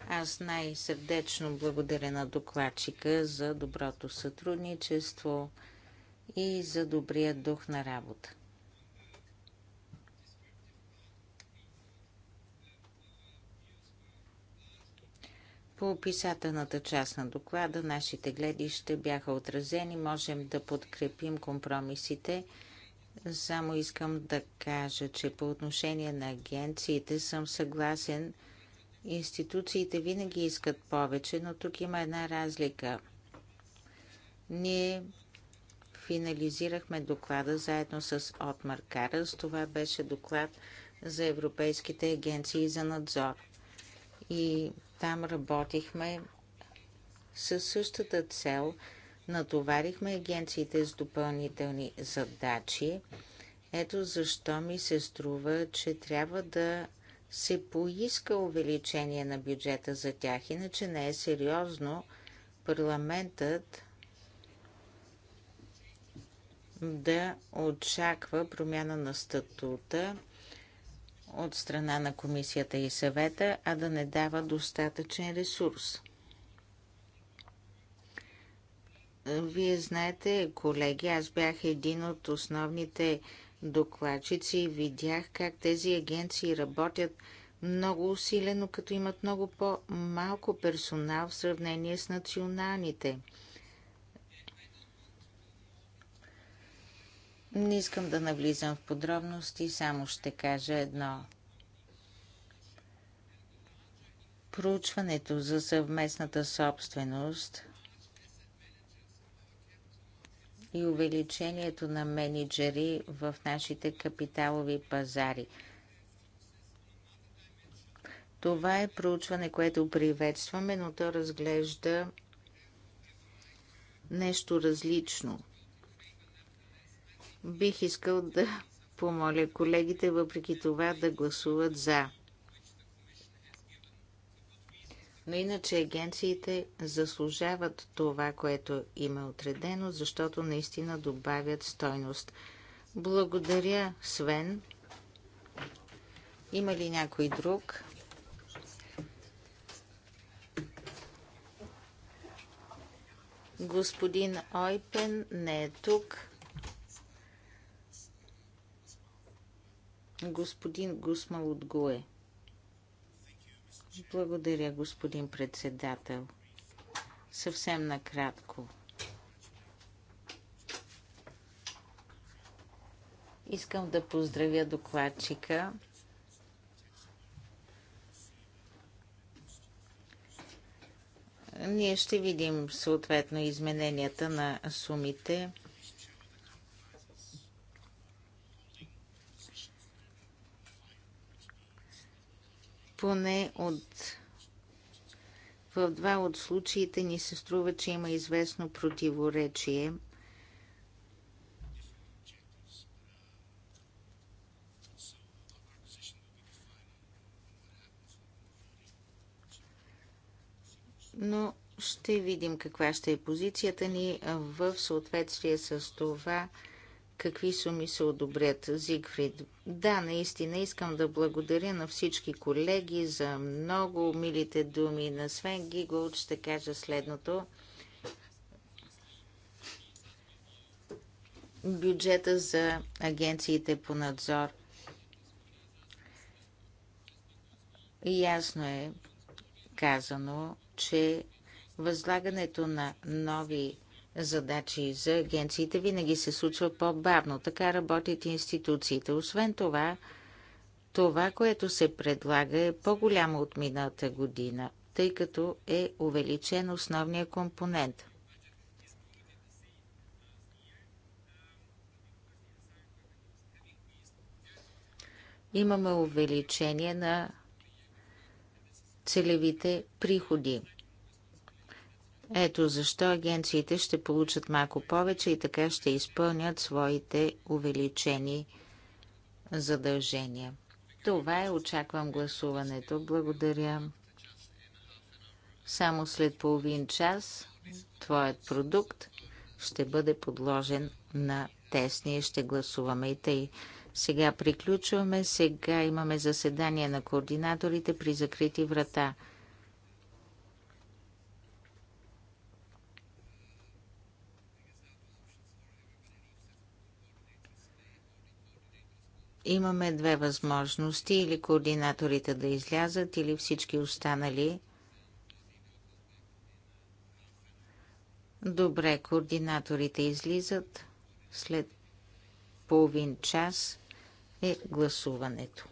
Аз най-сърдечно благодаря на докладчика за доброто сътрудничество и за добрия дух на работа. По описателната част на доклада нашите гледища бяха отразени. Можем да подкрепим компромисите. Само искам да кажа, че по отношение на агенциите съм съгласен Институциите винаги искат повече, но тук има една разлика. Ние финализирахме доклада заедно с Отмар Карас. Това беше доклад за европейските агенции за надзор. И там работихме със същата цел. Натоварихме агенциите с допълнителни задачи. Ето защо ми се струва, че трябва да се поиска увеличение на бюджета за тях, иначе не е сериозно парламентът да очаква промяна на статута от страна на комисията и съвета, а да не дава достатъчен ресурс. Вие знаете, колеги, аз бях един от основните докладчици и видях как тези агенции работят много усилено, като имат много по-малко персонал в сравнение с националните. Не искам да навлизам в подробности, само ще кажа едно. Проучването за съвместната собственост и увеличението на менеджери в нашите капиталови пазари. Това е проучване, което приветстваме, но то разглежда нещо различно. Бих искал да помоля колегите, въпреки това, да гласуват за. Но иначе агенциите заслужават това, което им е отредено, защото наистина добавят стойност. Благодаря, Свен. Има ли някой друг? Господин Ойпен не е тук. Господин Гусмал от Гуе. Благодаря, господин председател. Съвсем накратко. Искам да поздравя докладчика. Ние ще видим съответно измененията на сумите. Поне от в два от случаите ни се струва, че има известно противоречие. Но ще видим каква ще е позицията ни в съответствие с това, какви суми се одобрят. Зигфрид, да, наистина искам да благодаря на всички колеги за много милите думи. На Свен Гиголд ще кажа следното. Бюджета за агенциите по надзор. Ясно е казано, че възлагането на нови задачи за агенциите винаги се случва по-бавно. Така работят институциите. Освен това, това, което се предлага е по-голямо от миналата година, тъй като е увеличен основния компонент. Имаме увеличение на целевите приходи. Ето защо агенциите ще получат малко повече и така ще изпълнят своите увеличени задължения. Това е, очаквам гласуването. Благодаря. Само след половин час твоят продукт ще бъде подложен на тест. Ние ще гласуваме и тъй. Сега приключваме. Сега имаме заседание на координаторите при закрити врата. Имаме две възможности или координаторите да излязат, или всички останали. Добре, координаторите излизат. След половин час е гласуването.